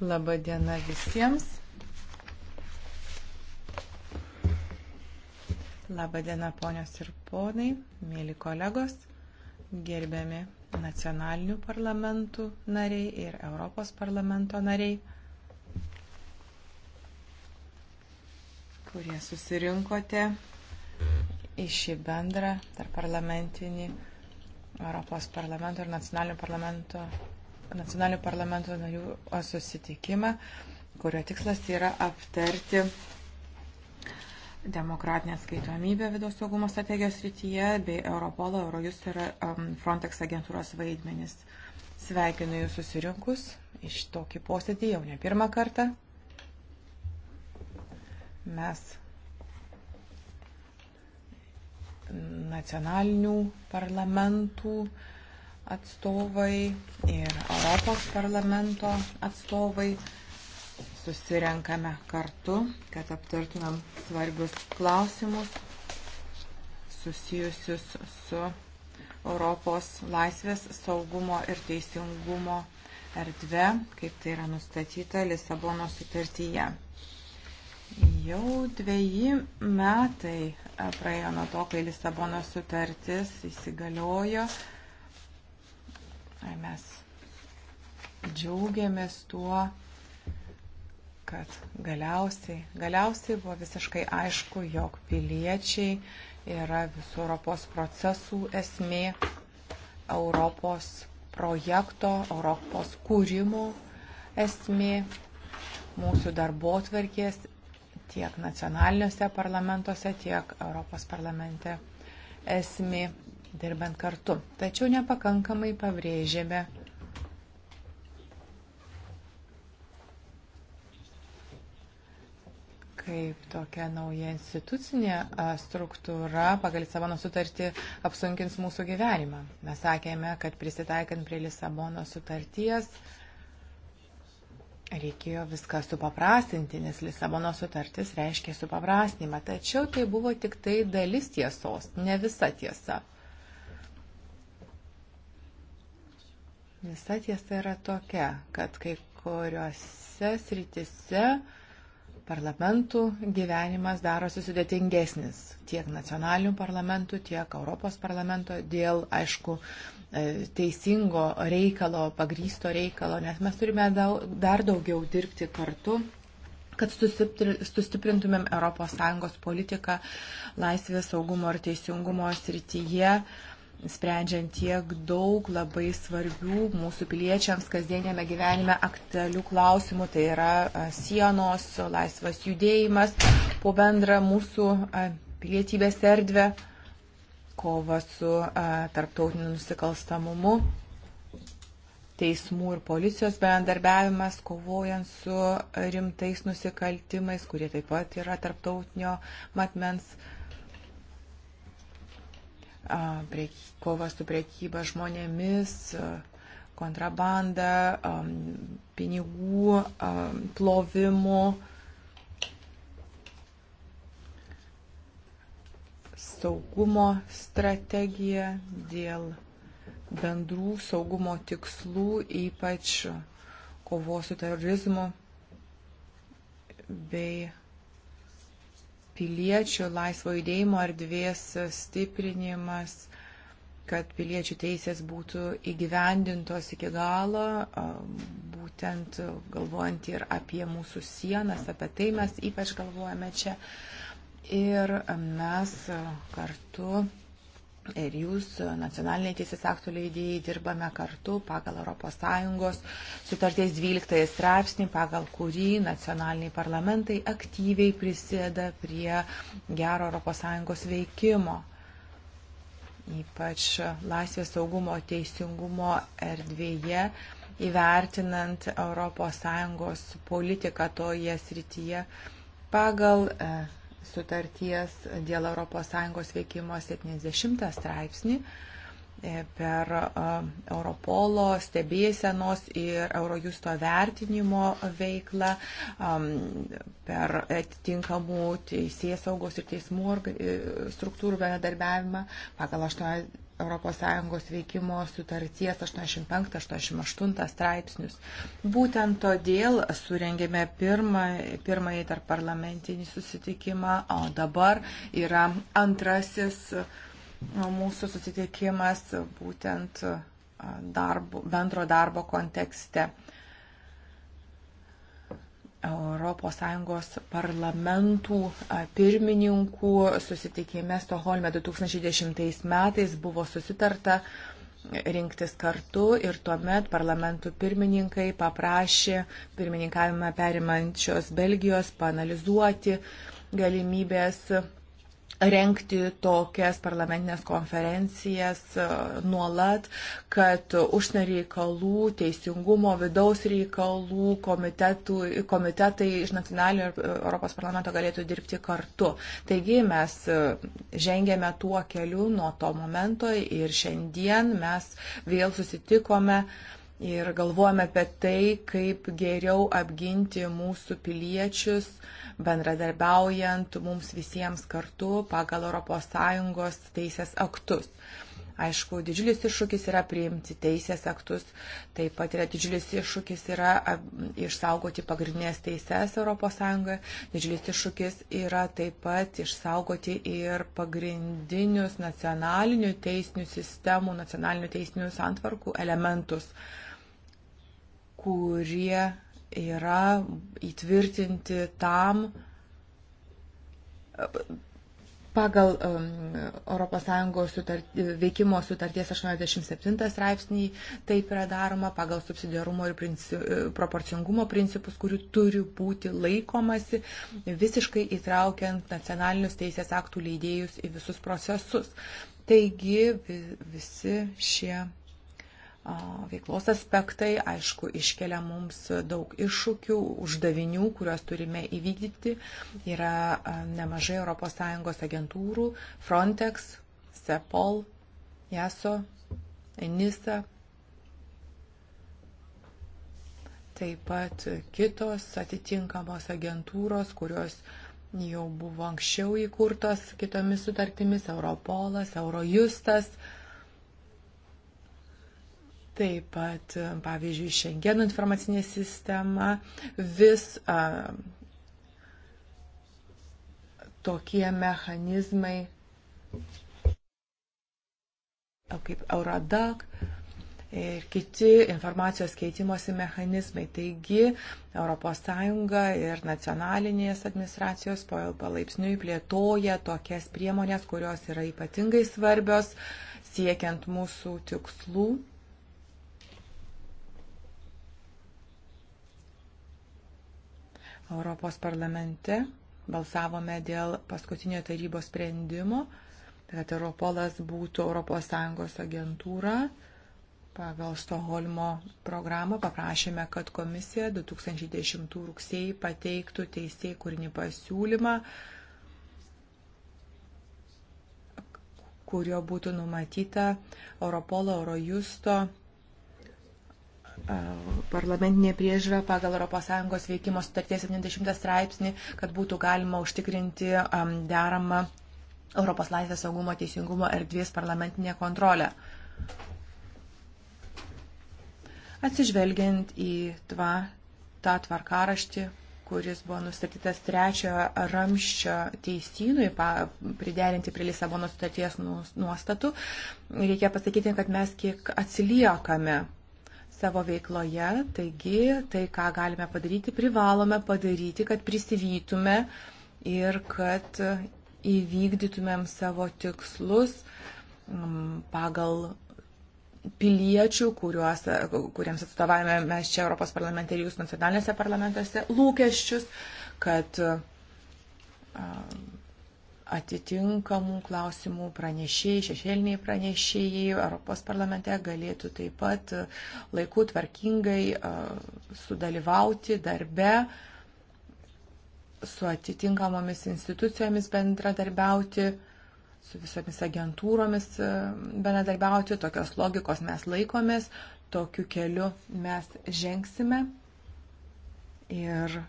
Labą dieną visiems. Labą dieną ponios ir ponai, mėly kolegos, gerbiami nacionalinių parlamentų nariai ir Europos parlamento nariai, kurie susirinkote į šį bendrą tarp parlamentinį Europos parlamento ir nacionalinio parlamento nacionalinių parlamento narių susitikimą, kurio tikslas yra aptarti demokratinę skaitomybę vidaus saugumo strategijos rytyje bei Europolo, Eurojus ir um, Frontex agentūros vaidmenis. Sveikinu jūs susirinkus iš tokį posėdį jau ne pirmą kartą. Mes nacionalinių parlamentų uh, atstovai ir Europos parlamento atstovai susirenkame kartu, kad aptartumėm svarbius klausimus susijusius su Europos laisvės saugumo ir teisingumo erdve, kaip tai yra nustatyta Lisabono sutartyje. Jau dveji metai praėjo nuo to, kai Lisabono sutartis įsigaliojo Mes džiaugiamės tuo, kad galiausiai, galiausiai buvo visiškai aišku, jog piliečiai yra visų Europos procesų esmė, Europos projekto, Europos kūrimo esmė, mūsų darbo tvarkės tiek nacionaliniuose parlamentuose, tiek Europos parlamente esmė dirbant kartu. Tačiau nepakankamai pabrėžėme kaip tokia nauja institucinė struktūra pagal Lisabono sutartį apsunkins mūsų gyvenimą. Mes sakėme, kad prisitaikant prie Lisabono sutarties reikėjo viską supaprastinti, nes Lisabono sutartis reiškia supaprastinimą. Tačiau tai buvo tik tai dalis tiesos, ne visa tiesa. Visa tiesa yra tokia, kad kai kuriuose sritise parlamentų gyvenimas darosi sudėtingesnis tiek nacionalinių parlamentų, tiek Europos parlamento dėl, aišku, e, teisingo reikalo, pagrysto reikalo, nes mes turime dar daugiau dirbti kartu kad sustiprintumėm ES politiką laisvės, saugumo ir teisingumo srityje. Uh, sprendžiant tiek daug labai svarbių mūsų piliečiams kasdienėme gyvenime aktualių klausimų, tai yra sienos, laisvas judėjimas po bendrą mūsų pilietybės erdvę, kova su tarptautiniu nusikalstamumu, teismų ir policijos bendarbiavimas, kovojant su rimtais nusikaltimais, kurie taip pat yra tarptautinio matmens kova su priekyba žmonėmis, kontrabanda, pinigų plovimu. saugumo strategija dėl bendrų saugumo tikslų, ypač kovos su terorizmu bei piliečių laisvo judėjimo erdvės stiprinimas, kad piliečių teisės būtų įgyvendintos iki galo, būtent galvojant ir apie mūsų sienas, apie tai mes ypač galvojame čia. Ir mes kartu ir jūs, e, nacionaliniai teisės aktų leidėjai, dirbame kartu pagal ES sutarties 12 straipsnį, pagal kurį nacionaliniai parlamentai aktyviai prisėda prie gero ES veikimo. Ypač laisvės saugumo teisingumo erdvėje įvertinant ES politiką toje srityje pagal e, sutarties dėl ES veikimo 70 straipsnį e, per e, Europolo stebėsenos ir Eurojusto vertinimo veiklą, per atitinkamų teisės saugos ir teismų e, struktūrų bendradarbiavimą pagal 8. ES veikimo sutarties 85-88 straipsnius. Būtent todėl surengėme pirmą, pirmąjį tarp parlamentinį susitikimą, o dabar yra antrasis mūsų susitikimas būtent darbo, bendro darbo kontekste. ES parlamentų pirmininkų susitikime Stoholme 2010 metais buvo susitarta rinktis kartu ir tuomet parlamentų pirmininkai paprašė pirmininkavimą perimančios Belgijos panalizuoti galimybės rengti tokias parlamentinės konferencijas e, nuolat, kad užsienio reikalų, teisingumo, vidaus reikalų komitetų, komitetai iš nacionalinio ir e, Europos parlamento galėtų dirbti kartu. Taigi mes e, žengėme tuo keliu nuo to momento ir šiandien mes vėl susitikome uh, ir galvojame apie tai, kaip geriau apginti mūsų piliečius, bendradarbiaujant mums visiems kartu pagal ES teisės aktus. Aišku, didžiulis iššūkis yra priimti teisės aktus, taip pat yra didžiulis iššūkis yra išsaugoti pagrindinės teises ES, didžiulis iššūkis yra taip pat išsaugoti ir pagrindinius nacionalinių teisinių sistemų, nacionalinių teisinių santvarkų elementus. Uh, kurie yra įtvirtinti tam pagal um, ES sutartį, veikimo sutarties 87 straipsnį taip yra daroma pagal subsidiarumo ir princi, proporcingumo principus, kurių turi būti laikomasi, visiškai įtraukiant nacionalinius teisės aktų leidėjus į visus procesus. Taigi visi šie veiklos aspektai, aišku, iškelia mums daug iššūkių, uždavinių, kuriuos turime įvykdyti. Yra nemažai ES agentūrų, Frontex, CEPOL, JASO, ENISA. Taip pat kitos atitinkamos agentūros, kurios jau buvo anksčiau įkurtos kitomis sutartimis, Europolas, Eurojustas. Uh, Taip pat, pavyzdžiui, Schengen informacinė sistema, vis a, tokie mechanizmai kaip Eurodac ir e, kiti informacijos keitimosi mechanizmai. Taigi ES ir nacionalinės administracijos palaipsniui plėtoja tokias priemonės, kurios yra ypatingai svarbios siekiant mūsų tikslų Europos parlamente balsavome dėl paskutinio tarybos sprendimo, tai kad Europolas būtų ES agentūra. Pagal Stoholmo programą paprašėme, kad komisija 2010 rugsėjai pateiktų teisėjai kūrinį pasiūlymą, kurio būtų numatyta Europolo Eurojusto parlamentinė priežiūra pagal ES veikimo sutarties 70 straipsnį, kad būtų galima užtikrinti deramą Europos laisvės saugumo teisingumo erdvės parlamentinę kontrolę. Atsižvelgiant į tva, tą tvarkaraštį, kuris buvo nustatytas trečiojo ramščio teisynui priderinti prie Lisabono sutarties nuostatų, reikia pasakyti, kad mes kiek atsiliekame savo veikloje, taigi tai, ką galime padaryti, privalome padaryti, kad prisivytume ir kad įvykdytumėm savo tikslus mm, pagal piliečių, kuriuos, kuriems atstovavome mes čia Europos parlamente ir jūs nacionalinėse parlamentuose, lūkesčius, kad atitinkamų klausimų pranešėjai, šešėliniai pranešėjai Europos parlamente galėtų taip pat uh, laiku tvarkingai uh, sudalyvauti darbe su atitinkamomis institucijomis bendradarbiauti, su visomis agentūromis uh, bendradarbiauti. Tokios logikos mes laikomės, tokiu keliu mes žengsime. Ir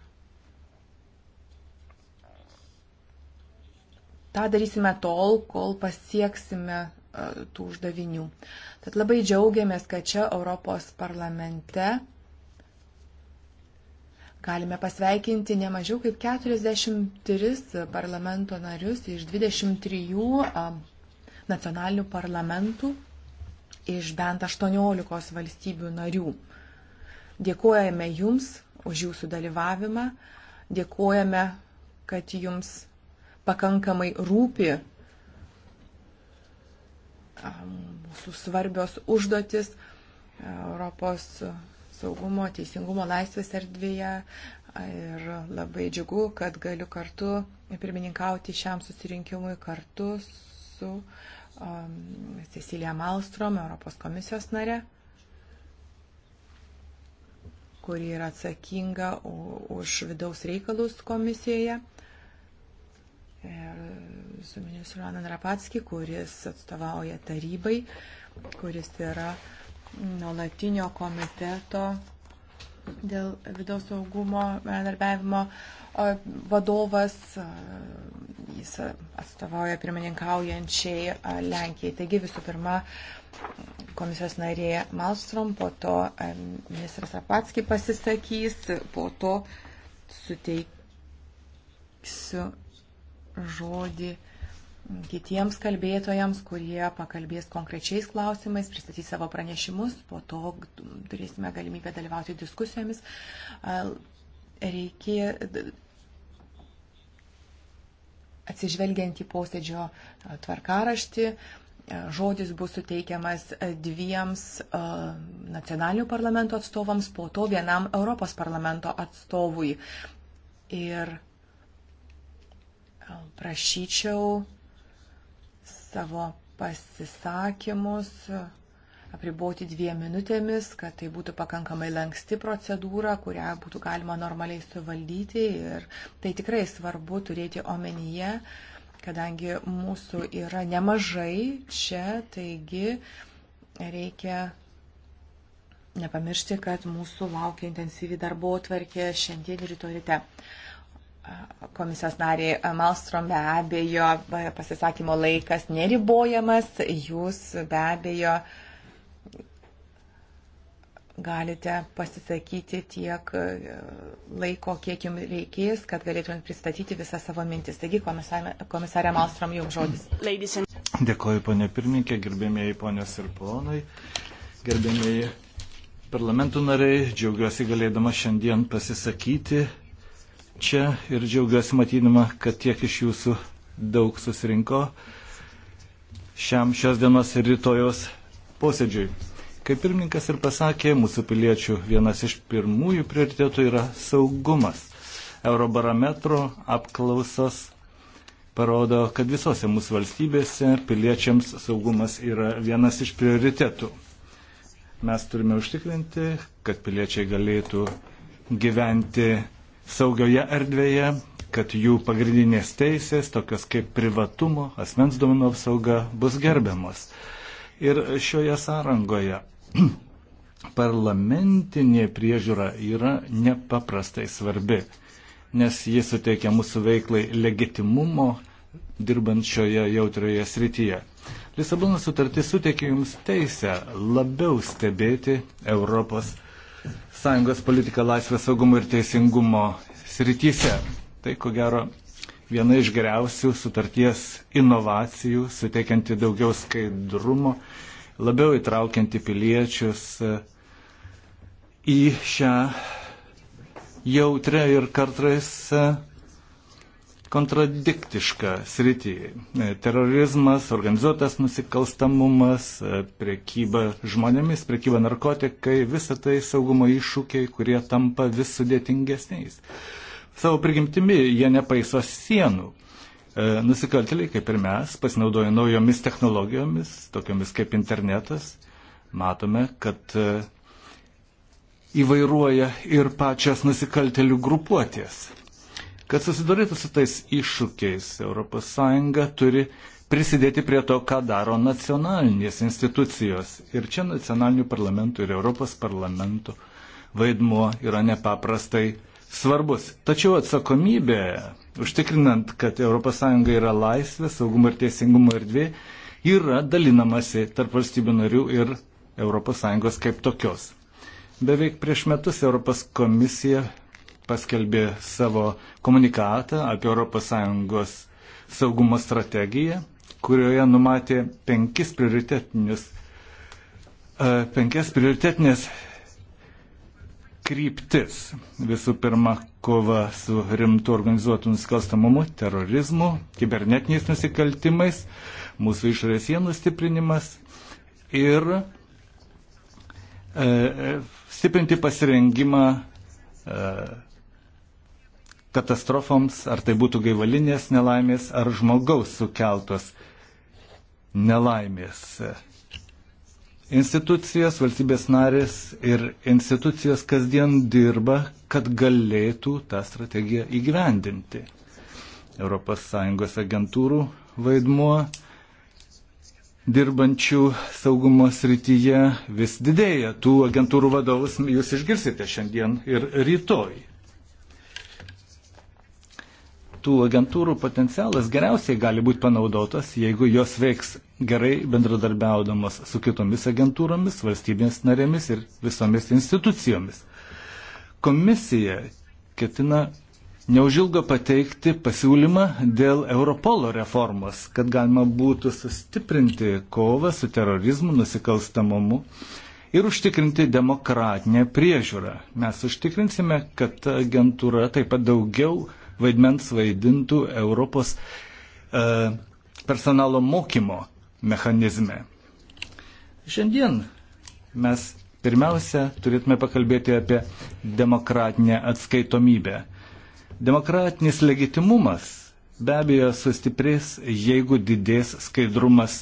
tą darysime tol, kol pasieksime e, tų uždavinių. Tad labai džiaugiamės, kad čia Europos parlamente galime pasveikinti ne mažiau kaip 43 parlamento narius iš 23 nacionalinių parlamentų iš bent 18 valstybių narių. Dėkojame Jums už Jūsų dalyvavimą, dėkojame, kad Jums pakankamai rūpi mūsų svarbios užduotis Europos saugumo, teisingumo, laisvės erdvėje. Ir labai džiugu, kad galiu kartu pirmininkauti šiam susirinkimui kartu su um, Cecilija Malstrom, Europos komisijos nare kuri yra atsakinga už vidaus reikalus komisijoje ir e, su ministru Anan Rapatski, kuris atstovauja tarybai, kuris yra nuolatinio komiteto dėl vidaus saugumo bendarbiavimo e, vadovas, e, jis atstovauja pirmininkaujančiai Lenkijai. Taigi visų pirma, komisijos narė Malstrom, po to ministras Apatski pasisakys, po to suteiksiu žodį kitiems kalbėtojams, kurie pakalbės konkrečiais klausimais, pristatys savo pranešimus, po to turėsime galimybę dalyvauti diskusijomis. Reikia atsižvelgiant į posėdžio tvarkaraštį, žodis bus suteikiamas dviems nacionalinių parlamento atstovams, po to vienam Europos parlamento atstovui. Ir prašyčiau savo pasisakymus apriboti dviem minutėmis, kad tai būtų pakankamai lanksti procedūra, kurią būtų galima normaliai suvaldyti. Ir tai tikrai svarbu turėti omenyje, kadangi mūsų yra nemažai čia, taigi reikia nepamiršti, kad mūsų laukia intensyvi darbo atvarkė šiandien ryto ryte. Komisijos nariai Malstrom be abejo pasisakymo laikas neribojamas, jūs be abejo galite pasisakyti tiek e, laiko, kiek jums reikės, kad galėtumėt pristatyti visą savo mintis. Taigi, komisarė, komisarė Malstrom, jums žodis. Dėkoju, ponė pirmininkė, gerbėmėjai ponės ir ponai, gerbėmėjai parlamentų nariai, džiaugiuosi galėdama šiandien pasisakyti čia ir džiaugiuosi matydama, kad tiek iš jūsų daug susirinko šiam šios dienos ir rytojos posėdžiui. Kaip pirmininkas ir pasakė, mūsų piliečių vienas iš pirmųjų prioritėtų yra saugumas. Eurobarometro apklausos parodo, kad visose mūsų valstybėse piliečiams saugumas yra vienas iš prioritėtų. Mes turime užtikrinti, kad piliečiai galėtų gyventi saugioje erdvėje, kad jų pagrindinės teisės, tokios kaip privatumo, asmens duomenų apsauga, bus gerbiamos. Ir šioje sąrangoje parlamentinė priežiūra yra nepaprastai svarbi, nes ji suteikia mūsų veiklai legitimumo dirbant šioje jautrioje srityje. Lisabono sutartis suteikia jums teisę labiau stebėti Europos sąjungos politiką laisvės saugumo ir teisingumo srityse. Tai ko gero viena iš geriausių sutarties inovacijų, suteikianti daugiau skaidrumo, labiau įtraukianti piliečius e, į šią jautrę ir kartais e, kontradiktišką sritį. E, terorizmas, organizuotas nusikalstamumas, e, priekyba žmonėmis, priekyba narkotikai, visa tai saugumo iššūkiai, kurie tampa vis sudėtingesniais. Savo prigimtimi jie nepaiso sienų. E, nusikaltėliai, kaip ir mes, pasinaudoja naujomis technologijomis, tokiamis kaip internetas. Matome, kad įvairuoja ir pačios nusikaltelių grupuotės. Kad susidurėtų su tais iššūkiais, ES turi prisidėti prie to, ką daro nacionalinės institucijos. Ir čia nacionalinių parlamentų ir Europos parlamentų vaidmuo yra nepaprastai svarbus. Tačiau atsakomybė, užtikrinant, kad ES yra laisvė, saugumo ir teisingumo erdvė, yra dalinamasi tarp valstybių narių ir ES kaip tokios. Beveik prieš metus Europos komisija paskelbė savo komunikatą apie ES saugumo strategiją, kurioje numatė penkis prioritetinius, e, penkias prioritetinės kryptis. Visų pirma, kova su rimtu organizuotu nusikalstamumu, terorizmu, kibernetiniais nusikaltimais, mūsų išorės sienų stiprinimas ir e, e stiprinti pasirengimą e, katastrofoms, ar tai būtų gaivalinės nelaimės, ar žmogaus sukeltos nelaimės. Institucijos, valstybės narės ir institucijos kasdien dirba, kad galėtų tą strategiją įgyvendinti. ES agentūrų vaidmuo dirbančių saugumo srityje vis didėja. Tų agentūrų vadovus jūs išgirsite šiandien ir rytoj tų agentūrų potencialas geriausiai gali būti panaudotas, jeigu jos veiks gerai bendradarbiaudamos su kitomis agentūromis, valstybės narėmis ir visomis institucijomis. Komisija ketina neužilgo pateikti pasiūlymą dėl Europolo reformos, kad galima būtų sustiprinti kovą su terorizmu, nusikalstamumu ir užtikrinti demokratinę priežiūrą. Mes užtikrinsime, kad agentūra taip pat daugiau vaidmens vaidintų Europos e, personalo mokymo mechanizme. Šiandien mes pirmiausia turėtume pakalbėti apie demokratinę atskaitomybę. Demokratinis legitimumas be abejo sustiprės, jeigu didės skaidrumas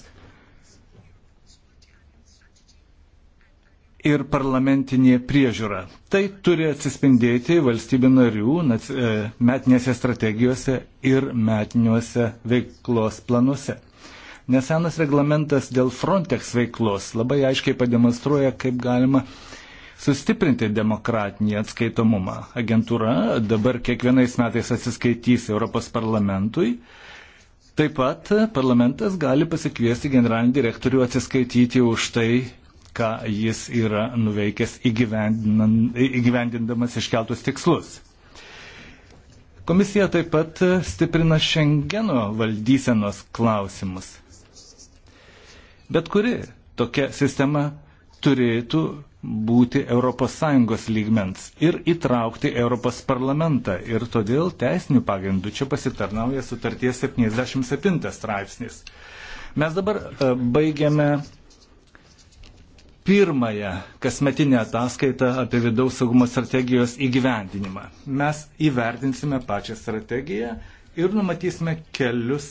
ir parlamentinė priežiūra. Tai turi atsispindėti valstybių narių e, metinėse strategijose ir metiniuose veiklos planuose. Nesenas reglamentas dėl Frontex veiklos labai aiškiai pademonstruoja, kaip galima sustiprinti demokratinį atskaitomumą. Agentūra dabar kiekvienais metais atsiskaitys Europos parlamentui. Taip pat parlamentas gali pasikviesti generalinį direktorių atsiskaityti už tai, ką jis yra nuveikęs įgyvendindamas iškeltus tikslus. Komisija taip pat stiprina Šengeno valdysenos klausimus. Bet kuri tokia sistema turėtų būti ES lygmens ir įtraukti ES parlamentą. Ir todėl teisinių pagrindų čia pasitarnauja sutarties 77 straipsnis. Mes dabar e, baigiame pirmąją kasmetinę ataskaitą apie vidaus saugumo strategijos įgyvendinimą. Mes įvertinsime pačią strategiją ir numatysime kelius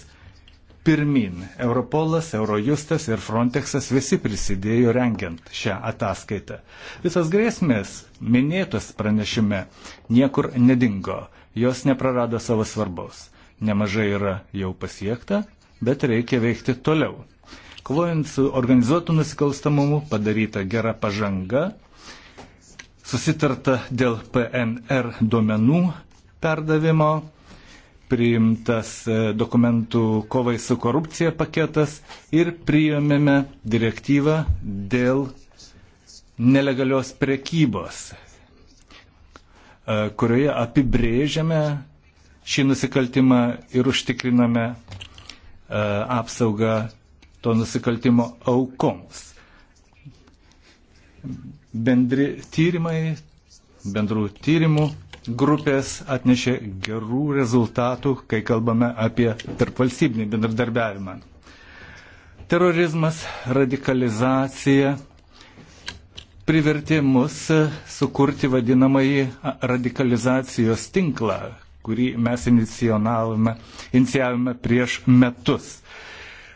pirmin. Europolas, Eurojustas ir Frontexas visi prisidėjo rengiant šią ataskaitą. Visas grėsmės minėtos pranešime niekur nedingo, jos neprarado savo svarbos. Nemažai yra jau pasiekta, bet reikia veikti toliau. Kovojant su organizuotu nusikalstamumu padaryta gera pažanga, susitarta dėl PNR duomenų perdavimo, priimtas e, dokumentų kovai su korupcija paketas ir priėmėme direktyvą dėl nelegalios prekybos, e, kurioje apibrėžiame šį nusikaltimą ir užtikriname e, apsaugą to nusikaltimo aukoms. Bendri tyrimai, bendrų tyrimų grupės atnešė gerų rezultatų, kai kalbame apie tarpvalstybinį bendradarbiavimą. Terorizmas, radikalizacija privertė mus sukurti vadinamąjį radikalizacijos tinklą, kurį mes inicijavome prieš metus.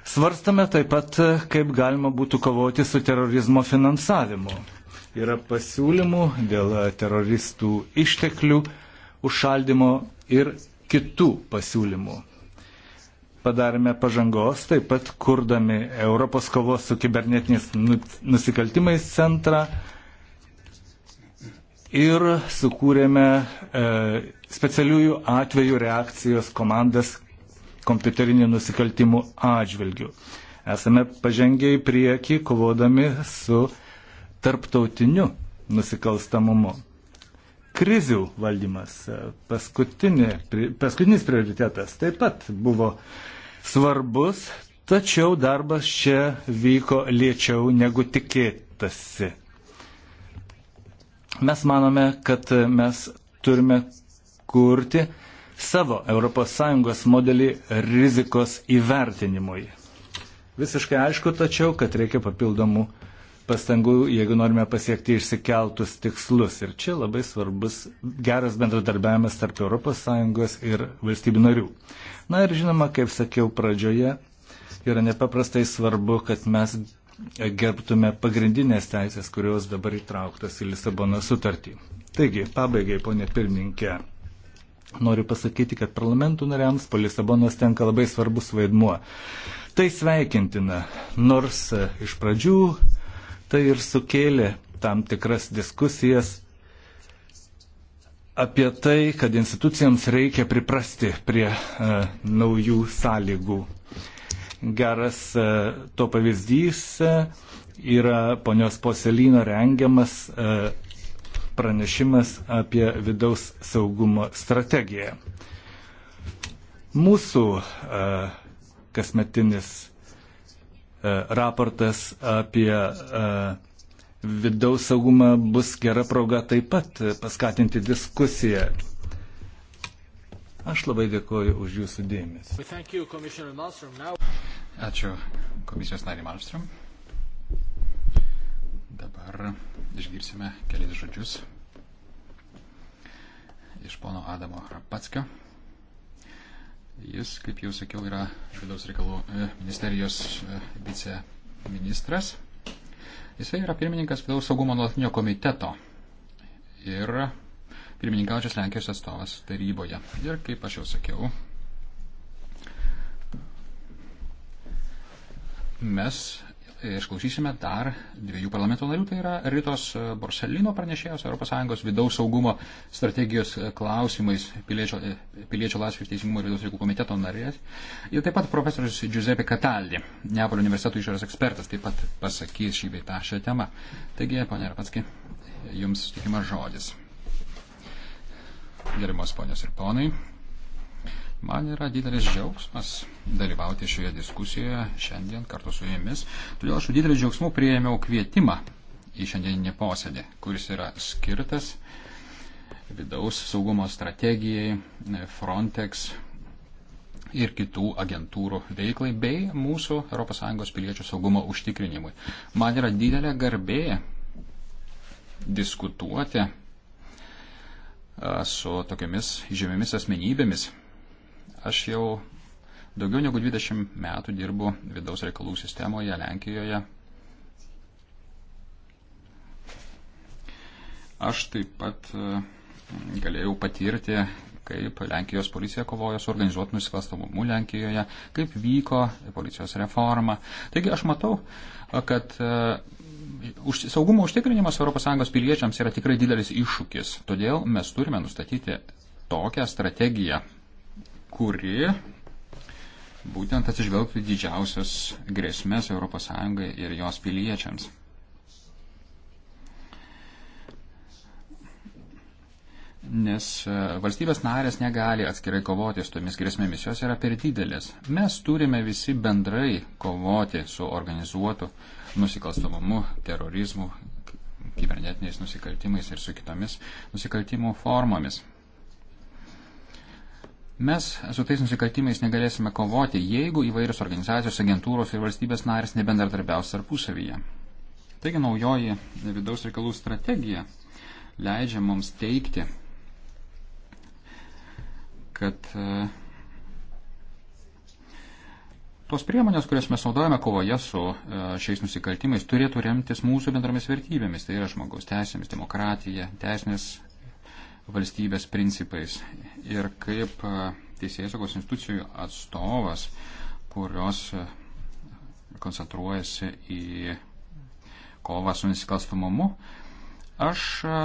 Svarstame taip pat, kaip galima būtų kovoti su terorizmo finansavimu. Yra pasiūlymų dėl teroristų išteklių, užšaldimo ir kitų pasiūlymų. Padarėme pažangos, taip pat kurdami Europos kovos su kibernetiniais nu-, nusikaltimais centrą, ir sukūrėme e, specialiųjų atvejų reakcijos komandas kompiuterinių nusikaltimų atžvilgių. Esame pažengiai prieki, kovodami su tarptautiniu nusikalstamumu. Krizių valdymas, paskutinis prioritetas, taip pat buvo svarbus, tačiau darbas čia vyko lėčiau negu tikėtasi. Mes manome, kad mes turime kurti savo ES modelį rizikos įvertinimui. Visiškai aišku tačiau, kad reikia papildomų pastangų, jeigu norime pasiekti išsikeltus tikslus. Ir čia labai svarbus geras bendradarbiavimas tarp ES ir valstybių narių. Na ir žinoma, kaip sakiau pradžioje, yra nepaprastai svarbu, kad mes gerbtume pagrindinės teisės, kurios dabar įtrauktas į Lisabono sutartį. Taigi, pabaigai, ponė pirmininkė, Noriu pasakyti, kad parlamentų nariams po Lisabonos tenka labai svarbus vaidmuo. Tai sveikintina, nors e, iš pradžių tai ir sukėlė tam tikras diskusijas apie tai, kad institucijams reikia priprasti prie e, naujų sąlygų. Geras e, to pavyzdys e, yra ponios Poselyno rengiamas e, pranešimas apie vidaus saugumo strategiją. Mūsų e, kasmetinis e, raportas apie e, vidaus saugumą bus gera proga taip pat paskatinti diskusiją. Aš labai dėkoju už jūsų dėmesį. Ačiū komisijos nariai Malmström. Dabar išgirsime kelias žodžius iš pono Adamo Rapatskio. Jis, kaip jau sakiau, yra vidaus reikalų e, ministerijos e, viceministras. Jisai yra pirmininkas vidaus saugumo nuolatinio komiteto ir pirmininkaučias Lenkijos atstovas taryboje. Ir kaip aš jau sakiau, mes išklausysime dar dviejų parlamento narių, tai yra Ritos Borselino pranešėjos ES vidaus saugumo strategijos klausimais piliečio, piliečio laisvės ir teisingumo vidaus reikalų komiteto narės. Ir taip pat profesorius Giuseppe Cataldi, Neapolio universiteto išorės ekspertas, taip pat pasakys šį beitą šią temą. Taigi, ponė Rapatski, jums sutikimas žodis. Gerimas ponios ir ponai. Man yra didelis džiaugsmas dalyvauti šioje diskusijoje šiandien kartu su jumis. Todėl aš su dideliu džiaugsmu prieėmiau kvietimą į šiandieninį posėdį, kuris yra skirtas vidaus saugumo strategijai, Frontex ir kitų agentūrų veiklai bei mūsų ES piliečių saugumo užtikrinimui. Man yra didelė garbė diskutuoti su tokiamis žymiomis asmenybėmis Aš jau daugiau negu 20 metų dirbu vidaus reikalų sistemoje Lenkijoje. Aš taip pat e, galėjau patirti, kaip Lenkijos policija kovojo su organizuotų nusikalstamumu Lenkijoje, kaip vyko policijos reforma. Taigi aš matau, e, kad e, už, saugumo užtikrinimas ES piliečiams yra tikrai didelis iššūkis. Todėl mes turime nustatyti tokią strategiją kuri būtent atsižvelgtų didžiausias grėsmės ES ir jos piliečiams. Nes e, valstybės narės negali atskirai kovoti su tomis grėsmėmis, jos yra per didelės. Mes turime visi bendrai kovoti su organizuotu nusikalstamumu, terorizmu, kibernetiniais nusikaltimais ir su kitomis nusikaltimų formomis. Mes su tais nusikaltimais negalėsime kovoti, jeigu įvairios organizacijos, agentūros ir valstybės narės nebendradarbiaus tarpusavyje. Taigi naujoji vidaus reikalų strategija leidžia mums teikti, kad e, tos priemonės, kurias mes naudojame kovoje su e, šiais nusikaltimais, turėtų remtis mūsų bendromis vertybėmis, tai yra žmogaus teisėmis, demokratija, teisinės valstybės principais ir kaip e, teisėsaugos institucijų atstovas, kurios e, koncentruojasi į kovą su nusikalstamumu, aš e,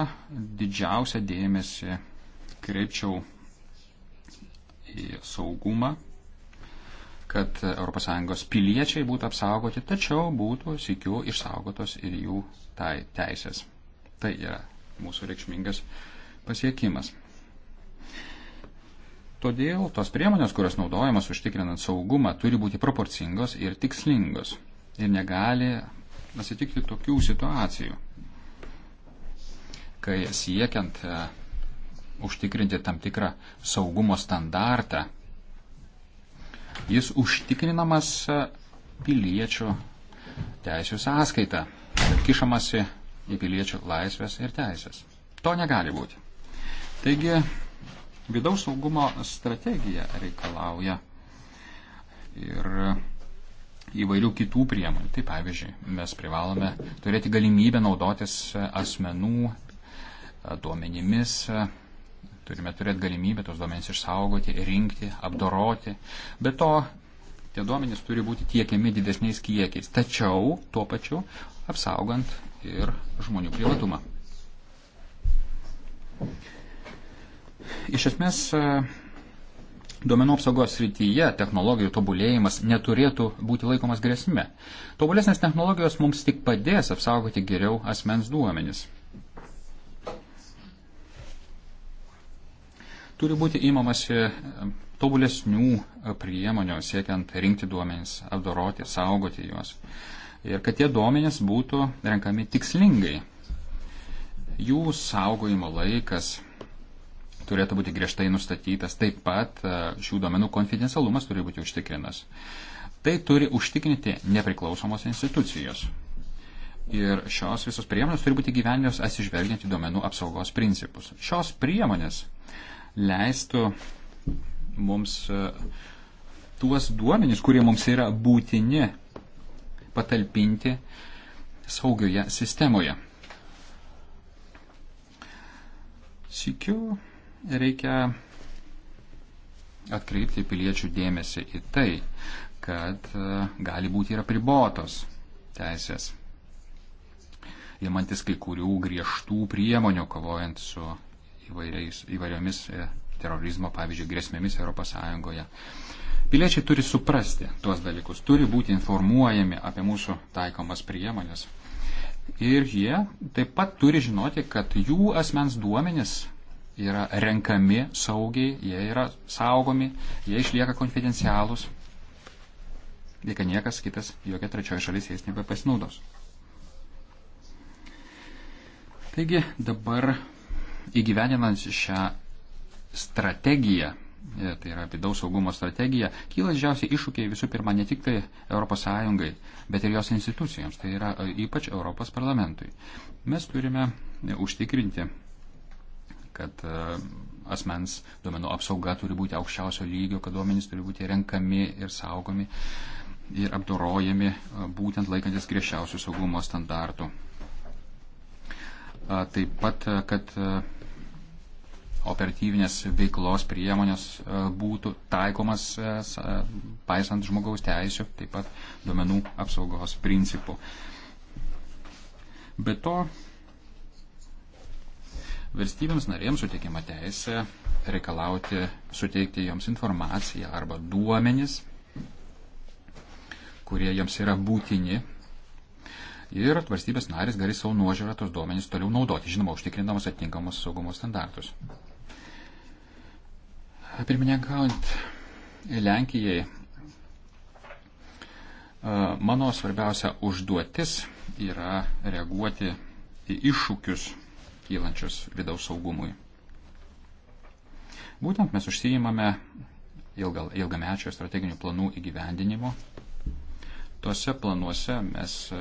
didžiausią dėmesį kreipčiau į saugumą, kad ES piliečiai būtų apsaugoti, tačiau būtų sikiu išsaugotos ir jų tai teisės. Tai yra mūsų reikšmingas uh, pasiekimas. Todėl tos priemonės, kurios naudojamas užtikrinant saugumą, turi būti proporcingos ir tikslingos. Ir negali atsitikti tokių situacijų, kai siekiant e, užtikrinti tam tikrą saugumo standartą, jis užtikrinamas e, piliečių teisų sąskaita, kišamasi į piliečių laisvės ir teisės. To negali būti. Taigi, vidaus saugumo strategija reikalauja ir įvairių kitų priemonių. Tai pavyzdžiui, mes privalome turėti galimybę naudotis asmenų duomenimis, turime turėti galimybę tos duomenys išsaugoti, rinkti, apdoroti. Be to, tie duomenys turi būti tiekiami didesniais kiekiais, tačiau tuo pačiu apsaugant ir žmonių privatumą. Iš esmės, e, duomenų apsaugos srityje technologijų tobulėjimas neturėtų būti laikomas grėsme. Tobulesnės technologijos mums tik padės apsaugoti geriau asmens duomenis. Turi būti įmamasi e, tobulesnių e, priemonių siekiant rinkti duomenis, apdoroti, saugoti juos. Ir kad tie duomenys būtų renkami tikslingai. Jų saugojimo laikas turėtų būti griežtai nustatytas. Taip pat e, šių duomenų konfidencialumas turi būti užtikrinas. Tai turi užtikrinti nepriklausomos institucijos. Ir šios visos priemonės turi būti gyvenimas atsižvelgiant į duomenų apsaugos principus. Šios priemonės leistų mums e, tuos duomenys, kurie mums yra būtini, patalpinti saugioje sistemoje. Sikiu reikia atkreipti piliečių dėmesį į tai, kad e, gali būti ir apribotos teisės, įmantis kai kurių griežtų priemonių kovojant su įvairiais, įvairiomis e, terorizmo, pavyzdžiui, grėsmėmis ES. Piliečiai turi suprasti tuos dalykus, turi būti informuojami apie mūsų taikomas priemonės. Ir jie taip pat turi žinoti, kad jų asmens duomenis yra renkami saugiai, jie yra saugomi, jie išlieka konfidencialūs. Ir kad niekas kitas, jokia trečioji šalis jais nebepasinaudos. Taigi dabar įgyveninant šią strategiją, e, tai yra vidaus saugumo strategija, kyla didžiausiai iššūkiai visų pirma ne tik tai ES, bet ir jos institucijoms, tai yra e, ypač Europos parlamentui. Mes turime e, užtikrinti kad e, asmens duomenų apsauga turi būti aukščiausio lygio, kad duomenys turi būti renkami ir saugomi ir apdorojami e, būtent laikantis griežčiausių saugumo standartų. E, taip pat, kad operatyvinės veiklos priemonės būtų taikomas paisant žmogaus teisų, taip pat duomenų apsaugos principų. Be to, Valstybėms narėms suteikiama teisė reikalauti, suteikti joms informaciją arba duomenis, kurie jiems yra būtini. Ir valstybės narės gali savo nuožiūrą tos duomenys toliau naudoti, žinoma, užtikrindamas atitinkamus saugumo standartus. Pirmininkaujant Lenkijai, mano svarbiausia užduotis yra reaguoti į iššūkius kylančius vidaus saugumui. Būtent mes užsijimame ilga, ilgamečio strateginių planų įgyvendinimo. Tuose planuose mes e,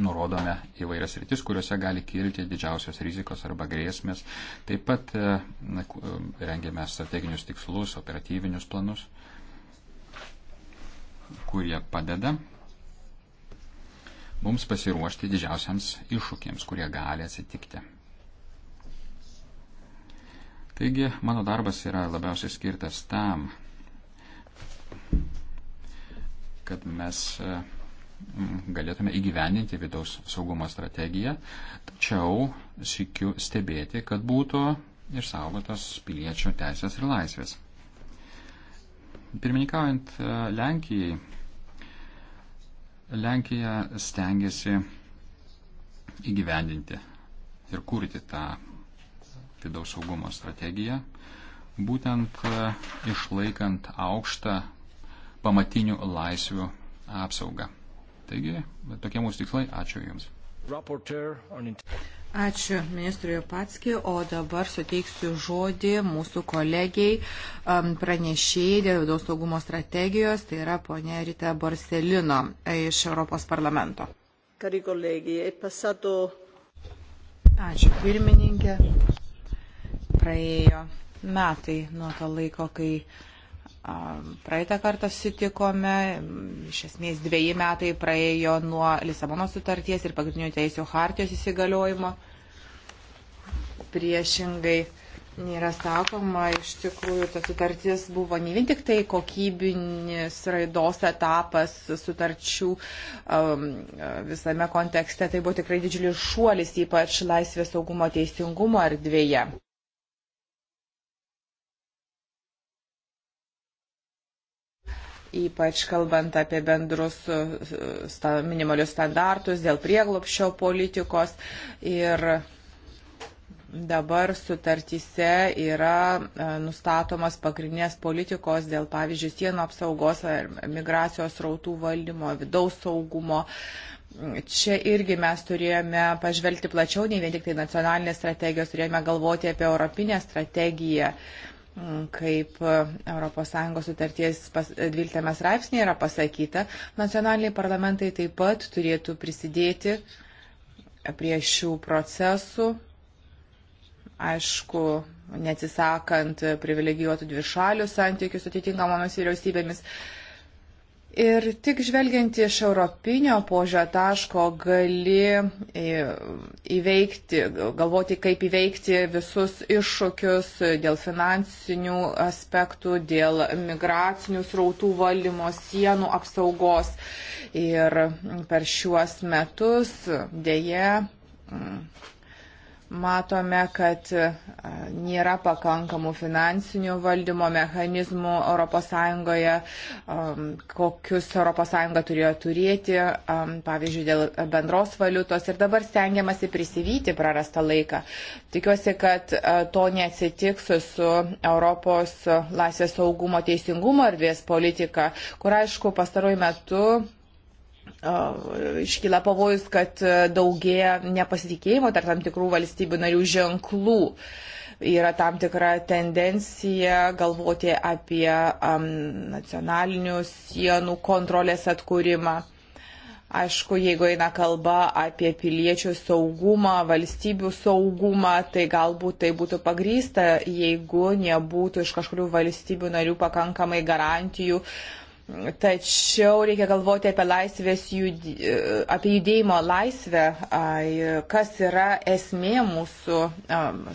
nurodome įvairias rytis, kuriuose gali kilti didžiausios rizikos arba grėsmės. Taip pat e, e, rengiame strateginius tikslus, operatyvinius planus, kurie padeda mums pasiruošti didžiausiams iššūkiams, kurie gali atsitikti. Taigi, mano darbas yra labiausiai skirtas tam, kad mes mm, galėtume įgyveninti vidaus saugumo strategiją, tačiau sikiu stebėti, kad būtų išsaugotas piliečių teisės ir laisvės. Pirmininkaujant e, Lenkijai, Lenkija stengiasi įgyvendinti ir kurti tą vidaus saugumo strategiją, būtent e, išlaikant aukštą pamatinių laisvių apsaugą. Taigi, tokie mūsų tikslai. Ačiū Jums. Ačiū ministrui Patskiui, o dabar suteiksiu žodį mūsų kolegiai um, pranešėjai dėl vidaus saugumo strategijos, tai yra ponė Rita Borselino iš Europos parlamento. Cari kolegi, è passato. Ačiū pirmininkė. Praėjo metai nuo to laiko, kai Praeitą kartą sutikome, iš esmės dviejai metai praėjo nuo Lisabono sutarties ir pagrindinių teisų hartijos įsigaliojimo. Priešingai nėra sakoma, iš tikrųjų ta sutartis buvo ne vien tik tai kokybinis raidos etapas sutarčių um, visame kontekste, tai buvo tikrai didžiulis šuolis, ypač laisvės saugumo teisingumo erdvėje. ypač kalbant apie bendrus e, minimalius standartus dėl prieglopščio politikos. Ir dabar sutartyse yra e, nustatomos pagrindinės politikos dėl, pavyzdžiui, sienų apsaugos ar migracijos rautų valdymo, vidaus saugumo. Čia irgi mes turėjome pažvelgti plačiau, nei vien tik tai nacionalinės strategijos, turėjome galvoti apie europinę strategiją. Uh, kaip ES sutarties 12 e, straipsnėje yra pasakyta, nacionaliniai parlamentai taip pat turėtų prisidėti prie šių procesų, aišku, neatsisakant privilegijuotų dvišalių santykių su atitinkamomis vyriausybėmis. Ir tik žvelgiant iš europinio požio taško gali e, įveikti, galvoti, kaip įveikti visus iššūkius dėl finansinių aspektų, dėl migracinių srautų valymo, sienų apsaugos. Ir per šiuos metus dėje Matome, kad e, nėra pakankamų finansinių valdymo mechanizmų ES, kokius ES turėjo turėti, pavyzdžiui, dėl bendros valiutos ir dabar stengiamasi prisivyti prarastą laiką. Tikiuosi, kad e, to neatsitiks su Europos laisvės saugumo teisingumo erdvės politika, kur aišku pastaruoju metu iškyla pavojus, kad e, daugėja nepasitikėjimo tarp tam tikrų valstybių narių ženklų. Yra tam tikra tendencija galvoti apie um, nacionalinių sienų kontrolės atkūrimą. Aišku, jeigu eina kalba apie piliečių saugumą, valstybių saugumą, tai galbūt tai būtų pagrysta, jeigu nebūtų iš kažkurių valstybių narių pakankamai garantijų uh, Tačiau reikia galvoti apie, laisvės, judė, apie judėjimo laisvę, kas yra esmė mūsų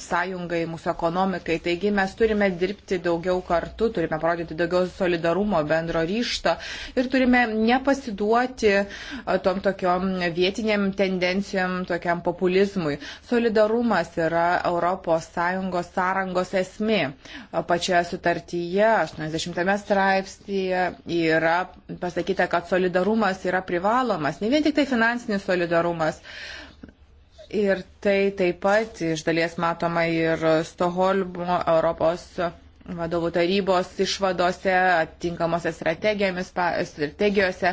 sąjungai, mūsų ekonomikai. Taigi mes turime dirbti daugiau kartu, turime parodyti daugiau solidarumo, bendro ryšto ir turime nepasiduoti tom tokiom vietiniam tendencijom, tokiam populizmui. Solidarumas yra ES sąrangos esmė. Pačioje sutartyje, 80 straipsnėje yra pasakyta, kad solidarumas yra privalomas, ne vien tik tai finansinis solidarumas. Ir tai taip pat iš dalies matoma ir Stoholmo Europos vadovų tarybos išvadose, atitinkamose strategijose,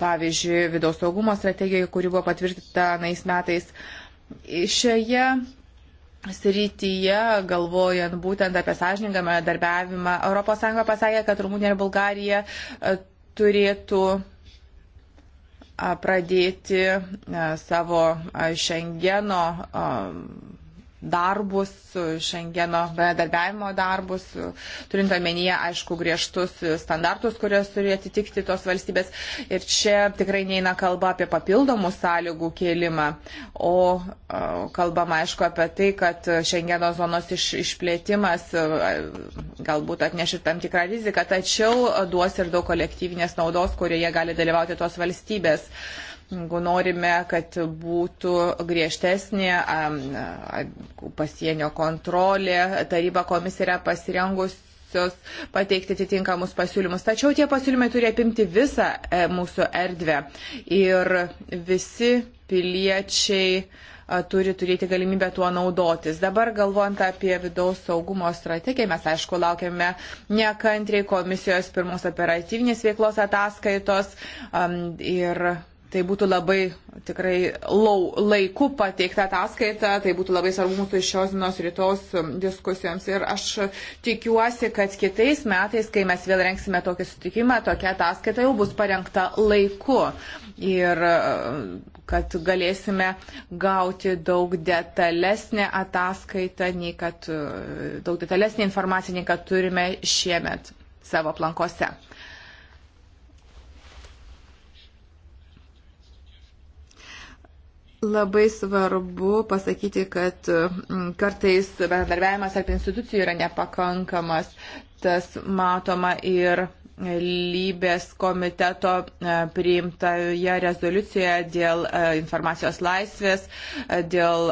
pavyzdžiui, vidaus saugumo strategijoje, kuri buvo patvirtinta nais metais. Šioje srityje, galvojant būtent apie sąžiningamą darbiavimą, ES pasakė, kad Rumunija ir Bulgarija e, turėtų pradėti e, savo Šengeno darbus, šengeno bendarbiavimo darbus, turint omenyje, aišku, griežtus standartus, kurios turi atitikti tos valstybės. Ir čia tikrai neina kalba apie papildomų sąlygų kėlimą, o kalbama, aišku, apie tai, kad šengeno zonos iš, išplėtimas galbūt atneš ir tam tikrą riziką, tačiau duos ir daug kolektyvinės naudos, kurioje gali dalyvauti tos valstybės. Uh, jeigu norime, kad būtų griežtesnė pasienio kontrolė, taryba komisija yra pasirengusi institucijos pateikti atitinkamus pasiūlymus. Tačiau tie pasiūlymai turi apimti visą e, mūsų erdvę ir visi piliečiai turi turėti galimybę tuo naudotis. Dabar galvojant apie vidaus saugumo strategiją, mes aišku laukiame nekantriai komisijos pirmos operatyvinės veiklos ataskaitos um, ir Tai būtų labai tikrai lau, laiku pateikta ataskaita, tai būtų labai svarbu mūsų šios dienos rytos um, diskusijoms. Ir aš tikiuosi, kad kitais metais, kai mes vėl renksime tokį sutikimą, tokia ataskaita jau bus parengta laiku. Ir uh, kad galėsime gauti daug detalesnę ataskaitą, nei kad, uh, daug detalesnį informaciją, nei kad turime šiemet savo plankose. Labai svarbu pasakyti, kad mm, kartais bendarbiavimas tarp institucijų yra nepakankamas. Tas matoma ir lybės komiteto e, priimtoje rezoliucijoje dėl e, informacijos laisvės, e, dėl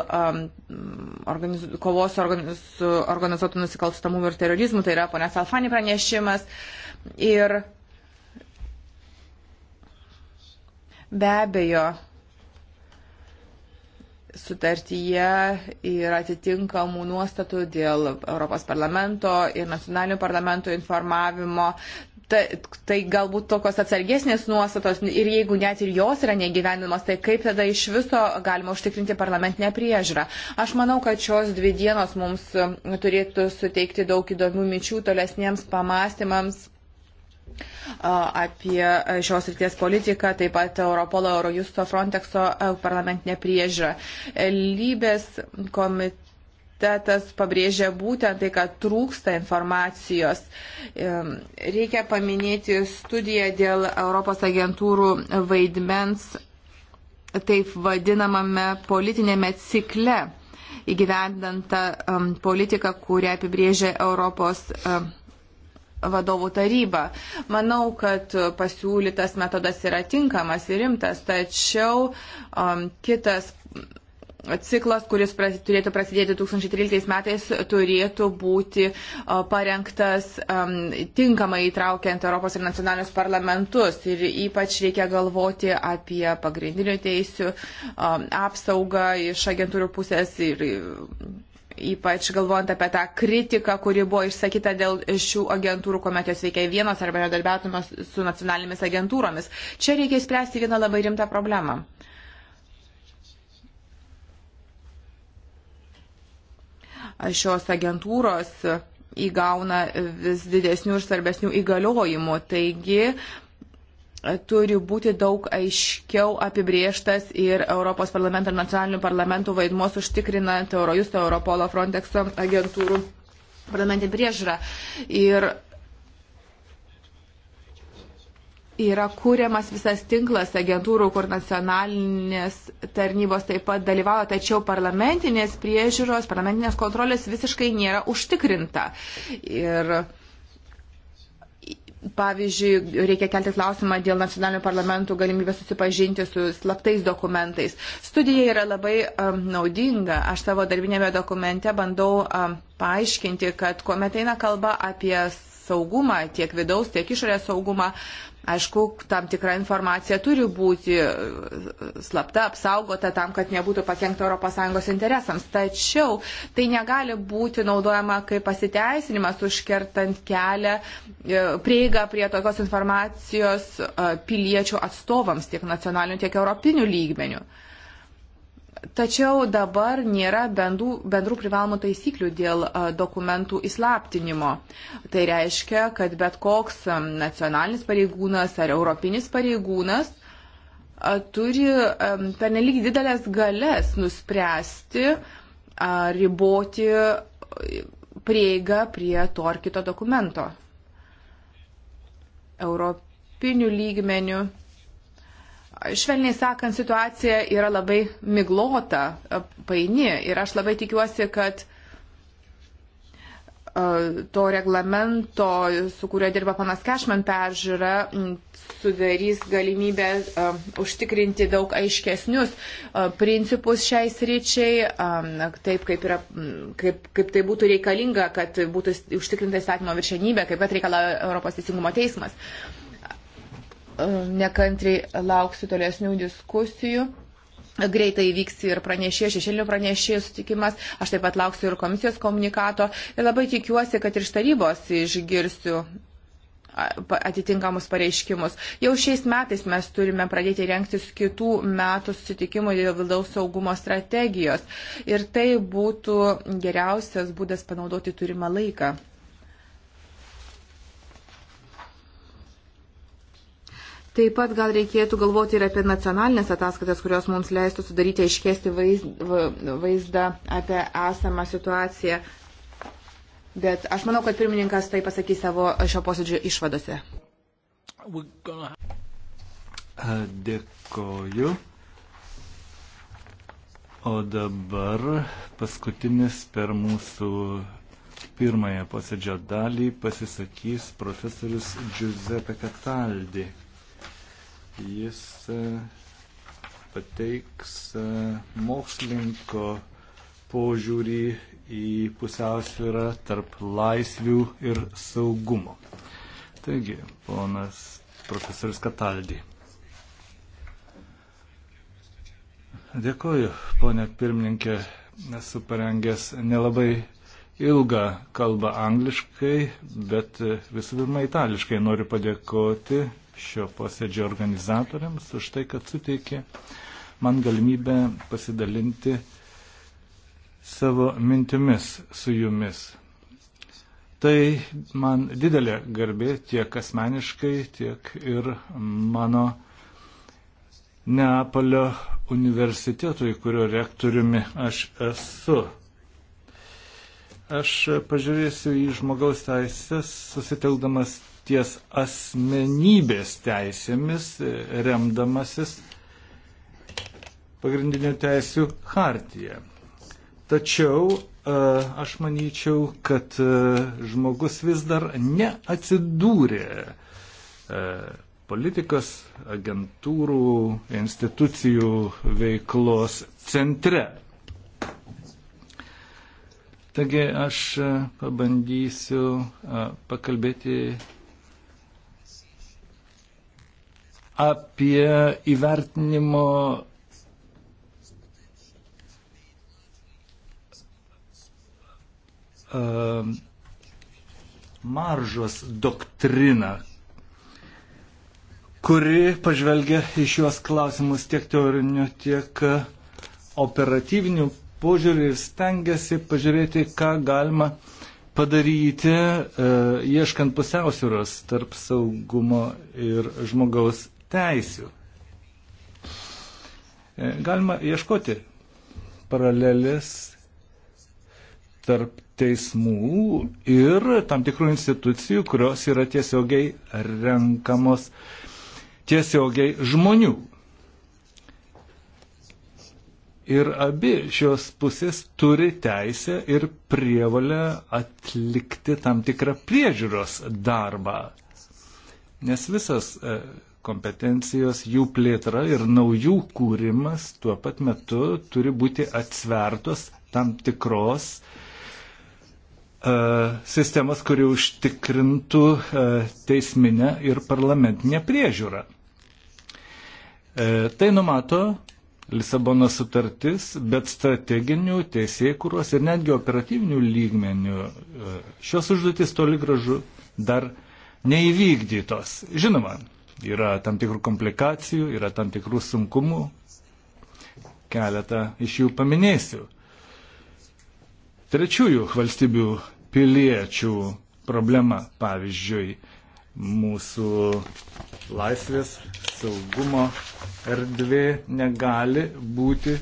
organizu, kovos organiz, su organizuotų nusikalstamumų ir terorizmų, tai yra ponės Alfani pranešimas. Ir be abejo, sutartyje ir atitinkamų nuostatų dėl Europos parlamento ir nacionalinių parlamentų informavimo. Tai, tai galbūt tokios atsargesnės nuostatos ir jeigu net ir jos yra negyvenimas, tai kaip tada iš viso galima užtikrinti parlamentinę priežiūrą. Aš manau, kad šios dvi dienos mums turėtų suteikti daug įdomių minčių tolesniems pamastymams apie šios ryties politiką, taip pat Europolo, Eurojusto, Frontexo e, parlamentinę priežiūrą. Lybės komitetas pabrėžia būtent tai, kad trūksta informacijos. E, reikia paminėti studiją dėl Europos agentūrų vaidmens taip vadinamame politinėme cikle įgyvendinta um, politika, kurią apibrėžia Europos um, vadovų taryba. Manau, kad pasiūlytas metodas yra tinkamas ir rimtas, tačiau um, kitas ciklas, kuris pras, turėtų prasidėti 2013 metais, turėtų būti uh, parengtas um, tinkamai įtraukiant Europos ir nacionalinius parlamentus. Ir ypač reikia galvoti apie pagrindinių teisių um, apsaugą iš agentūrų pusės ir ypač galvojant apie tą kritiką, kuri buvo išsakyta dėl šių agentūrų, kuomet jos veikia vienos arba bendradarbiautumas su nacionalinėmis agentūromis. Čia reikia spręsti vieną labai rimtą problemą. Šios agentūros įgauna vis didesnių ir svarbesnių įgaliojimų. Taigi turi būti daug aiškiau apibrieštas ir Europos parlamento ir nacionalinių parlamentų vaidmos užtikrinant Eurojusto, Europolo, Frontexo agentūrų parlamentinį priežiūrą. Ir yra kūriamas visas tinklas agentūrų, kur nacionalinės tarnybos taip pat dalyvauja, tačiau parlamentinės priežiūros, parlamentinės kontrolės visiškai nėra užtikrinta. Ir Pavyzdžiui, reikia kelti klausimą dėl nacionalinių parlamentų galimybės susipažinti su slaptais dokumentais. Studija yra labai um, naudinga. Aš savo darbinėme dokumente bandau um, paaiškinti, kad kuomet eina kalba apie saugumą, tiek vidaus, tiek išorės saugumą, Aišku, tam tikra informacija turi būti e, slapta, apsaugota tam, kad nebūtų pakengta ES interesams. Tačiau tai negali būti naudojama kaip pasiteisinimas užkertant kelią e, prieigą prie tokios informacijos e, piliečių atstovams tiek nacionaliniu, tiek europiniu lygmeniu. Tačiau dabar nėra bendrų, bendrų privalomų taisyklių dėl dokumentų įslaptinimo. Tai reiškia, kad bet koks nacionalinis pareigūnas ar europinis pareigūnas turi pernelyg didelės galės nuspręsti riboti prieigą prie to ar kito dokumento. Europinių lygmenių Švelniai sakant, situacija yra labai miglota, paini ir aš labai tikiuosi, kad e, to reglamento, su kuriuo dirba panas Kešman peržiūra, sudarys galimybę uh, užtikrinti daug aiškesnius uh, principus šiai sričiai, um, taip kaip, yra, kaip, kaip tai būtų reikalinga, kad būtų užtikrinta įstatymo viršenybė, kaip kad reikalavo Europos teisingumo teismas. Uh, nekantriai lauksiu tolesnių diskusijų. Greitai vyks ir pranešėjų, šešėlių pranešėjų sutikimas, aš taip pat lauksiu ir komisijos komunikato ir labai tikiuosi, kad ir iš tarybos išgirsiu atitinkamus pareiškimus. Jau šiais metais mes turime pradėti rengtis kitų metų susitikimų dėl vidaus saugumo strategijos ir tai būtų geriausias būdas panaudoti turimą laiką. Taip pat gal reikėtų galvoti ir apie nacionalinės ataskaitas, kurios mums leistų sudaryti aiškesti vaizdą apie esamą situaciją. Bet aš manau, kad pirmininkas tai pasakys savo šio posėdžio išvadose. Dėkoju. O dabar paskutinis per mūsų pirmąją posėdžio dalį pasisakys profesorius Giuseppe Cataldi Jis e, pateiks e, mokslininko požiūrį į pusiausvyrą tarp laisvių ir saugumo. Taigi, ponas profesorius Kataldį. Dėkoju, ponė pirmininkė, nesu parengęs nelabai ilgą kalbą angliškai, bet visų pirma itališkai noriu padėkoti šio posėdžio organizatoriams už tai, kad suteikė man galimybę pasidalinti savo mintimis su jumis. Tai man didelė garbė tiek asmeniškai, tiek ir mano Neapolio universitetui, kurio rektoriumi aš esu. Aš pažiūrėsiu į žmogaus teisės, susitelkdamas ties asmenybės teisėmis, e, remdamasis pagrindinių teisių hartiją. Tačiau e, aš manyčiau, kad e, žmogus vis dar neatsidūrė politikos, agentūrų, institucijų veiklos centre. Taigi aš pabandysiu pakalbėti apie įvertinimo ehm, maržos doktriną, kuri pažvelgia iš juos klausimus tiek teoriniu, tiek e, operatyviniu požiūriu ir stengiasi pažiūrėti, ką galima padaryti, e, ieškant pusiausvėros tarp saugumo ir žmogaus teisių. E, galima ieškoti paralelės tarp teismų ir tam tikrų institucijų, kurios yra tiesiogiai renkamos tiesiogiai žmonių. Ir abi šios pusės turi teisę ir prievalę atlikti tam tikrą priežiūros darbą. Nes visas e, kompetencijos, jų plėtra ir naujų kūrimas tuo pat metu turi būti atsvertos tam tikros uh, sistemos, kuri užtikrintų uh, teisminę ir parlamentinę priežiūrą. Uh, tai numato Lisabono sutartis, bet strateginių, teisėkuros ir netgi operatyvinių lygmenių šios užduotis toli gražu dar neįvykdytos. Žinoma, Yra tam tikrų komplikacijų, yra tam tikrų sunkumų. Keletą iš jų paminėsiu. Trečiųjų valstybių piliečių problema, pavyzdžiui, mūsų laisvės saugumo erdvė negali būti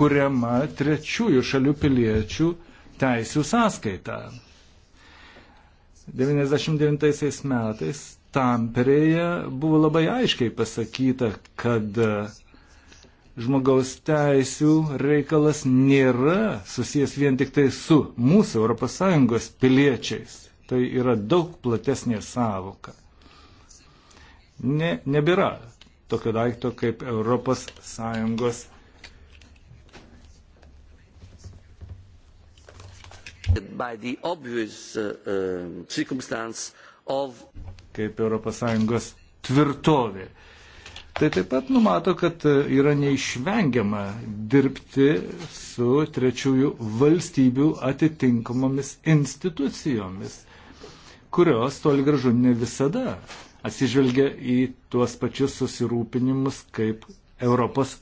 kuriama trečiųjų šalių piliečių teisių sąskaita. 99 metais Tamperėje buvo labai aiškiai pasakyta, kad e, žmogaus teisių reikalas nėra susijęs vien tik tai su mūsų ES piliečiais. Tai yra daug platesnė savoka. Ne, nebėra tokio daikto kaip ES. By the obvious uh, um, circumstance of kaip ES tvirtovė. Tai taip pat numato, kad yra neišvengiama dirbti su trečiųjų valstybių atitinkamomis institucijomis, kurios toli gražu ne visada atsižvelgia į tuos pačius susirūpinimus kaip ES.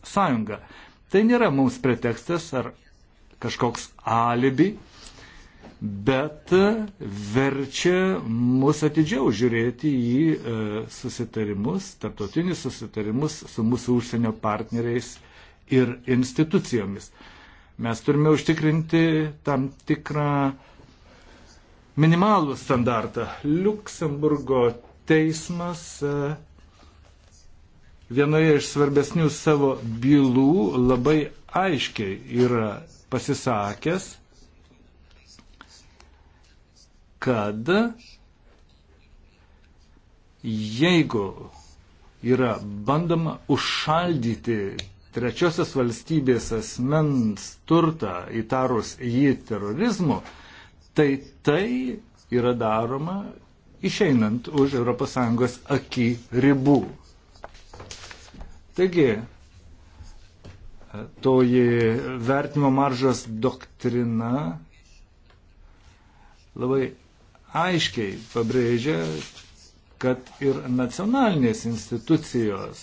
Tai nėra mums pretekstas ar kažkoks alibi, bet e, verčia mus atidžiau žiūrėti į e, susitarimus, tarptautinius susitarimus su mūsų užsienio partneriais ir institucijomis. Mes turime užtikrinti tam tikrą minimalų standartą. Luksemburgo teismas e, vienoje iš svarbesnių savo bylų labai aiškiai yra pasisakęs, kad jeigu yra bandoma užšaldyti trečiosios valstybės asmens turtą įtarus jį terorizmu, tai tai yra daroma išeinant už ES akį ribų. Taigi, toji vertimo maržos doktrina labai aiškiai pabrėžia, kad ir nacionalinės institucijos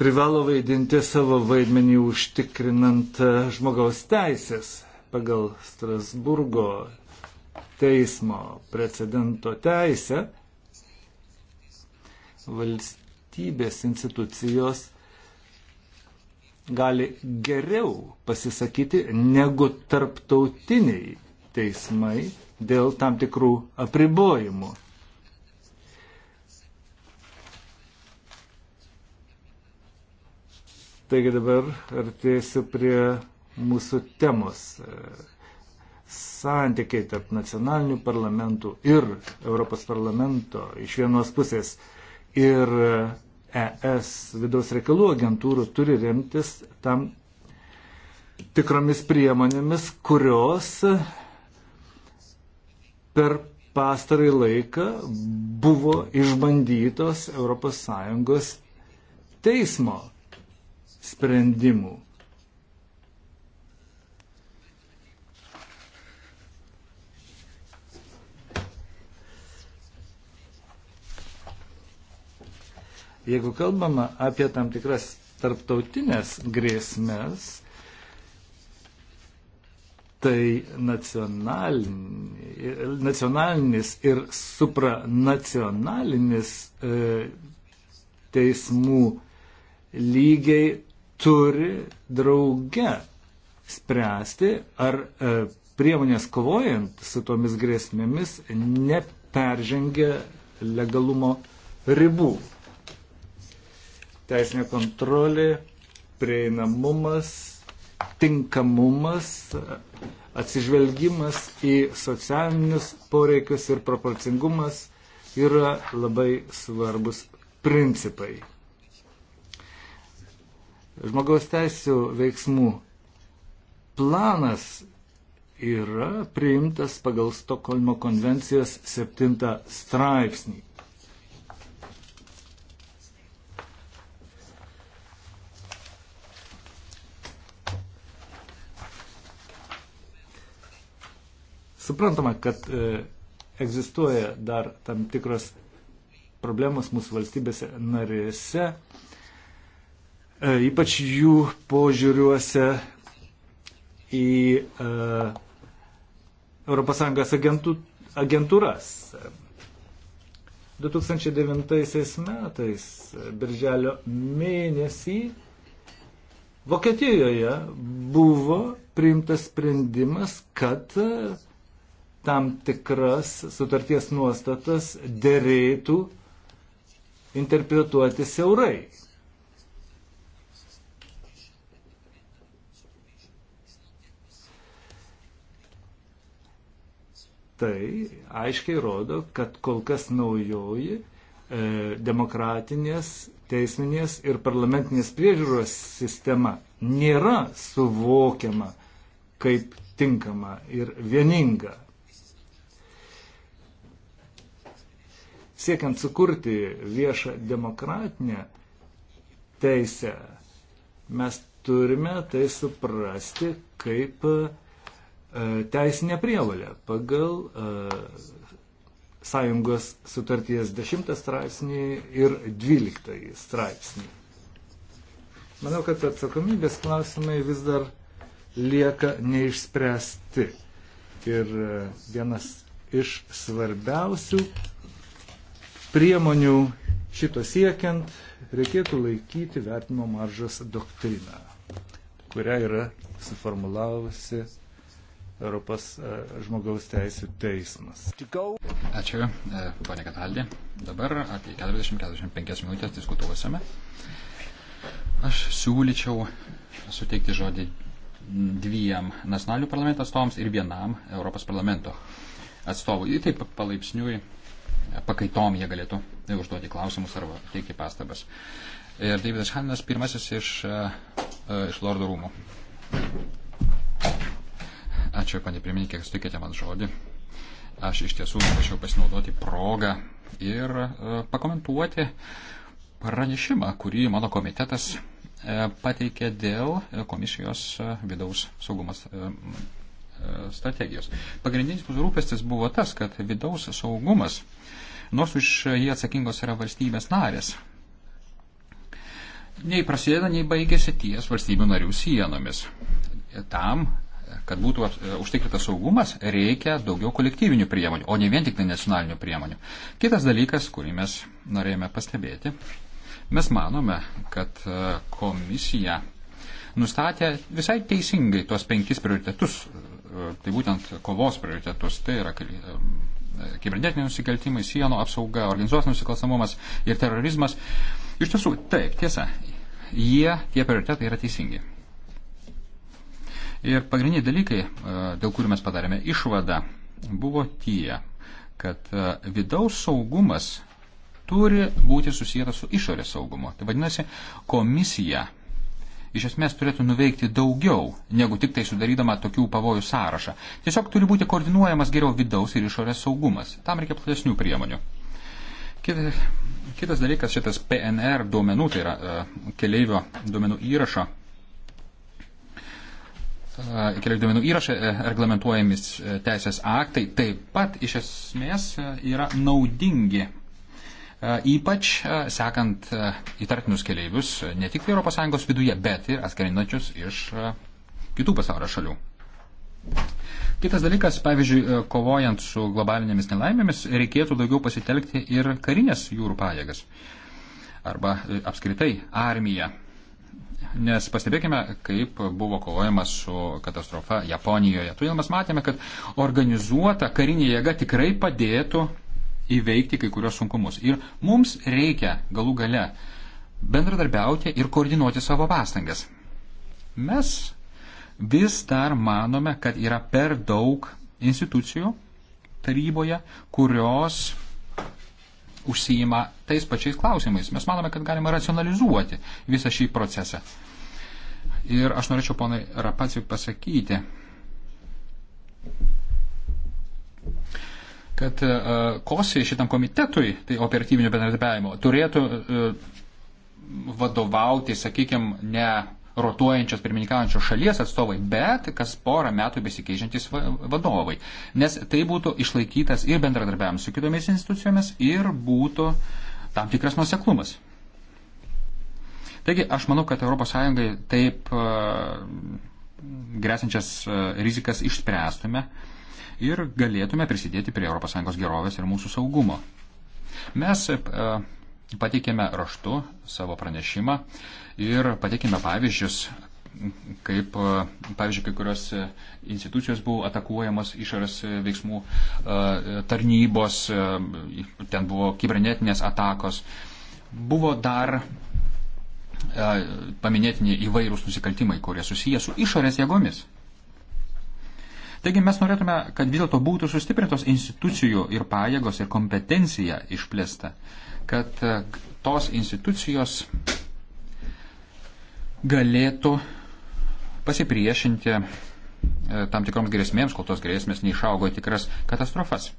privalo vaidinti savo vaidmenį užtikrinant e, žmogaus teisės pagal Strasburgo teismo precedento teisę. Valstybės institucijos gali geriau pasisakyti negu tarptautiniai teismai dėl tam tikrų apribojimų. Taigi dabar artėsiu prie mūsų temos. Santykiai tarp nacionalinių parlamentų ir Europos parlamento iš vienos pusės ir ES vidaus reikalų agentūrų turi remtis tam tikromis priemonėmis, kurios per pastarąjį laiką buvo išbandytos ES teismo sprendimų. Jeigu kalbama apie tam tikras tarptautinės grėsmės, tai nacionalinis ir supranacionalinis e, teismų lygiai turi drauge spręsti, ar e, priemonės kovojant su tomis grėsmėmis neperžengia legalumo ribų. Teisinė kontrolė, prieinamumas, tinkamumas, atsižvelgimas į socialinius poreikius ir proporcingumas yra labai svarbus principai. Žmogaus teisų veiksmų planas yra priimtas pagal Stokholmo konvencijos 7 straipsnį. Suprantama, kad e, egzistuoja dar tam tikros problemos mūsų valstybėse narėse, e, ypač jų požiūriuose į ES agentų, agentūras. 2009 metais, e, birželio mėnesį, Vokietijoje buvo priimtas sprendimas, kad uh, tam tikras sutarties nuostatas dėrėtų interpretuoti siaurai. Tai aiškiai rodo, kad kol kas naujoji e, demokratinės, teisminės ir parlamentinės priežiūros sistema nėra suvokiama kaip tinkama ir vieninga. siekiant sukurti viešą demokratinę teisę, mes turime tai suprasti kaip e, teisinė prievalė pagal e, sąjungos sutarties 10 straipsnį ir 12 straipsnį. Manau, kad atsakomybės klausimai vis dar lieka neišspręsti. Ir e, vienas iš svarbiausių priemonių šito siekiant reikėtų laikyti vertinimo maržos doktriną, kurią yra suformulavusi Europos e, žmogaus teisų teismas. Ačiū, e, ponė Kataldi. Dabar apie 40-45 minutės diskutuosime. Aš siūlyčiau suteikti žodį dviem nacionalinių parlamento atstovams ir vienam Europos parlamento atstovui. Ir taip palaipsniui pakaitom jie galėtų užduoti klausimus arba teikti pastabas. Ir Davidas Haninas pirmasis iš, e, e, iš Lordo rūmų. Ačiū, panė pirmininkė, kad sutikėte man žodį. Aš iš tiesų norėčiau pasinaudoti progą ir e, pakomentuoti pranešimą, kurį mano komitetas pateikė dėl komisijos vidaus saugumas strategijos. Pagrindinis mūsų rūpestis buvo tas, kad vidaus saugumas nors už jį atsakingos yra valstybės narės. Nei prasideda, nei baigėsi ties valstybių narių sienomis. Tam, kad būtų e, užtikrintas saugumas, reikia daugiau kolektyvinių priemonių, o ne vien tik tai nacionalinių priemonių. Kitas dalykas, kurį mes norėjome pastebėti, mes manome, kad e, komisija nustatė visai teisingai tuos penkis prioritetus, e, tai būtent kovos prioritetus, tai yra kibernetiniai nusikaltimai, sienų apsauga, organizuotas nusikalstamumas ir terorizmas. Iš tiesų, taip, tiesa, jie, tie prioritetai yra teisingi. Ir pagrindiniai dalykai, e, dėl kurių mes padarėme išvadą, buvo tie, kad e, vidaus saugumas turi būti susijęta su išorės saugumu. Tai vadinasi, komisija iš esmės turėtų nuveikti daugiau, negu tik tai sudarydama tokių pavojų sąrašą. Tiesiog turi būti koordinuojamas geriau vidaus ir išorės saugumas. Tam reikia platesnių priemonių. Kitas, kitas dalykas, šitas PNR duomenų, tai yra e, keleivio duomenų įrašo. E, Kelių duomenų įrašai e, reglamentuojamis teisės aktai taip pat iš esmės yra naudingi E, ypač e, sekant e, įtartinius keleivius ne tik ES viduje, bet ir atskrendančius iš kitų pasaulio šalių. Kitas dalykas, pavyzdžiui, kovojant su globalinėmis nelaimėmis, reikėtų daugiau pasitelkti ir karinės jūrų pajėgas arba apskritai armiją. Nes pastebėkime, kaip buvo kovojama su katastrofa Japonijoje. Todėl mes matėme, kad organizuota karinė jėga tikrai padėtų įveikti kai kurios sunkumus. Ir mums reikia galų gale bendradarbiauti ir koordinuoti savo pastangas. Mes vis dar manome, kad yra per daug institucijų taryboje, kurios užsijima tais pačiais klausimais. Mes manome, kad galima racionalizuoti visą šį procesą. Ir aš norėčiau ponai Rapacijui pasakyti, kad e, kosiai šitam komitetui, tai operatyvinio bendradarbiavimo, turėtų e, vadovauti, sakykime, ne rotuojančios pirmininkaujančios šalies atstovai, bet kas porą metų besikeičiantis vadovai. Nes tai būtų išlaikytas ir bendradarbiavimas su kitomis institucijomis, ir būtų tam tikras nuseklumas. Taigi aš manau, kad ES taip uh, e, grėsinčias uh, rizikas išspręstume. Uh, ir galėtume prisidėti prie ES gerovės ir mūsų saugumo. Mes e, pateikėme raštu savo pranešimą ir pateikėme pavyzdžius, kaip, e, pavyzdžiui, kai kurios institucijos buvo atakuojamos išorės veiksmų e, tarnybos, ten buvo kibernetinės atakos. Buvo dar paminėtini įvairūs nusikaltimai, kurie susiję su išorės jėgomis. Taigi mes norėtume, kad vis dėlto būtų sustiprintos institucijų ir pajėgos ir kompetencija išplėsta, kad e, tos institucijos galėtų pasipriešinti e, tam tikroms grėsmėms, kol tos grėsmės neišaugo į tikras katastrofas.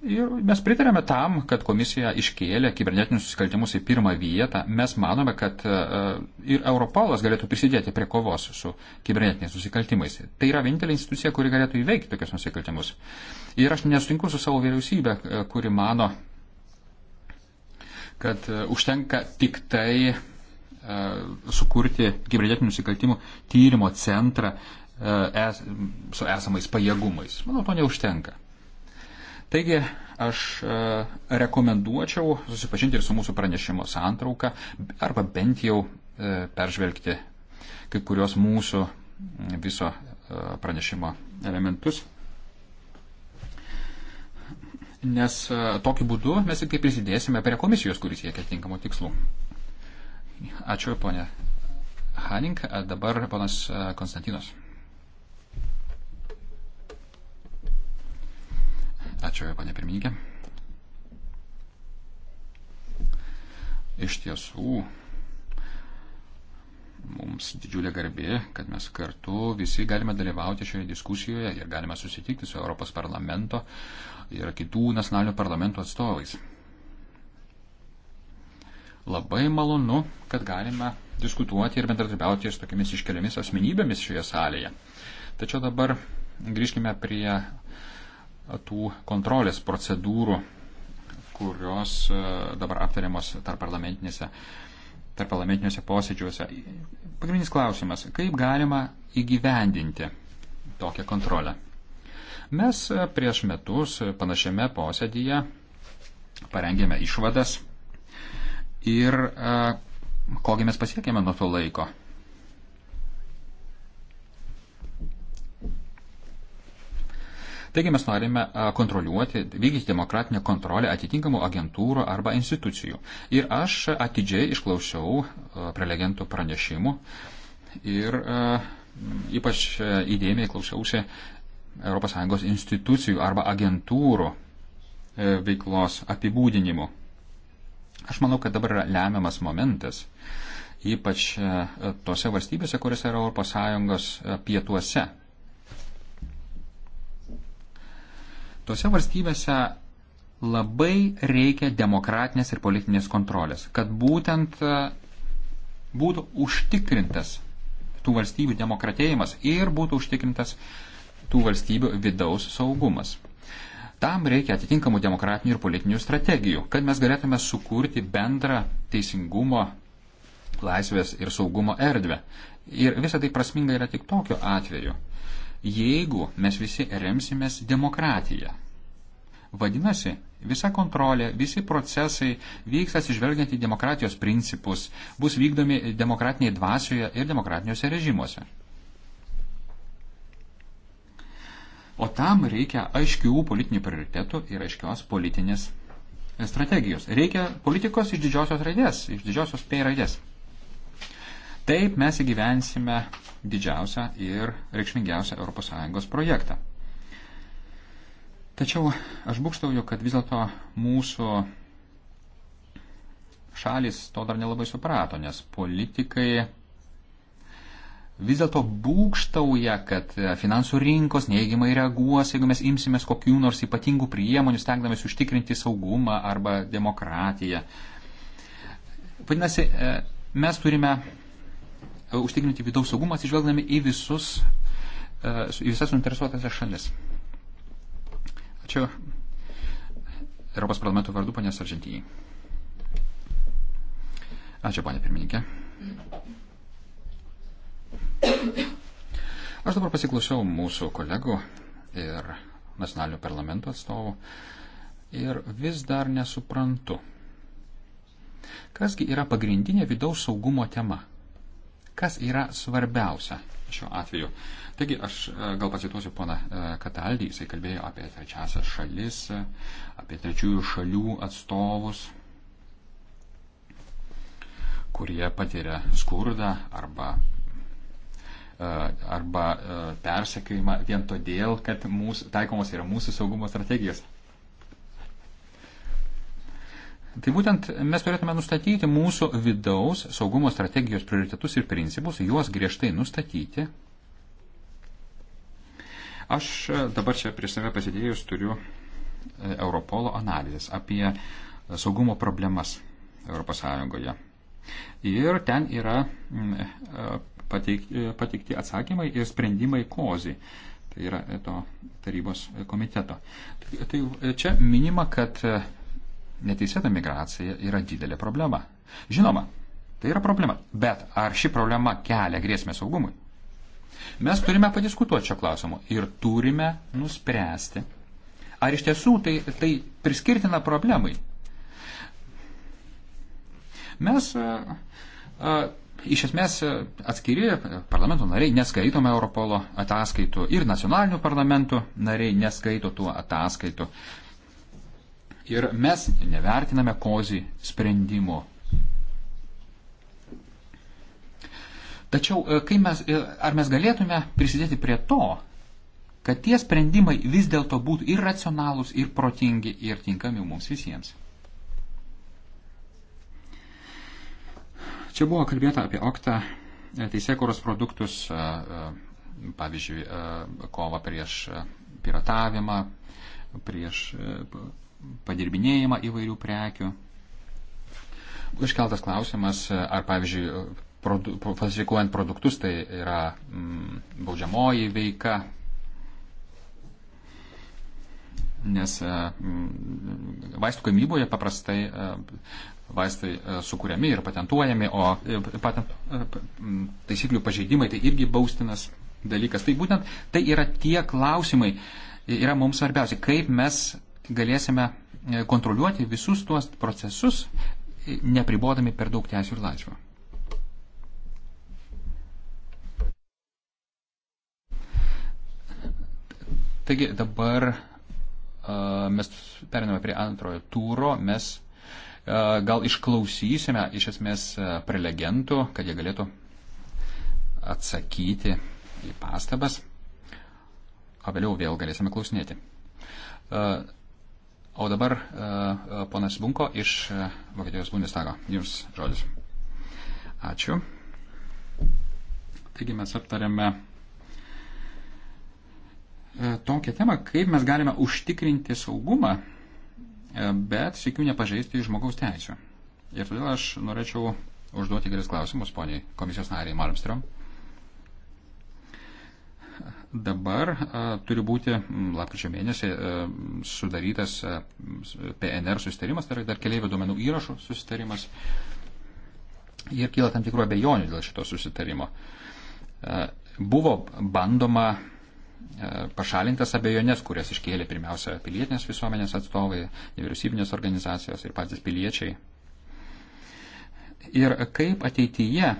Ir mes pritarėme tam, kad komisija iškėlė kibernetinius nusikaltimus į pirmą vietą. Mes manome, kad e, e, ir Europolas galėtų prisidėti prie kovos su kibernetiniais nusikaltimais. Tai yra vienintelė institucija, kuri galėtų įveikti tokius nusikaltimus. Ir aš nesutinku su savo vyriausybė, e, kuri mano, kad užtenka tik tai sukurti kibernetinių nusikaltimų tyrimo centrą su esamais pajėgumais. Manau, to neužtenka. Taigi aš e, rekomenduočiau susipažinti ir su mūsų pranešimo santrauka arba bent jau e, peržvelgti kai kurios mūsų viso e, pranešimo elementus. Nes tokiu būdu mes tik tai prisidėsime prie komisijos, kuris siekia tinkamų tikslų. Ačiū, ponė Hanink. Dabar ponas Konstantinos. Ačiū, panė pirmininkė. Iš tiesų, mums didžiulė garbė, kad mes kartu visi galime dalyvauti šioje diskusijoje ir galime susitikti su Europos parlamento ir kitų nacionalinių parlamentų atstovais. Labai malonu, kad galime diskutuoti ir bendradarbiauti su tokiamis iškeliamis asmenybėmis šioje salėje. Tačiau dabar grįžkime prie tų kontrolės procedūrų, kurios dabar aptariamos tarp parlamentinėse, tarp parlamentiniuose posėdžiuose. Pagrindinis klausimas, kaip galima įgyvendinti tokią kontrolę? Mes prieš metus panašiame posėdyje parengėme išvadas ir kogi mes pasiekėme nuo to laiko. Taigi mes norime kontroliuoti, vykdyti demokratinę kontrolę atitinkamų agentūrų arba institucijų. Ir aš atidžiai išklausiau prelegentų pranešimų ir ypač įdėmiai klausiausi ES institucijų arba agentūrų e, veiklos apibūdinimu. Aš manau, kad dabar yra lemiamas momentas, ypač tose valstybėse, kuriuose yra ES pietuose. Tose valstybėse labai reikia demokratinės ir politinės kontrolės, kad būtent e, būtų užtikrintas tų valstybių demokratėjimas ir būtų užtikrintas tų valstybių vidaus saugumas. Tam reikia atitinkamų demokratinių ir politinių strategijų, kad mes galėtume sukurti bendrą teisingumo, laisvės ir saugumo erdvę. Ir visa tai prasminga yra tik tokiu atveju, jeigu mes visi remsimės demokratiją. Vadinasi, visa kontrolė, visi procesai vyks atsižvelgiant į demokratijos principus, bus vykdomi demokratiniai dvasioje ir demokratiniuose režimuose. O tam reikia aiškių politinių prioritetų ir aiškios politinės strategijos. Reikia politikos iš didžiosios raidės, iš didžiosios P raidės. Taip mes įgyvensime didžiausią ir reikšmingiausią ES projektą. Tačiau aš būkštauju, kad vis dėlto mūsų šalis to dar nelabai suprato, nes politikai vis dėlto būkštauja, kad finansų rinkos neigiamai reaguos, jeigu mes imsimės kokių nors ypatingų priemonių, stengdamės užtikrinti saugumą arba demokratiją. Vadinasi, e, mes turime E, užtikrinti vidaus saugumą atsižvelgdami į, visus, e, į visas suinteresuotasias šalis. Ačiū. Europos parlamento vardu, panės Argentinijai. Ačiū, panė pirmininkė. Aš dabar pasiklausiau mūsų kolegų ir nacionalinių parlamento atstovų ir vis dar nesuprantu, kasgi yra pagrindinė vidaus saugumo tema – Kas yra svarbiausia šiuo atveju? Taigi aš e, gal pacituosiu poną e, Kataldį, jisai kalbėjo apie trečiasias šalis, e, apie trečiųjų šalių atstovus, kurie patiria skurdą arba arba persekiojimą vien todėl, kad mūsų, taikomos yra mūsų saugumo strategijos. Tai būtent mes turėtume nustatyti mūsų vidaus saugumo strategijos prioritetus ir principus, juos griežtai nustatyti. Aš e, dabar čia prieš save pasidėjus turiu e, Europolo analizės apie saugumo problemas ES. Ir ten yra e, pateikti, pateikti atsakymai ir sprendimai kozi. Tai yra to tarybos komiteto. Tai čia minima, kad neteisėta migracija yra didelė problema. Žinoma, tai yra problema. Bet ar ši problema kelia grėsmę saugumui? Mes turime padiskutuoti šio klausimu ir turime nuspręsti, ar iš tiesų tai, tai priskirtina problemai. Mes a, e, a, e, iš esmės e, atskiri parlamento nariai neskaitome Europolo ataskaitų ir nacionalinių parlamentų nariai neskaito tuo ataskaitų. A, Ir mes nevertiname kozį sprendimo. Tačiau e, mes, e, ar mes galėtume prisidėti prie to, kad tie sprendimai vis dėlto būtų ir racionalūs, ir protingi, ir tinkami mums visiems. Čia buvo kalbėta apie oktą e, teisėkuros produktus, pavyzdžiui, kovą prieš piratavimą, prieš padirbinėjimą įvairių prekių. Iškeltas klausimas, ar pavyzdžiui, produ, falsifikuojant produktus tai yra mm, baudžiamoji veika, nes mm, vaistų gamyboje paprastai mm, vaistai e, sukūriami ir patentuojami, o e, patent, mm, taisyklių pažeidimai tai irgi baustinas dalykas. Tai būtent tai yra tie klausimai, yra mums svarbiausia, kaip mes galėsime e, kontroliuoti visus tuos procesus, e, nepribodami per daug teisų ir laisvių. Taigi dabar e, mes periname prie antrojo tūro, mes gal išklausysime iš esmės prelegentų, kad jie galėtų atsakyti į pastabas, o vėliau vėl galėsime klausinėti. O dabar e, e, ponas Bunko iš e, Vokietijos Bundestago. Jums žodis. Ačiū. Taigi mes aptarėme tokią temą, kaip mes galime užtikrinti saugumą, bet sėkiu nepažeisti žmogaus teisų. Ir todėl aš norėčiau užduoti geris klausimus poniai komisijos nariai Malmström dabar a, turi būti lapkričio mėnesį a, sudarytas a, PNR susitarimas, tai yra dar keliaivių duomenų įrašų susitarimas. Ir kyla tam tikrų abejonių dėl šito susitarimo. A, buvo bandoma pašalintas abejonės, kurias iškėlė pirmiausia pilietinės visuomenės atstovai, nevyriausybinės organizacijos ir patys piliečiai. Ir kaip ateityje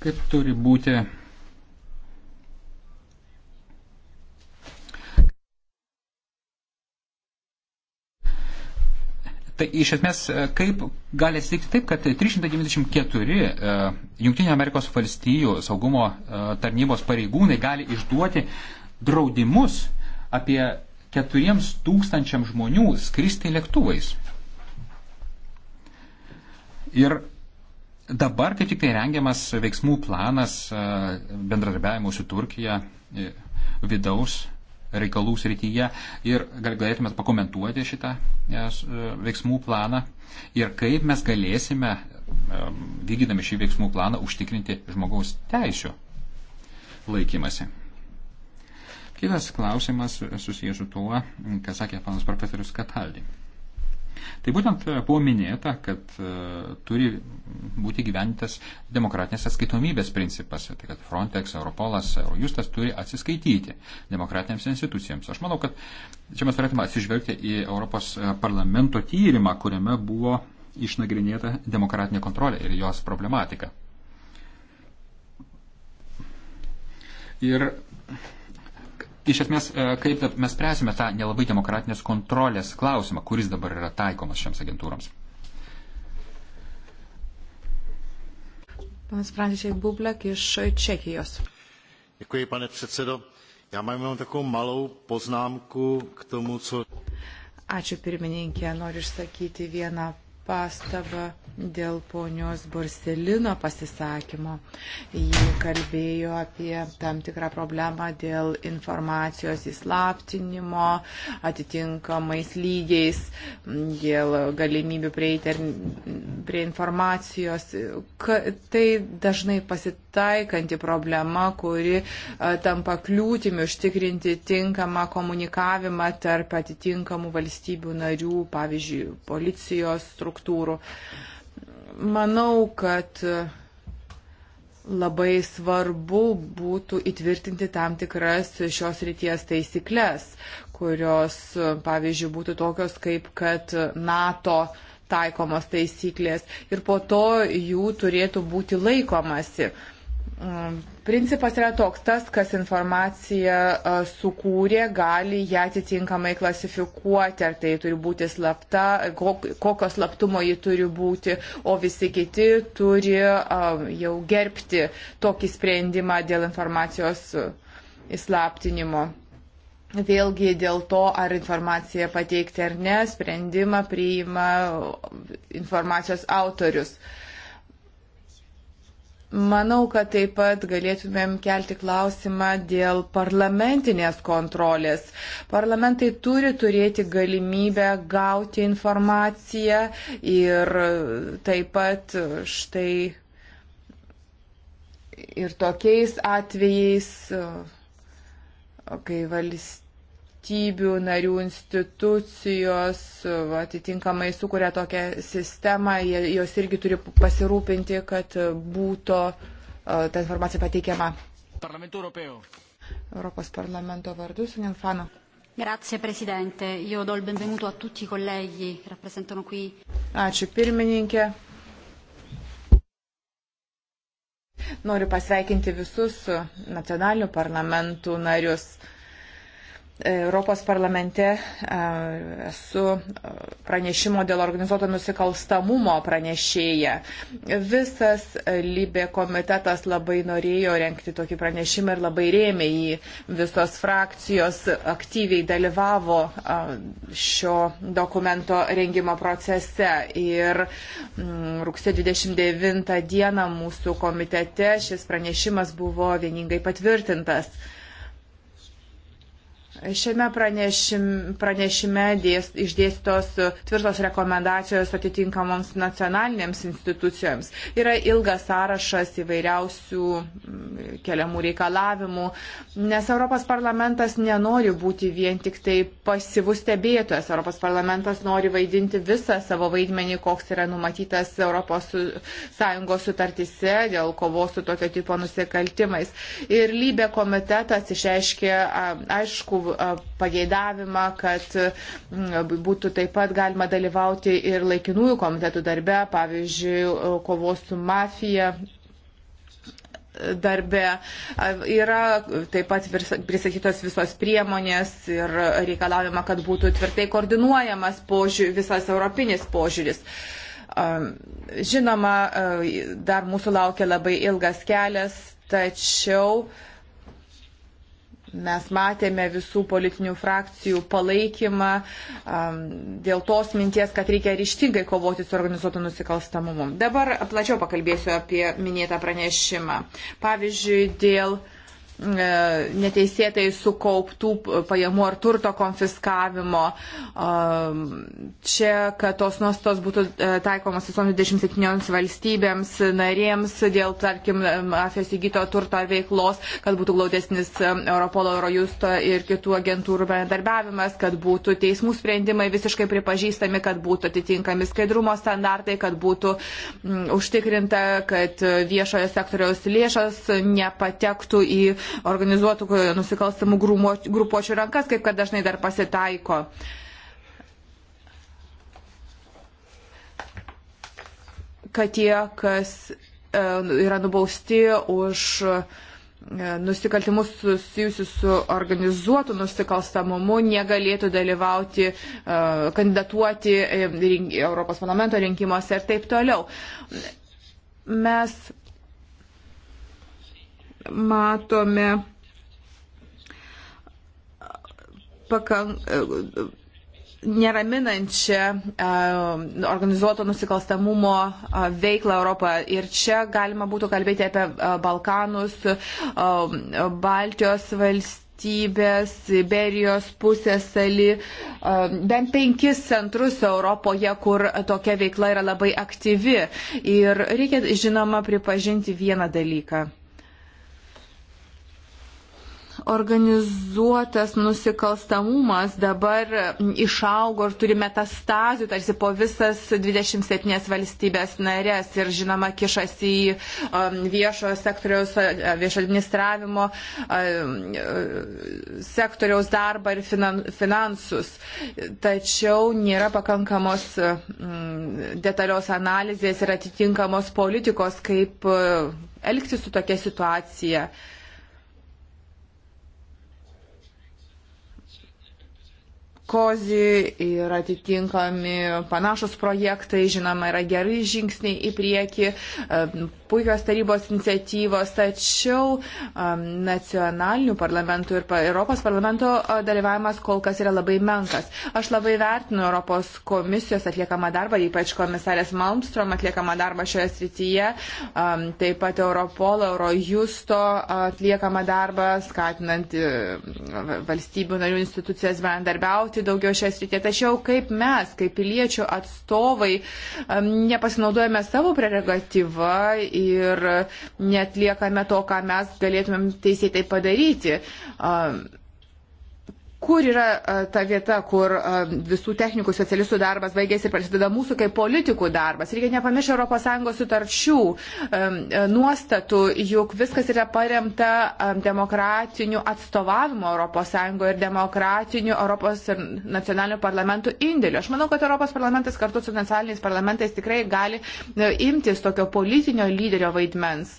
kaip turi būti Tai iš esmės, kaip gali atsitikti taip, kad 394 e, Junktinio Amerikos valstijų saugumo e, tarnybos pareigūnai gali išduoti draudimus apie 4000 žmonių skristi lėktuvais. Ir Dabar kaip tik tai rengiamas veiksmų planas e, bendradarbiavimo su Turkija e, vidaus reikalų srityje ir gal galėtumėt pakomentuoti šitą e, veiksmų planą ir kaip mes galėsime, vykdydami šį veiksmų planą, užtikrinti žmogaus teisų laikymasi. Kitas klausimas susijęs su tuo, ką sakė panas profesorius Kataldi. Tai būtent e, buvo minėta, kad e, turi būti gyventas demokratinės atskaitomybės principas, tai kad Frontex, Europolas, Eurojustas turi atsiskaityti demokratinėms institucijams. Aš manau, kad čia mes turėtume atsižvelgti į Europos e, parlamento tyrimą, kuriame buvo išnagrinėta demokratinė kontrolė ir jos problematika. Ir iš esmės, e, kaip mes spręsime tą nelabai demokratinės kontrolės klausimą, kuris dabar yra taikomas šiams agentūroms? Panas František Bublek iš Čekijos. Děkuji, pane předsedo. Já mám takovou malou poznámku k tomu, co... Ačiū pirmininkė, noriu išsakyti vieną pastabą dėl ponios Borselino pasisakymo. Ji kalbėjo apie tam tikrą problemą dėl informacijos įslaptinimo, atitinkamais lygiais, dėl galimybių prieiti prie informacijos. Ka, tai dažnai pasitaikanti problema, kuri tampa kliūtimi užtikrinti tinkamą komunikavimą tarp atitinkamų valstybių narių, pavyzdžiui, policijos struktūrų struktūrų. Manau, kad labai svarbu būtų įtvirtinti tam tikras šios ryties taisyklės, kurios, pavyzdžiui, būtų tokios kaip, kad NATO taikomos taisyklės ir po to jų turėtų būti laikomasi. Ehm, principas yra toks, tas, kas informaciją e, sukūrė, gali ją atitinkamai klasifikuoti, ar tai turi būti slapta, kokio slaptumo ji turi būti, o visi kiti turi e, jau gerbti tokį sprendimą dėl informacijos įslaptinimo. Vėlgi dėl to, ar informaciją pateikti ar ne, sprendimą priima informacijos autorius. Uh, Manau, kad taip pat galėtumėm kelti klausimą dėl parlamentinės kontrolės. Parlamentai turi turėti galimybę gauti informaciją ir taip pat štai ir tokiais atvejais, kai valstybė valstybių narių institucijos atitinkamai sukuria tokią sistemą, jos irgi turi pasirūpinti, kad būtų ta informacija pateikiama. Parlamento Europeo. Europos parlamento vardu, Suninfano. Grazie Presidente, io do il benvenuto a tutti i colleghi che rappresentano qui. Ačiū pirmininkė. Noriu pasveikinti visus nacionalinių parlamentų narius. Europos parlamente esu pranešimo dėl organizuoto nusikalstamumo pranešėja. Visas Libė komitetas labai norėjo renkti tokį pranešimą ir labai rėmė jį. Visos frakcijos aktyviai dalyvavo šio dokumento rengimo procese. Ir mm, rugsėjo 29 dieną mūsų komitete šis pranešimas buvo vieningai patvirtintas. Šiame pranešim, pranešime dės, išdėstos tvirtos rekomendacijos atitinkamoms nacionalinėms institucijoms. Yra ilgas sąrašas įvairiausių mm, keliamų reikalavimų, nes Europos parlamentas nenori būti vien tik tai pasyvus stebėtojas. Europos parlamentas nori vaidinti visą savo vaidmenį, koks yra numatytas ES sutartise dėl kovos su tokio tipo nusikaltimais. Ir lybė komitetas išreiškė aišku pageidavimą, kad būtų taip pat galima dalyvauti ir laikinųjų komitetų darbe, pavyzdžiui, kovos su mafija darbe. Yra taip pat prisakytos visos priemonės ir reikalavima, kad būtų tvirtai koordinuojamas požiūr, visas europinis požiūris. Žinoma, dar mūsų laukia labai ilgas kelias, tačiau uh, Mes matėme visų politinių frakcijų palaikymą um, dėl tos minties, kad reikia ryštingai kovoti su organizuotu nusikalstamumu. Dabar plačiau pakalbėsiu apie minėtą pranešimą. Pavyzdžiui, dėl uh, E, neteisėtai sukauptų pajamų ar turto konfiskavimo. E, čia, kad tos nuostos būtų e, taikomas visoms 27 valstybėms narėms dėl, tarkim, mafijos įgyto turto ar veiklos, kad būtų glaudesnis Europolo, Eurojusto ir kitų agentūrų bendarbiavimas, kad būtų teismų sprendimai visiškai pripažįstami, kad būtų atitinkami skaidrumo standartai, kad būtų m, užtikrinta, kad viešojo sektoriaus lėšos nepatektų į organizuotų nusikalstamų grupuočių rankas, kaip kad dažnai dar pasitaiko. Kad tie, kas e, yra nubausti už e, nusikaltimus susijusius su organizuotu nusikalstamumu negalėtų dalyvauti, e, kandidatuoti Europos parlamento rinkimuose ir taip toliau. Mes matome pakank, neraminančią organizuoto nusikalstamumo veiklą Europoje. Ir čia galima būtų kalbėti apie Balkanus, Baltijos valstybės valstybės, Iberijos pusėsali, bent penkis centrus Europoje, kur tokia veikla yra labai aktyvi. Ir reikia, žinoma, pripažinti vieną dalyką organizuotas nusikalstamumas dabar išaugo ir turi metastazių tarsi po visas 27 valstybės narės ir žinoma kišasi į um, viešojo sektoriaus, viešo administravimo sektoriaus darbą ir finansus. Tačiau nėra pakankamos mm, detalios analizės ir atitinkamos politikos, kaip elgti su tokia situacija. Kozi ir atitinkami panašus projektai, žinoma, yra gerai žingsniai į priekį, puikios tarybos iniciatyvos, tačiau um, nacionalinių parlamentų ir Europos parlamento uh, dalyvavimas kol kas yra labai menkas. Aš labai vertinu Europos komisijos atliekamą darbą, ypač komisarės Malmstrom atliekamą darbą šioje srityje, um, taip pat Europolo, Eurojusto uh, atliekamą darbą, skatinant uh, valstybių narių institucijas bendarbiauti daugiau šioje srityje. Tačiau kaip mes, kaip piliečių atstovai, um, nepasinaudojame savo prerogatyvą ir netliekame to, ką mes galėtumėm teisėtai padaryti. Uh, kur yra ta vieta, kur visų technikų specialistų darbas baigėsi ir prasideda mūsų kaip politikų darbas. Reikia nepamiršti ES sutarčių e, nuostatų, juk viskas yra paremta demokratiniu atstovavimu ES ir demokratiniu Europos ir nacionaliniu parlamentu indėliu. Aš manau, kad Europos parlamentas kartu su nacionaliniais parlamentais tikrai gali e, imtis tokio politinio lyderio vaidmens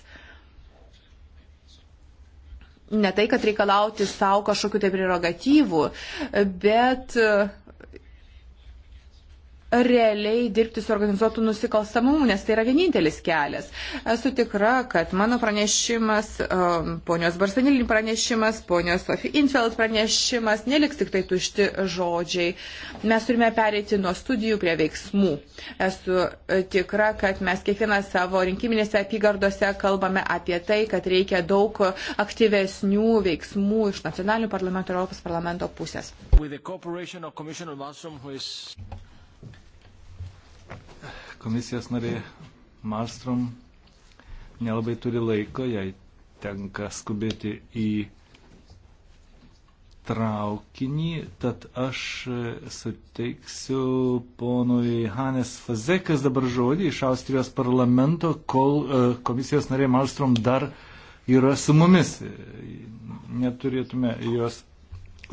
ne tai, kad reikalauti savo kažkokiu tai prerogatyvu, bet uh, realiai dirbti su organizuotu nusikalstamumu, nes tai yra vienintelis kelias. Esu tikra, kad mano pranešimas, um, ponios Barsanilin pranešimas, ponios Sofie Infeld pranešimas neliks tik tai tušti žodžiai. Mes turime pereiti nuo studijų prie veiksmų. Esu e, tikra, kad mes kiekvieną savo rinkiminėse apygardose kalbame apie tai, kad reikia daug aktyvesnių veiksmų iš nacionalinių parlamento ir Europos parlamento pusės komisijos narė Marstrom nelabai turi laiko, jai tenka skubėti į traukinį, tad aš suteiksiu ponui Hanes Fazekas dabar žodį iš Austrijos parlamento, kol e, komisijos narė Malstrom dar yra su mumis. Neturėtume jos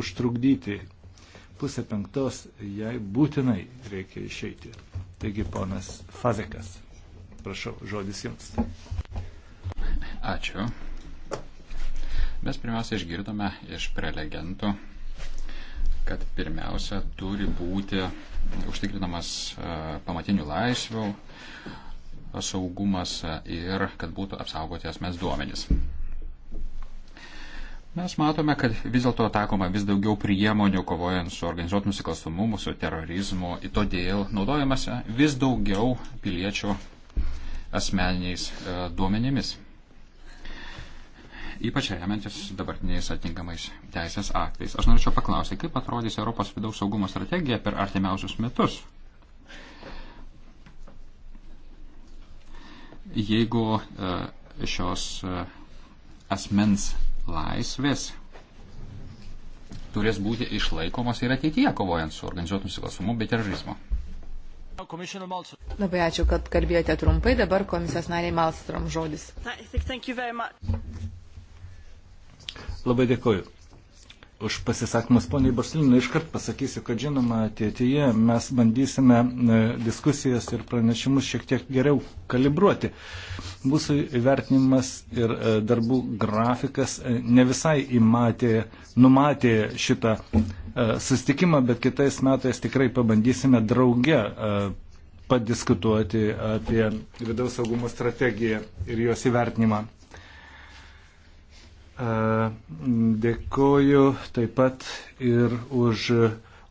užtrukdyti pusę penktos jai būtinai reikia išeiti. Taigi, ponas Fazekas, prašau, žodis jums. Ačiū. Mes pirmiausia išgirdome iš prelegentų, kad pirmiausia turi būti užtikrinamas e, pamatinių laisvių saugumas ir kad būtų apsaugoti asmens duomenys. Mes matome, kad vis dėlto atakoma vis daugiau priemonių kovojant su organizuotų nusikalstumumu, su terorizmu, ir todėl naudojamas vis daugiau piliečių asmeniniais e, duomenimis. Ypač remiantis dabartiniais atinkamais teisės aktais. Aš norėčiau paklausyti, kaip atrodys Europos vidaus saugumo strategija per artimiausius metus, jeigu e, šios e, asmens laisvės turės būti išlaikomos ir ateityje, kovojant su organizuotų nusikalstamų bei terorizmu. Labai ačiū, kad kalbėjote trumpai. Dabar komisijos nariai Malstrom žodis. Labai dėkoju už pasisakymus. Poniai Barcelinai, iškart pasakysiu, kad žinoma, ateityje mes bandysime e, diskusijas ir pranešimus šiek tiek geriau kalibruoti. Mūsų įvertinimas ir e, darbų grafikas e, ne visai įmatė, numatė šitą sustikimą, bet kitais metais tikrai pabandysime drauge padiskutuoti apie vidaus saugumo strategiją ir jos įvertinimą. E, dėkoju taip pat ir už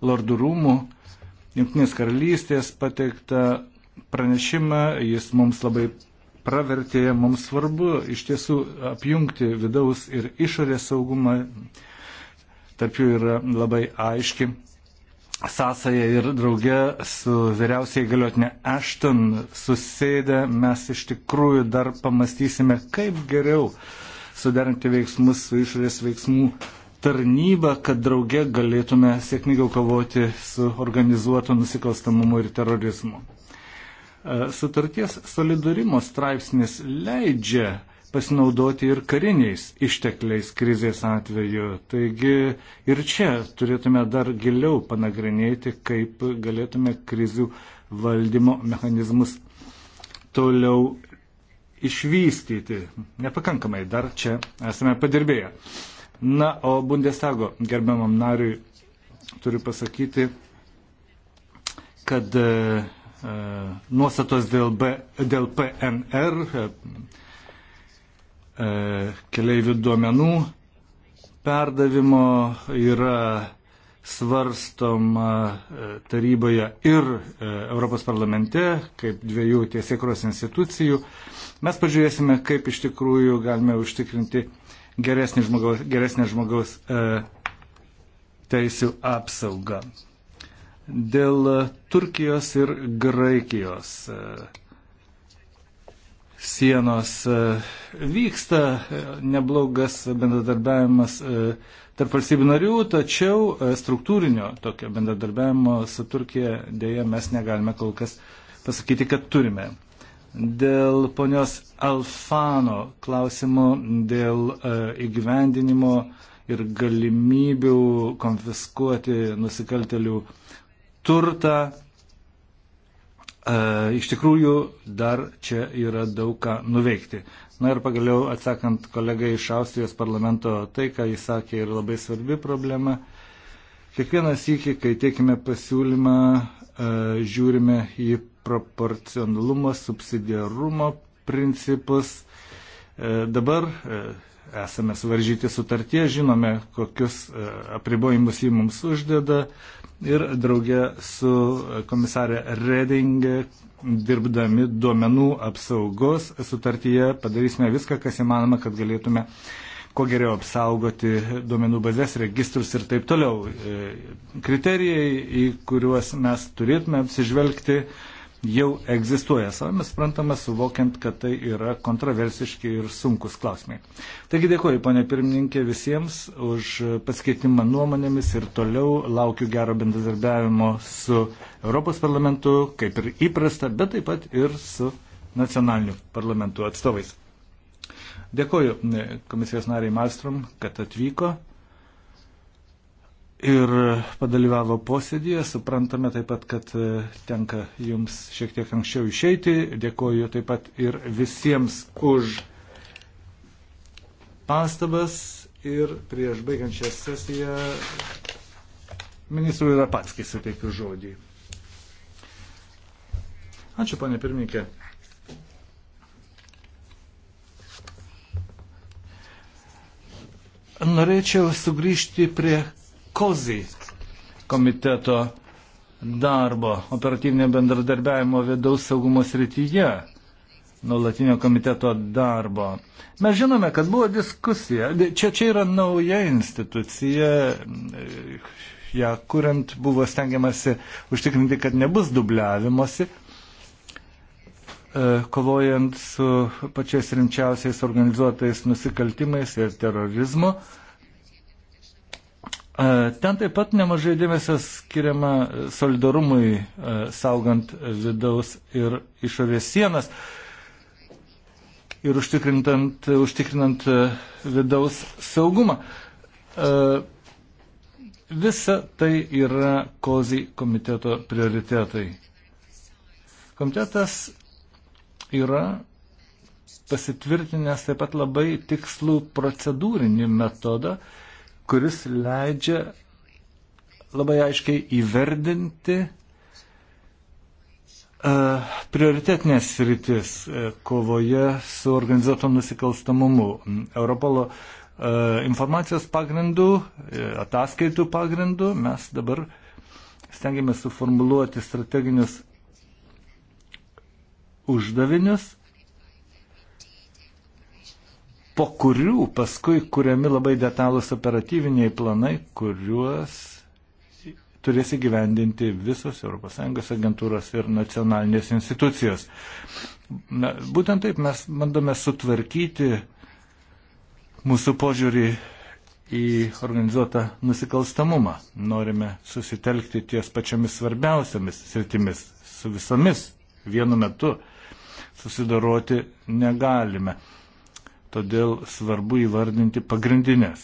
Lordų rūmų Junktinės karalystės pateiktą pranešimą. Jis mums labai pravertė, mums svarbu iš tiesų apjungti vidaus ir išorės saugumą. Tarp jų yra labai aiški sąsąją ir drauge su vyriausiai galiotinė Ashton susėdę mes iš tikrųjų dar pamastysime, kaip geriau uh, suderinti veiksmus su išorės veiksmų tarnyba, kad drauge galėtume sėkmingiau kovoti su organizuotu nusikalstamumu ir terorizmu. E, sutarties solidarimo straipsnis leidžia pasinaudoti ir kariniais ištekliais krizės atveju. Taigi ir čia turėtume dar giliau panagrinėti, kaip galėtume krizių valdymo mechanizmus toliau išvystyti. Nepakankamai dar čia esame padirbėję. Na, o Bundestago gerbiamam nariui turiu pasakyti, kad e, e nuostatos dėl, B, dėl PNR, e, e keliaivių duomenų perdavimo yra svarstoma e, taryboje ir e, Europos parlamente, kaip dviejų tiesiekros institucijų. Mes pažiūrėsime, kaip iš tikrųjų galime užtikrinti geresnį žmogaus, geresnį žmogaus e, teisų apsaugą. Dėl Turkijos ir Graikijos sienos vyksta neblogas bendradarbiavimas tarp valstybių narių, tačiau e, struktūrinio tokio bendradarbiavimo su Turkija dėja mes negalime kol kas pasakyti, kad turime. Dėl ponios Alfano klausimo, dėl e, įgyvendinimo ir galimybių konfiskuoti nusikaltelių turtą, e, iš tikrųjų dar čia yra daug ką nuveikti. Na ir pagaliau atsakant kolegai iš Austrijos parlamento, tai, ką jis sakė, yra labai svarbi problema. Kiekvienas įkį, kai teikime pasiūlymą, e, žiūrime į proporcionalumo, subsidiarumo principus. E, dabar e, esame suvaržyti sutartie, žinome, kokius apribojimus jį mums uždeda, ir draugė su komisarė Reding dirbdami duomenų apsaugos sutartyje padarysime viską, kas įmanoma, kad galėtume kuo geriau apsaugoti duomenų bazės, registrus ir taip toliau. E, kriterijai, į kuriuos mes turėtume apsižvelgti, jau egzistuoja. Savame suprantame, suvokiant, kad tai yra kontroversiški ir sunkus klausimai. Taigi dėkuoju, ponė pirmininkė, visiems už pasikeitimą nuomonėmis ir toliau laukiu gero bendradarbiavimo su Europos parlamentu, kaip ir įprasta, bet taip pat ir su nacionaliniu parlamentu atstovais. Dėkuoju e, komisijos nariai Malstrom, kad atvyko ir padalyvavo posėdėje. Suprantame taip pat, kad e, tenka jums šiek tiek anksčiau išeiti. Dėkoju taip pat ir visiems už pastabas ir prieš baigiant šią sesiją ministrui Rapatskį suteikiu žodį. Ačiū, panė pirmininkė. Norėčiau sugrįžti prie kozi komiteto darbo operatyvinio bendradarbiavimo vidaus saugumo srityje, nuolatinio komiteto darbo. Mes žinome, kad buvo diskusija, čia, čia yra nauja institucija, ją ja, kuriant buvo stengiamasi užtikrinti, kad nebus dubliavimosi e, kovojant su pačiais rimčiausiais organizuotais nusikaltimais ir terorizmu. Ten taip pat nemažai dėmesio skiriama solidarumui, saugant vidaus ir išorės sienas ir užtikrinant, užtikrinant vidaus saugumą. Visa tai yra kozi komiteto prioritetai. Komitetas yra pasitvirtinęs taip pat labai tikslų procedūrinį metodą, kuris leidžia labai aiškiai įverdinti e, prioritetinės sritis e, kovoje su organizuotu nusikalstamumu. Europolo e, informacijos pagrindų, ataskaitų pagrindų mes dabar stengiamės suformuluoti strateginius uždavinius po kurių paskui kuriami labai detalūs operatyviniai planai, kuriuos turės įgyvendinti visos ES agentūros ir nacionalinės institucijos. Na, būtent taip mes bandome sutvarkyti mūsų požiūrį į organizuotą nusikalstamumą. Norime susitelkti ties pačiamis svarbiausiamis sritimis, su visomis vienu metu susidoroti negalime todėl svarbu įvardinti pagrindinės.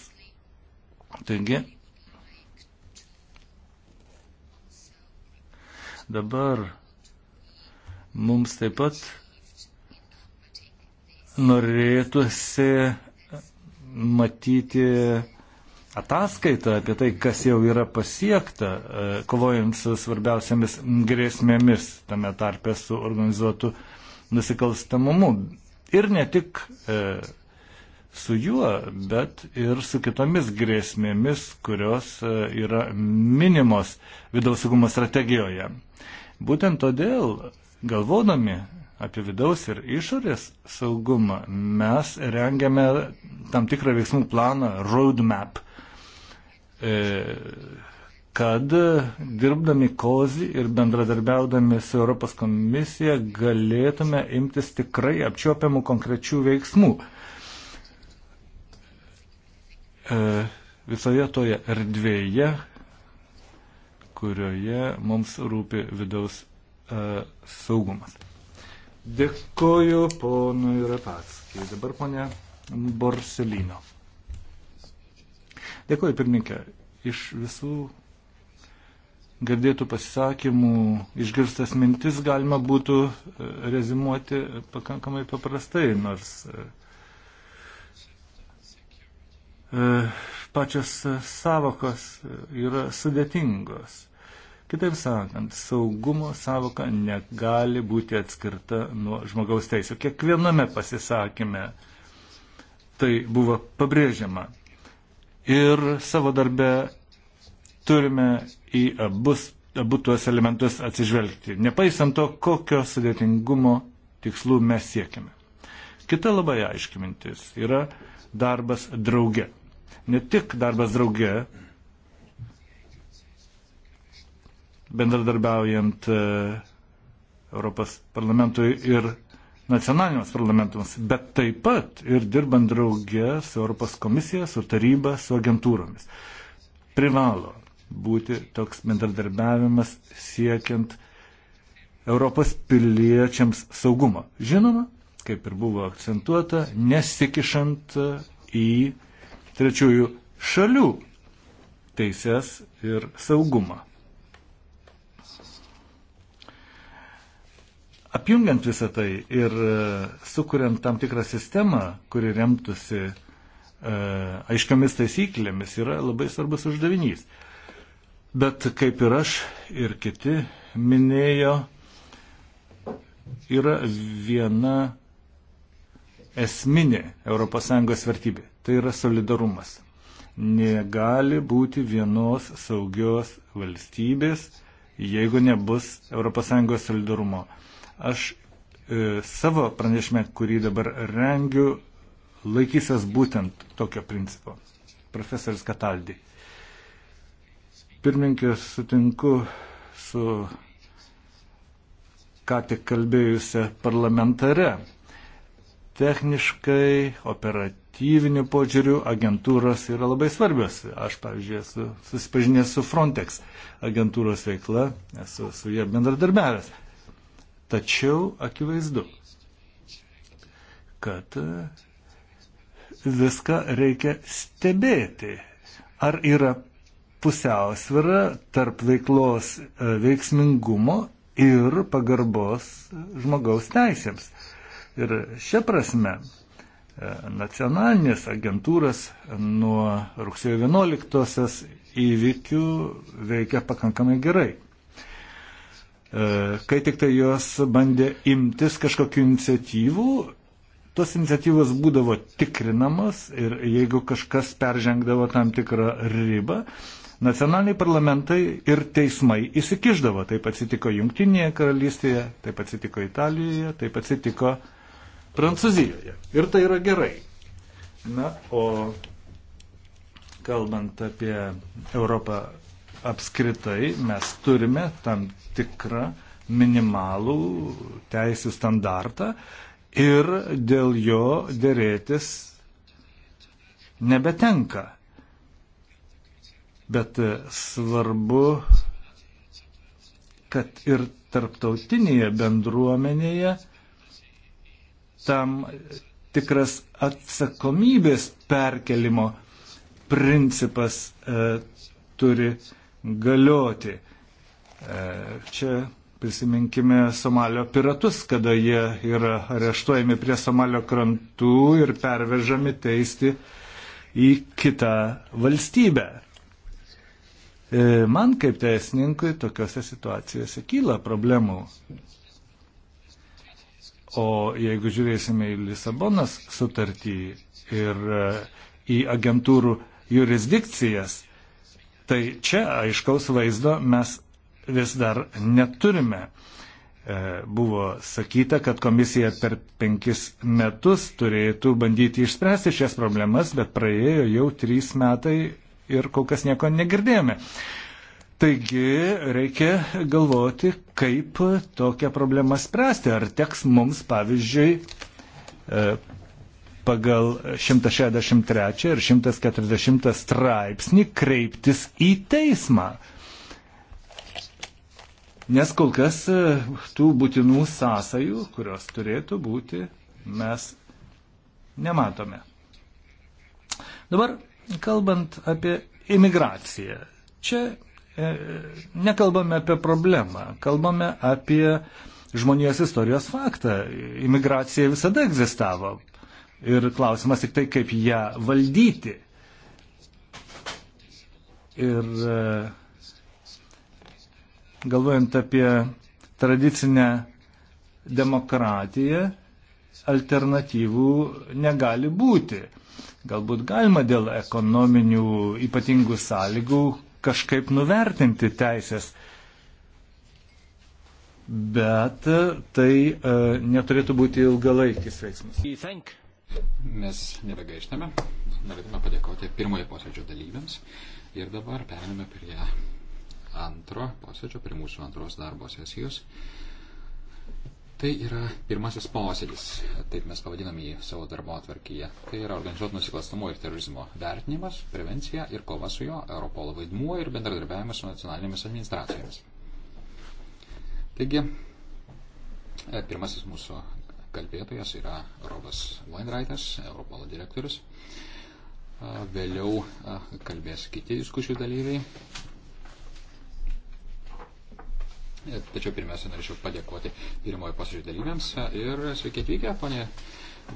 Taigi, dabar mums taip pat norėtųsi matyti ataskaitą apie tai, kas jau yra pasiekta, e, kovojant su svarbiausiamis grėsmėmis, tame tarpe su organizuotu nusikalstamumu ir ne tik e, su juo, bet ir su kitomis grėsmėmis, kurios e, yra minimos vidaus saugumo strategijoje. Būtent todėl, galvodami apie vidaus ir išorės saugumą, mes rengiame tam tikrą veiksmų planą, roadmap. E, kad dirbdami kozį ir bendradarbiaudami su Europos komisija galėtume imtis tikrai apčiopiamų konkrečių veiksmų. E, visoje toje erdvėje, kurioje mums rūpi vidaus e, saugumas. Dėkoju ponui Rapatskijai. Dabar ponė Borselino. Dėkoju pirmininkė. Iš visų girdėtų pasisakymų, išgirstas mintis galima būtų e, rezimuoti e, pakankamai paprastai, nors e, pačios savokos yra sudėtingos. Kitaip sakant, saugumo savoka negali būti atskirta nuo žmogaus teisų. Kiekviename pasisakyme tai buvo pabrėžiama. Ir savo darbe turime į abus, abu tuos elementus atsižvelgti, nepaisant to, kokio sudėtingumo tikslų mes siekiame. Kita labai aiški mintis yra darbas drauge. Ne tik darbas drauge, bendradarbiaujant e, Europos parlamentui ir nacionaliniams parlamentams, bet taip pat ir dirbant drauge su Europos komisija, su taryba, su agentūromis. Privalo būti toks bendradarbiavimas siekiant Europos piliečiams saugumo. Žinoma, kaip ir buvo akcentuota, nesikišant į trečiųjų šalių teises ir saugumą. Apjungiant visą tai ir e, sukuriant tam tikrą sistemą, kuri remtųsi e, aiškiomis taisyklėmis, yra labai svarbus uždavinys. Bet kaip ir aš ir kiti minėjo, yra viena esminė ES vertybė. Tai yra solidarumas. Negali būti vienos saugios valstybės, jeigu nebus ES solidarumo. Aš e, savo pranešime, kurį dabar rengiu, laikysiuos būtent tokio principo. Profesorius Kataldi. Pirminkė, sutinku su ką tik kalbėjusią parlamentare. Techniškai, operatyviniu požiūriu agentūros yra labai svarbios. Aš, pavyzdžiui, esu susipažinęs su Frontex agentūros veikla, esu su jie bendradarbiavęs. Tačiau akivaizdu, kad viską reikia stebėti. Ar yra pusiausvyrą tarp veiklos e, veiksmingumo ir pagarbos žmogaus teisėms. Ir šia prasme e, nacionalinės agentūros nuo rugsėjo 11-osios įvykių veikia pakankamai gerai e, kai tik tai jos bandė imtis kažkokių iniciatyvų, tos iniciatyvos būdavo tikrinamos ir jeigu kažkas peržengdavo tam tikrą ribą, Nacionaliniai parlamentai ir teismai įsikiždavo. Taip atsitiko Junktinėje karalystėje, taip atsitiko Italijoje, taip atsitiko Prancūzijoje. Ir tai yra gerai. Na, o kalbant apie Europą apskritai, mes turime tam tikrą minimalų teisų standartą ir dėl jo dėrėtis nebetenka. Bet e, svarbu, kad ir tarptautinėje bendruomenėje tam tikras atsakomybės perkelimo principas e, turi galioti. E, čia prisiminkime Somalio piratus, kada jie yra areštuojami prie Somalio krantų ir pervežami teisti į kitą valstybę. E, man kaip teisininkui tokiuose situacijose kyla problemų. O jeigu žiūrėsime į Lisabonas sutartį ir e, į agentūrų jurisdikcijas, tai čia aiškaus vaizdo mes vis dar neturime. E, buvo sakyta, kad komisija per penkis metus turėtų bandyti išspręsti šias problemas, bet praėjo jau trys metai ir kol kas nieko negirdėjome. Taigi reikia galvoti, kaip tokią problemą spręsti. Ar teks mums, pavyzdžiui, e, pagal 163 ir 140 straipsnį kreiptis į teismą. Nes kol kas e, tų būtinų sąsajų, kurios turėtų būti, mes nematome. Dabar Kalbant apie imigraciją, čia e, nekalbame apie problemą, kalbame apie žmonijos istorijos faktą. Imigracija visada egzistavo. Ir klausimas tik tai, kaip ją valdyti. Ir e, galvojant apie tradicinę demokratiją, alternatyvų negali būti. Galbūt galima dėl ekonominių ypatingų sąlygų kažkaip nuvertinti teisės. Bet tai e, neturėtų būti ilgalaikis veiksmas. Mes nebegaištame. Norėtume padėkoti pirmojo posėdžio dalyviams. Ir dabar perėmėme prie antro posėdžio, prie mūsų antros darbo sesijos. Tai yra pirmasis posėdis, taip mes pavadinam jį savo darbo atvarkyje. Tai yra organizuotų nusikalstamų ir terorizmo vertinimas, prevencija ir kova su jo, Europolo vaidmuo ir bendradarbiavimas su nacionalinėmis administracijomis. Taigi, e, pirmasis mūsų kalbėtojas yra Robas Weinreitas, Europolo direktorius. E, vėliau e, kalbės kiti diskusijų dalyviai. Tačiau pirmiausia, norėčiau padėkoti pirmojo posėdžio dalyviams ir sveiki atvykę, ponė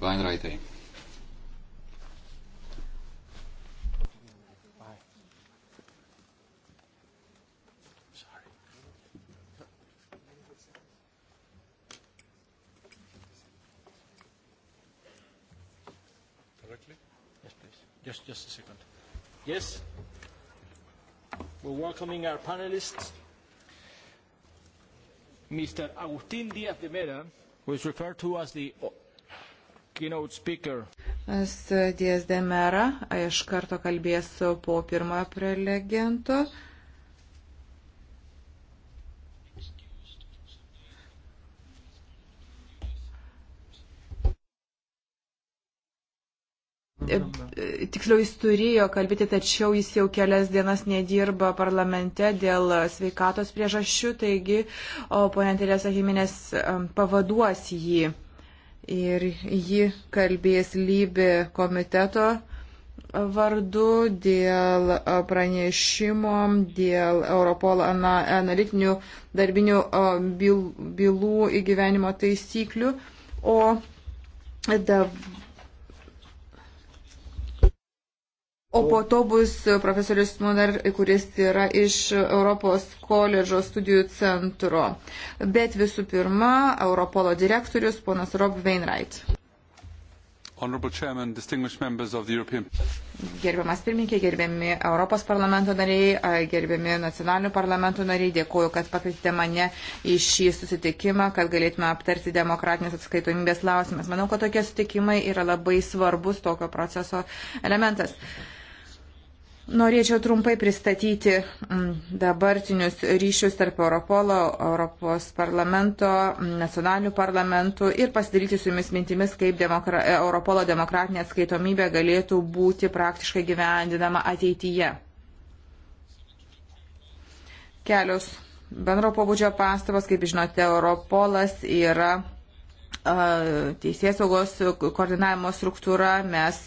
Vainraitai. Yes, just a second. Yes, we're welcoming our panelists. Mr. Agustín Díaz de Mera, who is referred to as the keynote speaker. As uh, Díaz de Mera iš karto kalbės po pirmojo prelegento. E, tiksliau jis turėjo kalbėti, tačiau jis jau kelias dienas nedirba parlamente dėl sveikatos priežasčių, taigi ponė Teresa Jiminės e, pavaduos jį ir ji kalbės lybė komiteto vardu dėl e, pranešimo, dėl Europol analitinių darbinių bylų įgyvenimo taisyklių. O dabar O po to bus profesorius Munar, kuris yra iš Europos koledžo studijų centro. Bet visų pirma, Europolo direktorius ponas Rob Wainwright. Chairman, European... Gerbiamas pirmininkė, gerbiami Europos parlamento nariai, gerbiami nacionalinių parlamento nariai, dėkuoju, kad pakvietėte mane į šį susitikimą, kad galėtume aptarti demokratinės atskaitomybės klausimas. Manau, kad tokie susitikimai yra labai svarbus tokio proceso elementas. Okay. Norėčiau trumpai pristatyti mm, dabartinius ryšius tarp Europolo, Europos parlamento, nacionalinių parlamentų ir pasidaryti su jumis mintimis, kaip demokra Europolo demokratinė atskaitomybė galėtų būti praktiškai gyvendinama ateityje. Kelios bendro pobūdžio pastabos, kaip žinote, Europolas yra teisės saugos koordinavimo struktūra, mes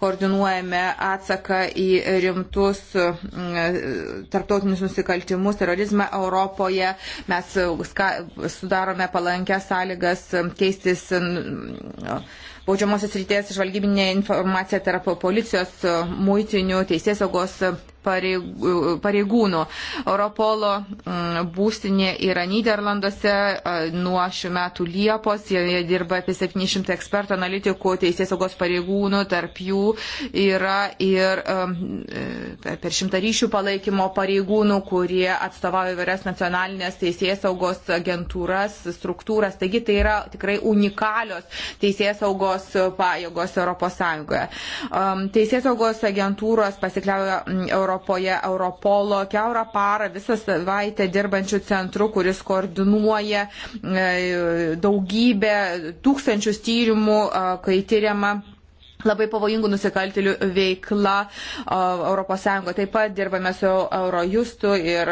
koordinuojame atsaką į rimtus mm, tarptautinius nusikaltimus, terorizmą Europoje, mes sudarome palankias sąlygas keistis baudžiamosios ryties žvalgybinė informacija tarp policijos, muitinių, teisės saugos pareigūnų. Europolo mm, būstinė yra Niderlanduose nuo šių metų Liepos. Joje dirba apie 700 ekspertų, analitikų, teisės saugos pareigūnų. Tarp jų yra ir e, per šimtą ryšių palaikymo pareigūnų, kurie atstovauja įvairias nacionalinės teisės saugos agentūras, struktūras. Taigi tai yra tikrai unikalios teisės saugos pajėgos Europos Sąjungoje. Teisės saugos agentūros pasikliauja Europos Europoje, Europolo, keurą parą, visą savaitę dirbančių centrų, kuris koordinuoja e, daugybę tūkstančius tyrimų, e, kai tyriama labai pavojingų nusikaltėlių veikla ES. Taip pat dirbame su Eurojustu ir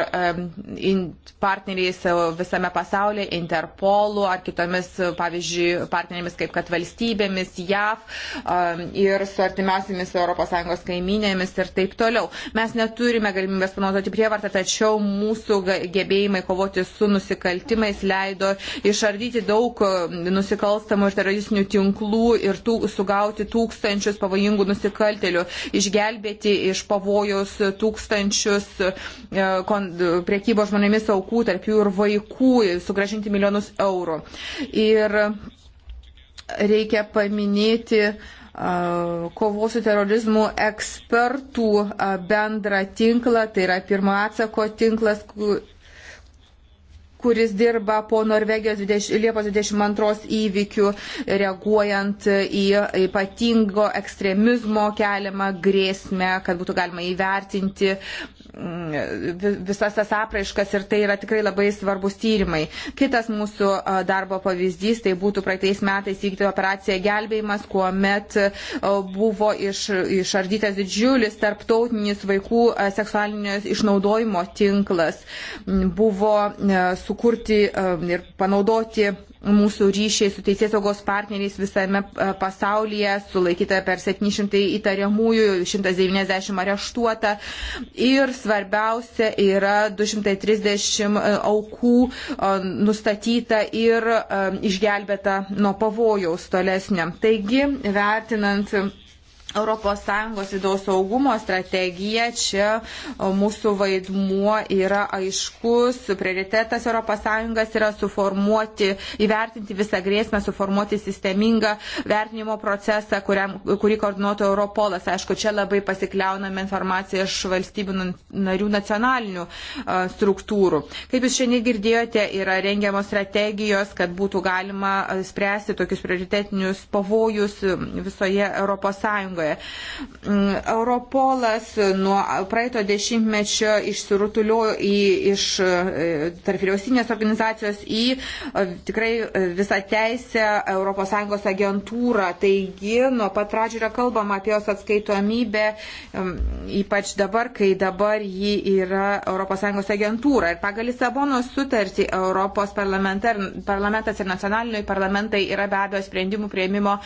partneriais e, visame pasaulyje, Interpolu ar kitomis, pavyzdžiui, partnerėmis kaip kad valstybėmis, JAV ir su artimiausiamis ES kaiminėmis ir taip toliau. Mes neturime galimybės panaudoti prievartą, tačiau mūsų gebėjimai kovoti su nusikaltimais leido išardyti daug nusikalstamų ir teroristinių tinklų ir tų, sugauti tūkstančių tūkstančius pavojingų nusikaltelių, išgelbėti iš pavojus tūkstančius e, priekybos žmonėmis aukų, tarp jų ir vaikų, sugražinti milijonus eurų. Ir reikia paminėti e, kovos su terorizmu ekspertų e, bendrą tinklą, tai yra pirmo atsako tinklas, kuris dirba po Norvegijos 20, Liepos 22 įvykių, reaguojant į ypatingo ekstremizmo keliamą grėsmę, kad būtų galima įvertinti visas tas apraiškas ir tai yra tikrai labai svarbus tyrimai. Kitas mūsų darbo pavyzdys tai būtų praeitais metais vykti operacija gelbėjimas, kuomet buvo iš, išardytas didžiulis tarptautinis vaikų seksualinio išnaudojimo tinklas. Buvo sukurti ir panaudoti mūsų ryšiai su teisėsaugos partneriais visame e, pasaulyje, sulaikyta per 700 įtariamųjų, 190 areštuota ir svarbiausia yra 230 e, aukų e, nustatyta ir išgelbėta nuo pavojaus tolesnio. Taigi, vertinant ES vidaus saugumo strategija, čia mūsų vaidmuo yra aiškus, prioritetas ES yra suformuoti, įvertinti visą grėsmę, suformuoti sistemingą vertinimo procesą, kuriam, kurį koordinuotų Europolas. Aišku, čia labai pasikliauname informaciją iš valstybių narių nacionalinių struktūrų. Kaip jūs šiandien girdėjote, yra rengiamos strategijos, kad būtų galima spręsti tokius prioritetinius pavojus visoje ES. Mm, Europolas nuo praeito dešimtmečio išsirutuliojo į, iš e, tarpvyriausybinės organizacijos į e, tikrai e, visą teisę ES agentūrą. Taigi nuo pat pradžio yra kalbama apie jos atskaitomybę, ypač dabar, kai dabar ji yra ES agentūra. Ir pagal Lisabonos sutartį Europos parlamentas ir nacionaliniai parlamentai yra be abejo sprendimų prieimimo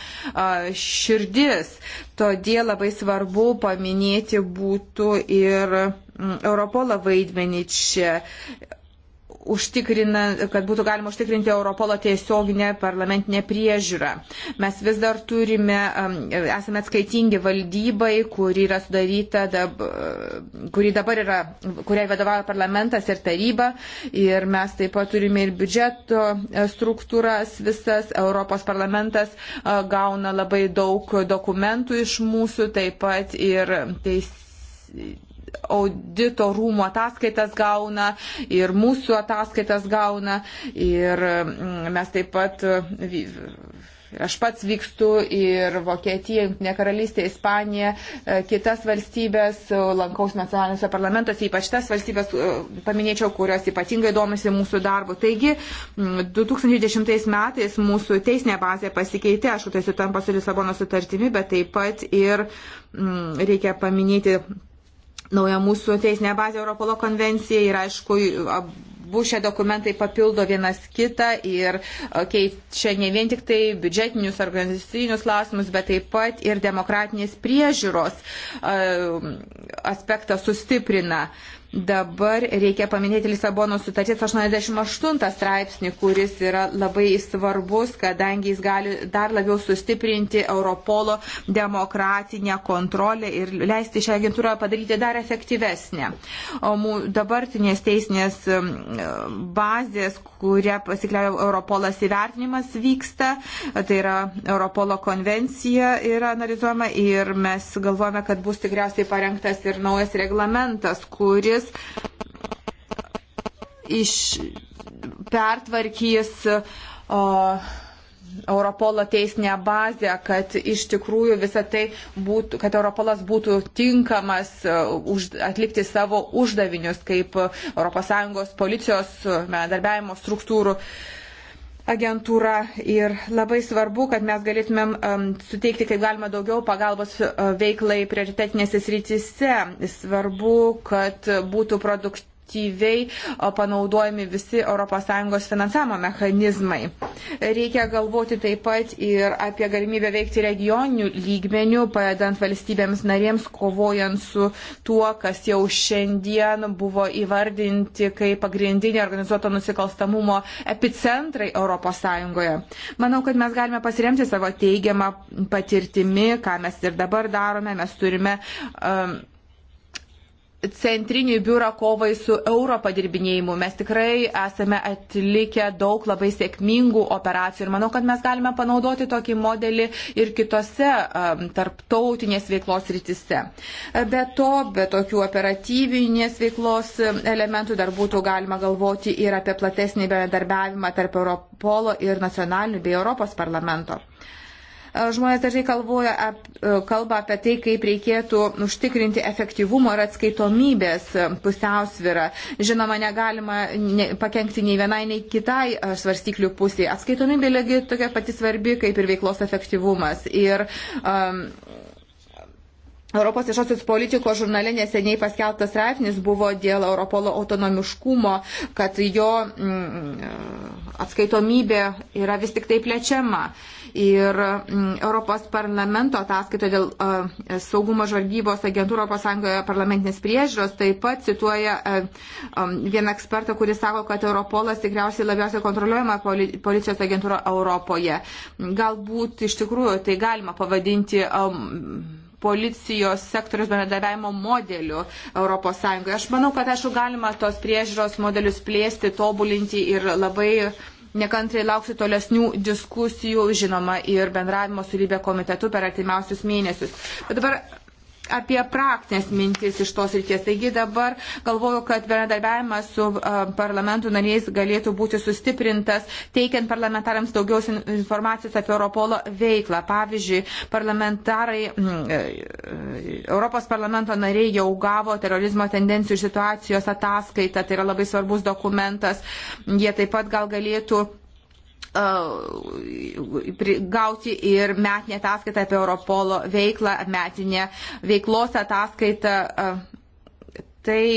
širdis. Todėl labai svarbu paminėti būtų ir mm, Europolo vaidmenį čia užtikrina, kad būtų galima užtikrinti Europolo tiesioginę parlamentinę priežiūrą. Mes vis dar turime, um, esame atskaitingi valdybai, kuri yra sudaryta, dab, kuri dabar yra, kuriai vadovauja parlamentas ir taryba. Ir mes taip pat turime ir biudžeto struktūras visas. Europos parlamentas uh, gauna labai daug dokumentų iš mūsų, taip pat ir teisės audito rūmų ataskaitas gauna ir mūsų ataskaitas gauna ir mm, mes taip pat Aš pats vykstu ir Vokietiją, Junktinė karalystė, Ispanija, e, kitas valstybės, e, lankaus nacionaliniuose parlamentuose, ypač tas valstybės, e, paminėčiau, kurios ypatingai domisi mūsų darbu. Taigi, 2010 mm, metais mūsų teisinė bazė pasikeitė, aišku, tai sutampa su Lisabono sutartimi, bet taip pat ir m, mm, reikia paminėti nauja mūsų teisinė bazė Europolo konvencija ir aišku abu šie dokumentai papildo vienas kitą ir e, keičia ne vien tik tai biudžetinius organizacinius klausimus, bet taip pat ir demokratinės priežiūros e, aspektą sustiprina. Uh, Dabar reikia paminėti Lisabono sutarties 88 straipsnį, kuris yra labai svarbus, kadangi jis gali dar labiau sustiprinti Europolo demokratinę kontrolę ir leisti šią agentūrą padaryti dar efektyvesnę. O dabartinės teisinės bazės, kuria pasikliavo Europolas įvertinimas vyksta, tai yra Europolo konvencija yra analizuojama ir mes galvojame, kad bus tikriausiai parengtas ir naujas reglamentas, kuris kuris iš pertvarkys o, Europolo teisinę bazę, kad iš tikrųjų visą tai būtų, kad Europolas būtų tinkamas e, už, atlikti savo uždavinius kaip ES policijos e, darbiavimo struktūrų. Uh, agentūra ir labai svarbu, kad mes galėtumėm um, suteikti kaip galima daugiau pagalbos uh, veiklai prioritetinėse srityse. Svarbu, kad būtų produktyvi efektyviai panaudojami visi ES finansavimo mechanizmai. Reikia galvoti taip pat ir apie galimybę veikti regioninių lygmenių, padedant valstybėms narėms, kovojant su tuo, kas jau šiandien buvo įvardinti kaip pagrindinė organizuoto nusikalstamumo epicentrai ES. Manau, kad mes galime pasiremti savo teigiamą patirtimį, ką mes ir dabar darome. Mes turime um, centrinį biurą kovai su euro padirbinėjimu. Mes tikrai esame atlikę daug labai sėkmingų operacijų ir manau, kad mes galime panaudoti tokį modelį ir kitose um, tarptautinės veiklos rytise. Be to, be tokių operatyvinės veiklos elementų dar būtų galima galvoti ir apie platesnį bendarbiavimą tarp Europolo ir nacionalinių bei Europos parlamento. Žmonės dažnai kalboja, ap, e, kalba apie tai, kaip reikėtų užtikrinti efektyvumo ir atskaitomybės pusiausvirą. Žinoma, negalima ne, pakengti nei vienai, nei kitai e, svarstyklių pusiai. Atskaitomybė lygi tokia pati svarbi, kaip ir veiklos efektyvumas. Ir, um, Europos viešosios politikos žurnale neseniai paskeltas straipsnis buvo dėl Europolo autonomiškumo, kad jo mm, e, atskaitomybė yra vis tik tai plečiama. Uh, ir mm, Europos parlamento ataskaita dėl saugumo žvalgybos agentūro Europos Sąjungoje parlamentinės priežiūros taip pat cituoja vieną ekspertą, kuris sako, kad Europolas tikriausiai labiausiai kontroliuojama policijos agentūra Europoje. Galbūt iš tikrųjų tai galima pavadinti policijos sektorius bendradarbiavimo modeliu ES. Aš manau, kad aišku galima tos priežiūros modelius plėsti, tobulinti ir labai nekantrai lauksiu tolesnių diskusijų, žinoma, ir bendravimo su lybė komitetu per artimiausius mėnesius. Bet dabar apie praktinės mintis iš tos ryties. Taigi dabar galvoju, kad bendradarbiavimas su parlamentų nariais galėtų būti sustiprintas, teikiant parlamentarams daugiau informacijos apie Europolo veiklą. Pavyzdžiui, parlamentarai, e, Europos parlamento nariai jau gavo terorizmo tendencijų situacijos ataskaitą, tai yra labai svarbus dokumentas. Jie taip pat gal galėtų gauti ir metinę ataskaitą apie Europolo veiklą, metinę veiklos ataskaitą. Tai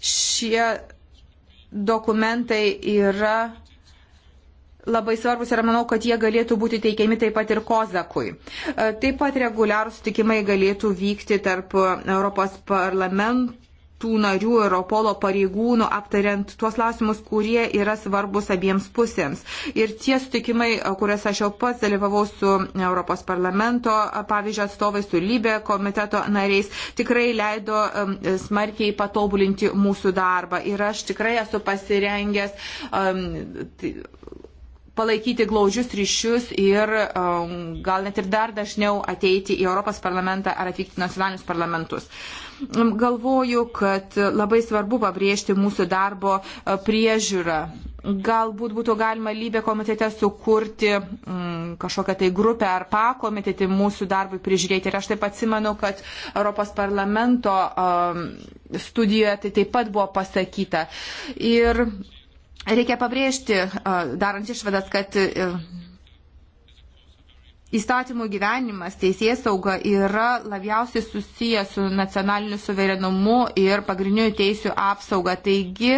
šie dokumentai yra labai svarbus ir manau, kad jie galėtų būti teikiami taip pat ir Kozakui. Taip pat reguliarūs sutikimai galėtų vykti tarp Europos parlamento tų narių Europolo pareigūnų aptariant tuos klausimus, kurie yra svarbus abiems pusėms. Ir tie sutikimai, kuriuose aš jau pats dalyvavau su Europos parlamento, pavyzdžio atstovais, su Libė komiteto nariais, tikrai leido smarkiai patobulinti mūsų darbą. Ir aš tikrai esu pasirengęs um, palaikyti glaudžius ryšius ir um, gal net ir dar dažniau ateiti į Europos parlamentą ar atvykti į nacionalinius parlamentus. Um, galvoju, kad labai svarbu pabrėžti mūsų darbo uh, priežiūrą. Galbūt būtų galima lybė komitete sukurti mm, kažkokią tai grupę ar pakomitetį mūsų darbui prižiūrėti. Ir aš taip atsimenu, kad Europos parlamento um, studijoje tai taip pat buvo pasakyta. Ir Reikia pabrėžti, darant išvadas, kad įstatymų gyvenimas, teisės sauga yra labiausiai susijęs su nacionaliniu suverenumu ir pagrindinių teisių apsauga. Taigi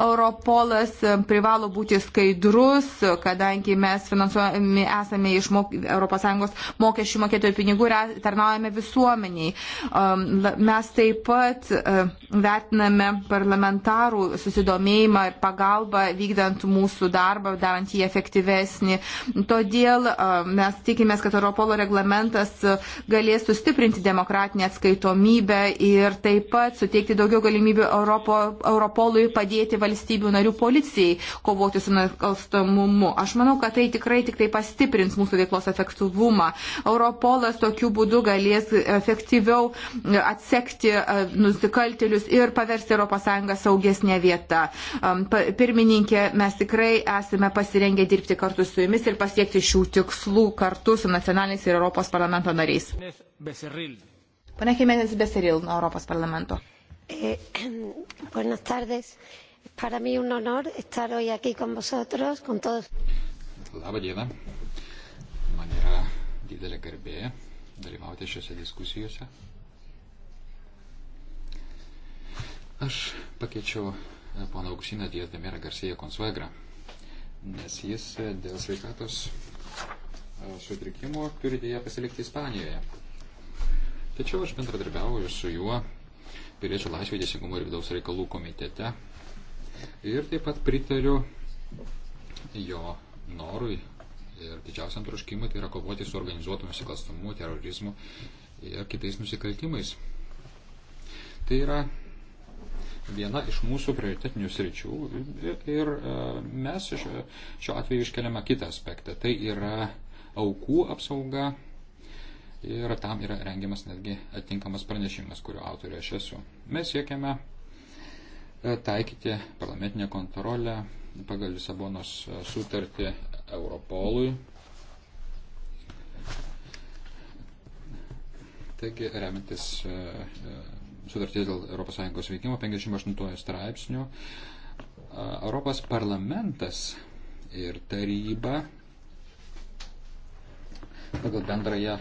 Europolas privalo būti skaidrus, kadangi mes finansuojami esame iš ES mokesčių mokėtojų pinigų ir e, tarnaujame visuomeniai. Um, mes taip pat e, vertiname parlamentarų susidomėjimą ir pagalbą vykdant mūsų darbą, darant jį efektyvesnį. Todėl e, mes tikime tikimės, kad Europolo reglamentas galės sustiprinti demokratinę atskaitomybę ir taip pat suteikti daugiau galimybių Europo, Europolui padėti valstybių narių policijai kovoti su nusikalstamumu. Aš manau, kad tai tikrai tik tai pastiprins mūsų veiklos efektyvumą. Europolas tokiu būdu galės efektyviau atsekti e, nusikaltelius ir paversti ES saugesnė vieta. Pirmininkė, mes tikrai esame pasirengę dirbti kartu su jumis ir pasiekti šių tikslų kartu su su nacionaliniais ir Europos parlamento nariais. Pane Jimenez Beseril nuo Europos parlamento. Eh, buenas tardes. Para mí un honor estar hoy aquí con vosotros, con todos. Labą dieną. Man yra didelė garbė dalyvauti šiuose diskusijose. Aš pakeičiau eh, poną Auksinę Dietdamirą Garsėją Konsuegrą, nes jis eh, dėl sveikatos E, sutrikimų turi dėja pasilikti Ispanijoje. Tačiau aš bendradarbiauju su juo Piliečių laisvė, teisingumo ir vidaus reikalų komitete. Ir taip pat pritariu jo norui ir didžiausiam troškimui tai yra kovoti su organizuotu nusikalstamu, terorizmu ir kitais nusikaltimais. Tai yra viena iš mūsų prioritetinių sričių ir e, mes šiuo atveju iškeliame kitą aspektą. Tai yra aukų apsauga ir tam yra rengiamas netgi atinkamas pranešimas, kurio autoriu aš esu. Mes siekiame e, taikyti parlamentinę kontrolę pagal Lisabonos e, sutartį Europolui. Taigi, remintis e, sutarties dėl ES veikimo 58 straipsnių, Europos parlamentas ir taryba pagal bendrąją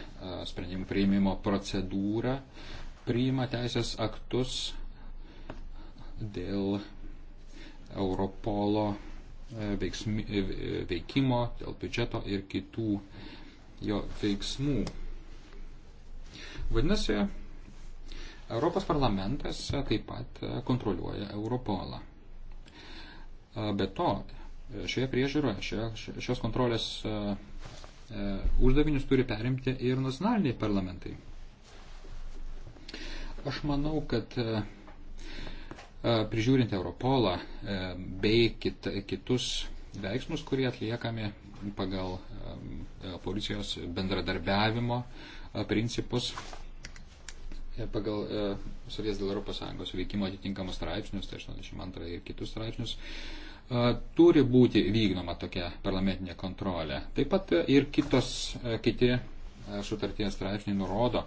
sprendimų prieimimo procedūrą priima teisės aktus dėl Europolo e, veiksmi, e, veikimo, dėl biudžeto ir kitų jo veiksmų. Vadinasi, Europos parlamentas e, taip pat kontroliuoja Europolą. Be to, šioje priežiūroje, šioje, šios kontrolės E, uždavinius turi perimti ir nacionaliniai parlamentai. Aš manau, kad e, e, prižiūrint Europolą bei kit, kitus veiksmus, kurie atliekami pagal policijos bendradarbiavimo principus, pagal Sovietų dėl Europos Sąjungos veikimo atitinkamus straipsnius, tai 82 ir kitus straipsnius, turi būti vykdoma tokia parlamentinė kontrolė. Taip pat ir kitos, kiti sutarties straipsniai nurodo,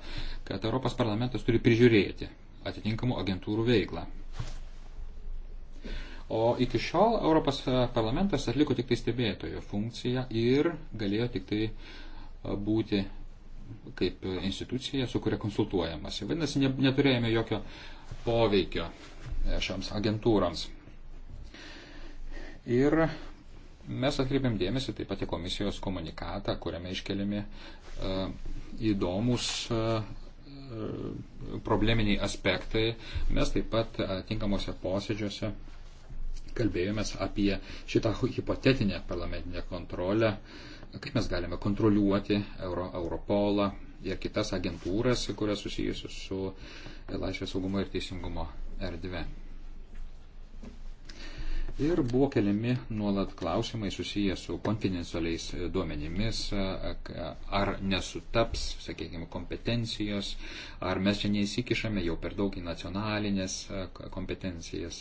kad Europos parlamentas turi prižiūrėti atitinkamų agentūrų veiklą. O iki šiol Europos parlamentas atliko tik tai stebėtojo funkciją ir galėjo tik tai būti kaip institucija, su kuria konsultuojamasi. Vadinasi, neturėjome jokio poveikio e, šioms agentūrams. Ir mes atkreipiam dėmesį taip pat į komisijos komunikatą, kuriame iškeliami e, įdomus e, e, probleminiai aspektai. Mes taip pat tinkamuose posėdžiuose kalbėjomės apie šitą hipotetinę parlamentinę kontrolę, kaip mes galime kontroliuoti Euro, Europolą ir kitas agentūras, kurios susijusios su laisvės saugumo ir teisingumo erdvė. Ir buvo keliami nuolat klausimai susiję su konfidencialiais e, duomenimis, e, e, ar nesutaps, sakykime, kompetencijos, ar mes čia neįsikišame jau per daug į nacionalinės kompetencijas.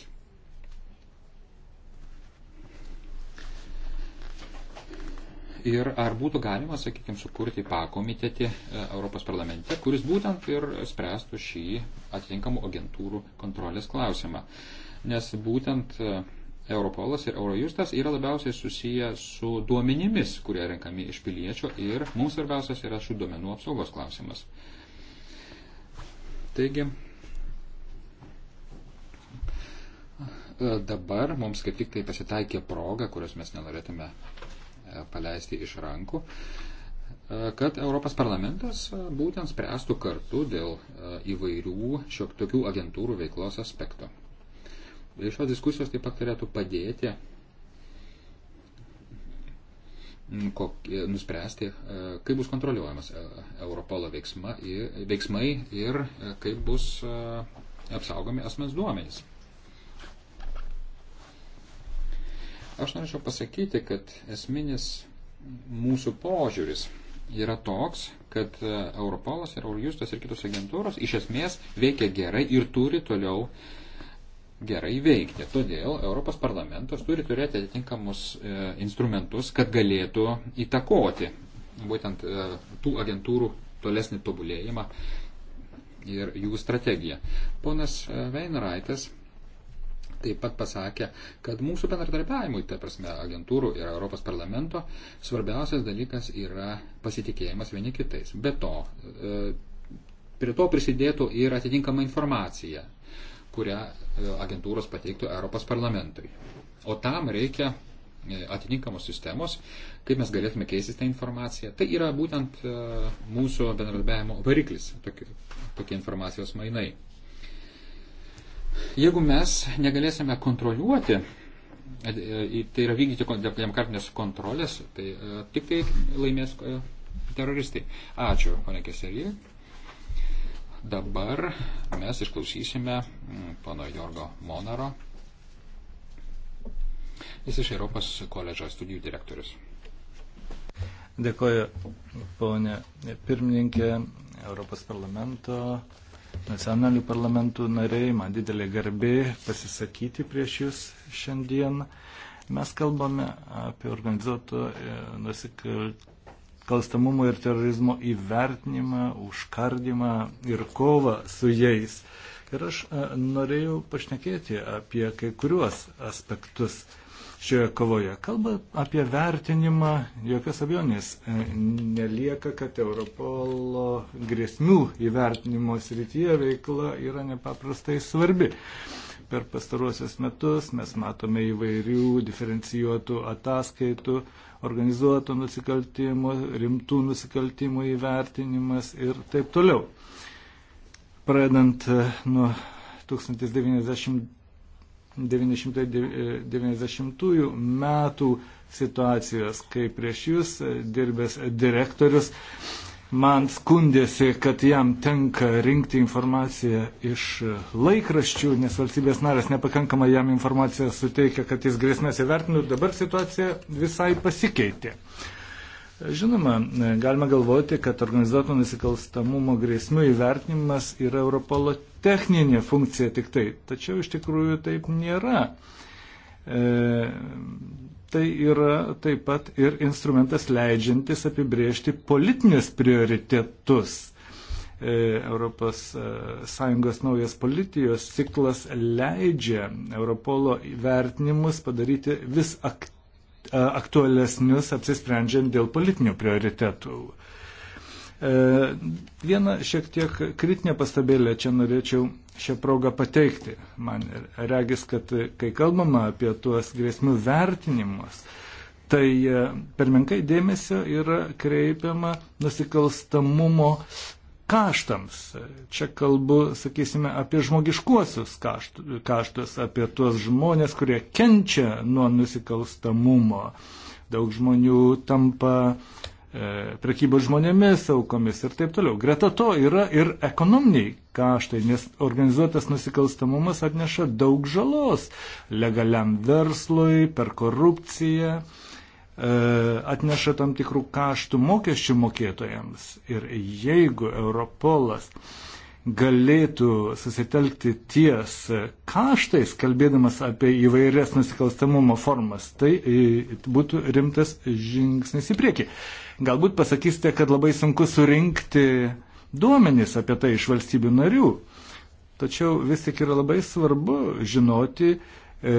Ir ar būtų galima, sakykime, sukurti pakomitetį Europos parlamente, kuris būtent ir spręstų šį atitinkamų agentūrų kontrolės klausimą. Nes būtent Europolas ir Eurojustas yra labiausiai susiję su duomenimis, kurie renkami iš piliečio ir mums svarbiausias yra šių duomenų apsaugos klausimas. Taigi, e, dabar mums kaip tik tai pasitaikė proga, kurios mes nenorėtume e, paleisti iš rankų, e, kad Europos parlamentas būtent spręstų kartu dėl įvairių šiokių tokių agentūrų veiklos aspektų. Šios diskusijos taip pat turėtų padėti mm, kokie, nuspręsti, e, kaip bus kontroliuojamas e, Europolo veiksma, veiksmai ir e, kaip bus apsaugomi asmens duomenys. Aš norėčiau pasakyti, kad esminis mūsų požiūris yra toks, kad Europolas ir Eurojustas ir kitos agentūros iš esmės veikia gerai ir turi toliau uh, gerai veikti. Todėl Europos parlamentas turi turėti atitinkamus e, instrumentus, kad galėtų įtakoti būtent e, tų agentūrų tolesnį tobulėjimą ir jų strategiją. Ponas Veinraitas e, taip pat pasakė, kad mūsų bendradarbiavimui, ta prasme, agentūrų ir Europos parlamento, svarbiausias dalykas yra pasitikėjimas vieni kitais. Be to, e, prie to prisidėtų ir atitinkama informacija, kurią agentūros pateiktų Europos parlamentui. O tam reikia e, atitinkamos sistemos, kaip mes galėtume keistis tą informaciją. Tai yra būtent e, mūsų bendradarbiavimo variklis, tokie, tokie informacijos mainai. Jeigu mes negalėsime kontroliuoti, e, tai yra vykdyti demokratinės kontrolės, tai tik tai laimės teroristai. Ačiū, ponė Keserija. Dabar mes išklausysime mm, pono Jorgo Monaro. Jis iš Europos koledžo studijų direktorius. Dėkoju, ponė pirmininkė, Europos parlamento, nacionalinių parlamentų nariai. Man didelė garbė pasisakyti prieš jūs šiandien. Mes kalbame apie organizuoto e, nusikalt kalstamumo ir terorizmo įvertinimą, užkardimą ir kovą su jais. Ir aš e, norėjau pašnekėti apie kai kuriuos aspektus šioje kovoje. Kalba apie vertinimą, jokios abejonės, e, nelieka, kad Europolo grėsmių įvertinimo srityje veikla yra nepaprastai svarbi. Per pastaruosius metus mes matome įvairių diferencijuotų ataskaitų, uh, organizuoto nusikaltimo, rimtų nusikaltimų įvertinimas ir taip toliau. Pradant e, nuo 1990 e, metų situacijos, kai prieš jūs e, dirbęs direktorius man skundėsi, kad jam tenka rinkti informaciją iš e, laikraščių, nes valstybės narės nepakankamai jam informaciją suteikia, kad jis grėsmės įvertinų. Dabar situacija visai pasikeitė. Žinoma, e, galima galvoti, kad organizuoto nusikalstamumo grėsmių įvertinimas yra Europolo techninė funkcija tik tai. Tačiau iš tikrųjų taip nėra. E, tai yra taip pat ir instrumentas leidžiantis apibriežti politinius prioritetus. ES e, naujas politijos ciklas leidžia Europolo vertinimus padaryti vis aktyviau e, aktualesnius apsisprendžiant dėl politinių prioritetų. E, Vieną šiek tiek kritinę pastabėlę čia norėčiau šią progą pateikti. Man regis, kad kai kalbama apie tuos grėsmių vertinimus, tai e, per menkai dėmesio yra kreipiama nusikalstamumo kaštams. Čia kalbu, sakysime, apie žmogiškuosius kaštus, apie tuos žmonės, kurie kenčia nuo nusikalstamumo. Daug žmonių tampa uh, E, prekybos žmonėmis aukomis ir taip toliau. Greta to yra ir ekonominiai kaštai, nes organizuotas nusikalstamumas atneša daug žalos legaliam verslui, per korupciją, e, atneša tam tikrų kaštų mokesčių mokėtojams. Ir jeigu Europolas galėtų susitelkti ties kaštais, kalbėdamas apie įvairias nusikalstamumo formas, tai e, būtų rimtas žingsnis į priekį. Galbūt pasakysite, kad labai sunku surinkti duomenys apie tai iš valstybių narių. Tačiau vis tik yra labai svarbu žinoti, e,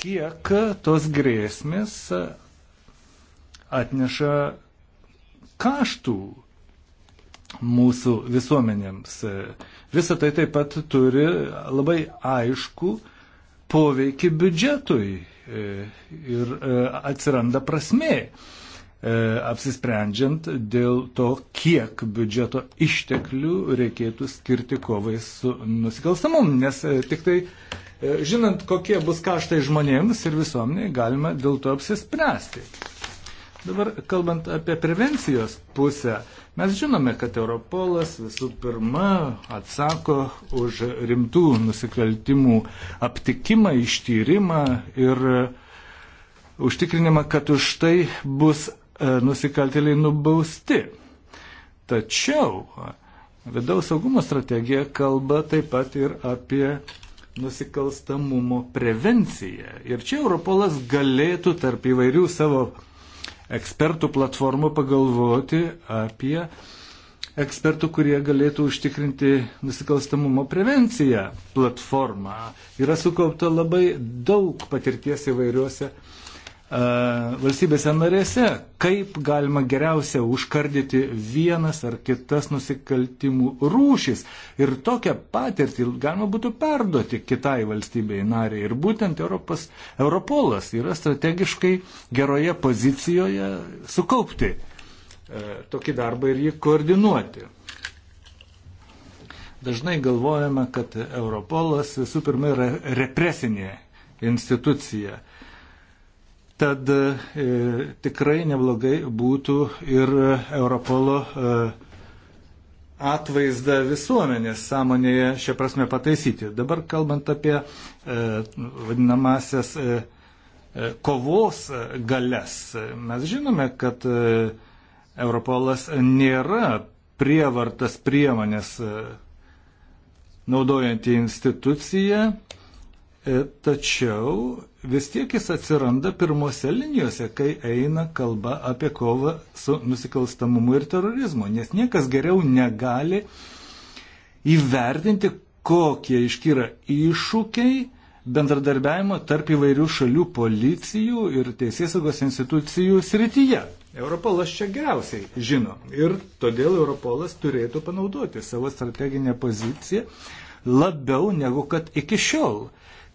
kiek tos grėsmės atneša kaštų mūsų visuomenėms. Visą tai taip pat turi labai aišku poveikį biudžetui e, ir e, atsiranda prasmė. E, apsisprendžiant dėl to, kiek biudžeto išteklių reikėtų skirti kovai su nusikalstamumu, nes e, tik tai e, žinant, kokie bus kaštai žmonėms ir visuomeniai, galima dėl to apsispręsti. Dabar kalbant apie prevencijos pusę, mes žinome, kad Europolas visų pirma atsako už rimtų nusikaltimų aptikimą, ištyrimą ir užtikrinimą, kad už tai bus E, nusikaltėliai nubausti. Tačiau vidaus saugumo strategija kalba taip pat ir apie nusikalstamumo prevenciją. Ir čia Europolas galėtų tarp įvairių savo ekspertų platformų pagalvoti apie ekspertų, kurie galėtų užtikrinti nusikalstamumo prevenciją platformą. Yra sukaupta labai daug patirties įvairiuose uh, E, valstybėse narėse, kaip galima geriausia užkardyti vienas ar kitas nusikaltimų rūšis. Ir tokią patirtį galima būtų perduoti kitai valstybei nariai. Ir būtent Europos, Europolas yra strategiškai geroje pozicijoje sukaupti e, tokį darbą ir jį koordinuoti. Dažnai galvojame, kad Europolas visų pirma yra represinė institucija. Tad e, tikrai neblogai būtų ir Europolo e, atvaizdą visuomenės sąmonėje šią prasme pataisyti. Dabar kalbant apie e, vadinamasias e, e kovos galės, mes žinome, kad e, Europolas nėra prievartas priemonės e, naudojanti institucija, E, tačiau vis tiek jis atsiranda pirmose linijose, kai eina kalba apie kovą su nusikalstamumu ir terorizmu, nes niekas geriau negali įvertinti, kokie iškyra iššūkiai bendradarbiavimo tarp įvairių šalių policijų ir teisėsaugos institucijų srityje. Europolas čia geriausiai žino ir todėl Europolas turėtų panaudoti savo strateginę poziciją labiau negu kad iki šiol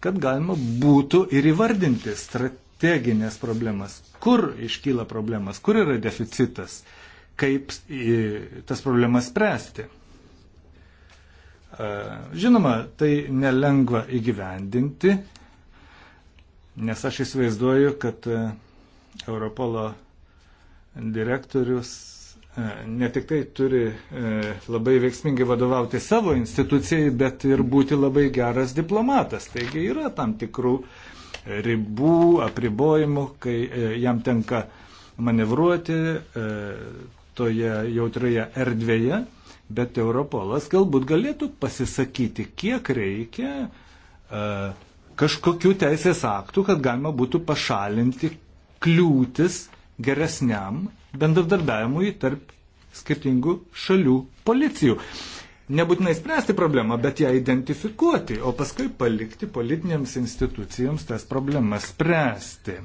kad galima būtų ir įvardinti strateginės problemas, kur iškyla problemas, kur yra deficitas, kaip e, tas problemas spręsti. E, žinoma, tai nelengva įgyvendinti, nes aš įsivaizduoju, kad e, Europolo direktorius E, ne tik tai turi e, labai veiksmingai vadovauti savo institucijai, bet ir būti labai geras diplomatas. Taigi yra tam tikrų ribų, apribojimų, kai e, jam tenka manevruoti toje jautrioje erdvėje, bet Europolas galbūt galėtų pasisakyti, kiek reikia kažkokių teisės aktų, kad galima būtų pašalinti kliūtis geresniam bendradarbiavimui tarp skirtingų šalių policijų. Nebūtinai spręsti problemą, bet ją identifikuoti, o paskui palikti politinėms institucijoms tas problemas spręsti.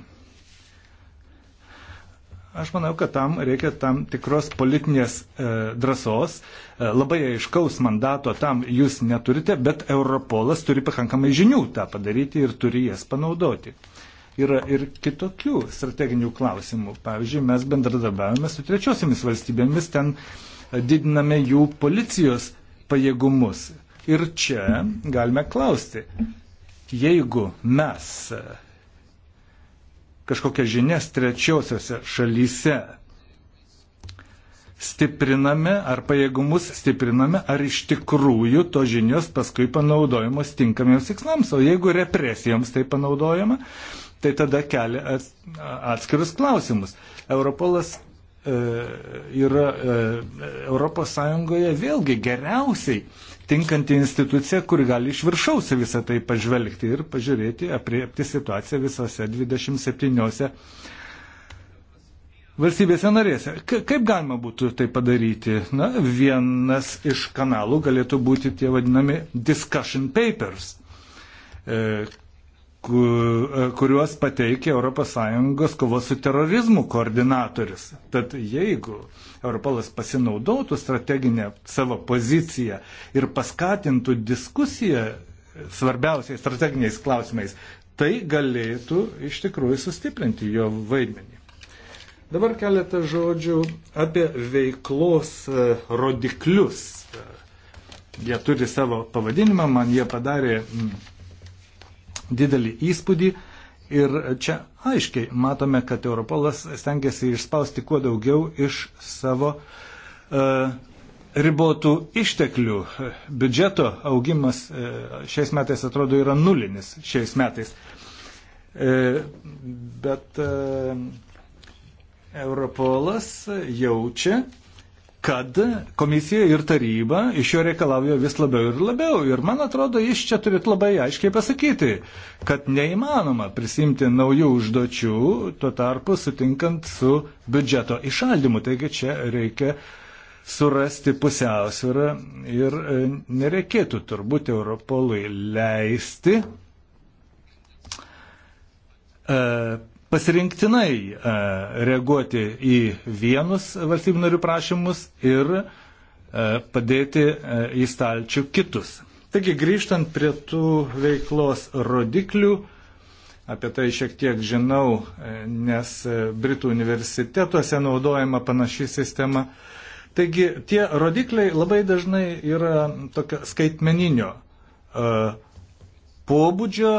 Aš manau, kad tam reikia tam tikros politinės e, drąsos, e, labai aiškaus mandato tam jūs neturite, bet Europolas turi pakankamai žinių tą padaryti ir turi jas panaudoti yra ir kitokių strateginių klausimų. Pavyzdžiui, mes bendradarbiavame su trečiosiamis valstybėmis, ten e, didiname jų policijos pajėgumus. Ir čia galime klausti, jeigu mes e, kažkokią žinias trečiosiose šalyse stipriname, ar pajėgumus stipriname, ar iš tikrųjų to žinios paskui panaudojamos tinkamiems tikslams, o jeigu represijoms tai panaudojama, tai tada kelia atskirus klausimus. Europolas e, yra e, Europos Sąjungoje vėlgi geriausiai tinkanti institucija, kuri gali iš viršaus visą tai pažvelgti ir pažiūrėti, apriepti situaciją visose 27 valstybėse narėse. Ka kaip galima būtų tai padaryti? Na, vienas iš kanalų galėtų būti tie vadinami discussion papers, e, E, kuriuos pateikia ES kovos su terorizmu koordinatorius. Tad jeigu Europolas pasinaudotų strateginę savo poziciją ir paskatintų diskusiją svarbiausiais strateginiais klausimais, tai galėtų iš tikrųjų sustiprinti jo vaidmenį. Dabar keletą žodžių apie veiklos e, rodiklius. E, jie turi savo pavadinimą, man jie padarė. Mm, didelį įspūdį. Ir čia aiškiai matome, kad Europolas stengiasi išspausti kuo daugiau iš savo uh, ribotų išteklių. Biudžeto augimas uh, šiais metais atrodo yra nulinis šiais metais. Uh, bet uh, Europolas jaučia, kad komisija ir taryba iš jo reikalauja vis labiau ir labiau. Ir man atrodo, jūs čia turit labai aiškiai pasakyti, kad neįmanoma prisimti naujų užduočių, tuo tarpu sutinkant su biudžeto išaldimu. Taigi čia reikia surasti pusiausvyrą ir e, nereikėtų turbūt Europolui leisti e, pasirinktinai e, reaguoti į vienus valstybių narių prašymus ir e, padėti e, į stalčių kitus. Taigi grįžtant prie tų veiklos rodiklių, apie tai šiek tiek žinau, nes Britų universitetuose naudojama panaši sistema. Taigi tie rodikliai labai dažnai yra tokio skaitmeninio pobūdžio,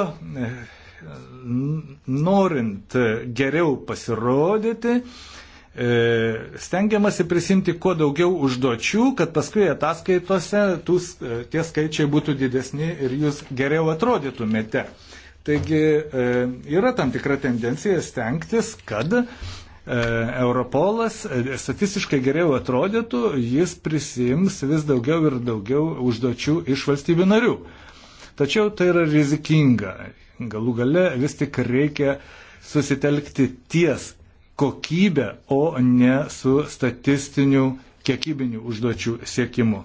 norint geriau pasirodyti, e, stengiamasi prisimti kuo daugiau užduočių, kad paskui ataskaitose tų, e, tie skaičiai būtų didesni ir jūs geriau atrodytumėte. Taigi e, yra tam tikra tendencija stengtis, kad Europolas statistiškai geriau atrodytų, jis prisims vis daugiau ir daugiau užduočių iš valstybių narių. Tačiau tai yra rizikinga. Galų gale vis tik reikia susitelkti ties kokybę, o ne su statistiniu kiekybiniu užduočių siekimu.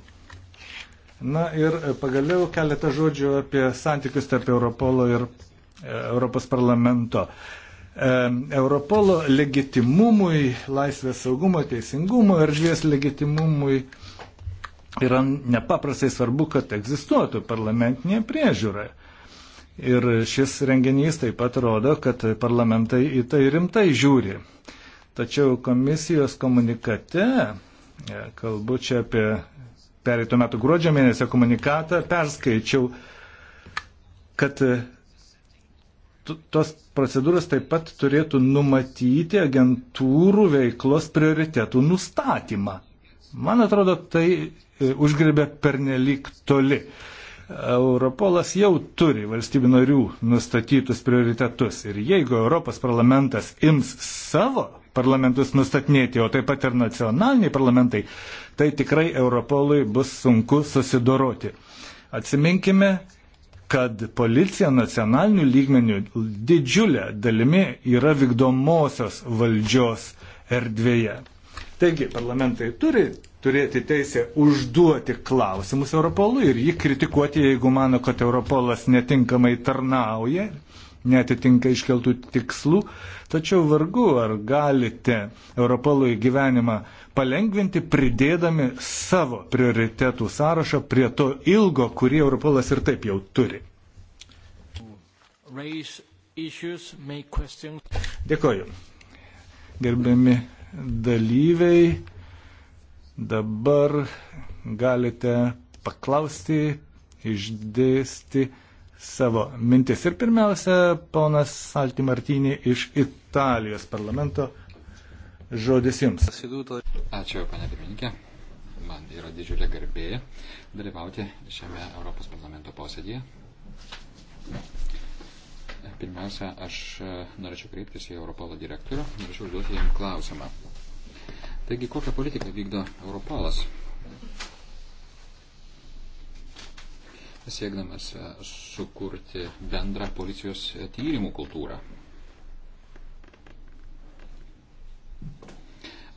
Na ir pagaliau keletą žodžių apie santykius tarp Europolo ir e, Europos parlamento. E, Europolo legitimumui, laisvės saugumo, teisingumo ir žvies legitimumui yra nepaprastai svarbu, kad egzistuotų parlamentinė priežiūra. Ir šis renginys taip pat rodo, kad parlamentai į tai rimtai žiūri. Tačiau komisijos komunikate, e, kalbu čia apie pereitų metų gruodžio mėnesio komunikatą, perskaičiau, kad e, tos procedūros taip pat turėtų numatyti agentūrų veiklos prioritetų nustatymą. Man atrodo, tai e, užgribė pernelyg toli. Europolas jau turi valstybių narių nustatytus prioritetus ir jeigu Europos parlamentas ims savo parlamentus nustatinėti, o taip pat ir nacionaliniai parlamentai, tai tikrai Europolui bus sunku susidoroti. Atsiminkime, kad policija nacionalinių lygmenių didžiulė dalimi yra vykdomosios valdžios erdvėje. Taigi, parlamentai turi turėti teisę užduoti klausimus Europolui ir jį kritikuoti, jeigu mano, kad Europolas netinkamai tarnauja, netitinka iškeltų tikslų. Tačiau vargu, ar galite Europolui gyvenimą palengvinti, pridėdami savo prioritetų sąrašą prie to ilgo, kurį Europolas ir taip jau turi. Dėkoju. Gerbiami dalyviai Dabar galite paklausti, išdėsti savo mintis. Ir pirmiausia, ponas Salti Martinė iš Italijos parlamento. Žodis jums. Ačiū, panė pirmininkė. Man yra didžiulė garbė dalyvauti šiame Europos parlamento posėdėje. Pirmiausia, aš norėčiau kreiptis į Europolo direktorių, norėčiau užduoti jam klausimą. Taigi, kokią politiką vykdo Europolas? Siekdamas e, sukurti bendrą policijos e, tyrimų kultūrą.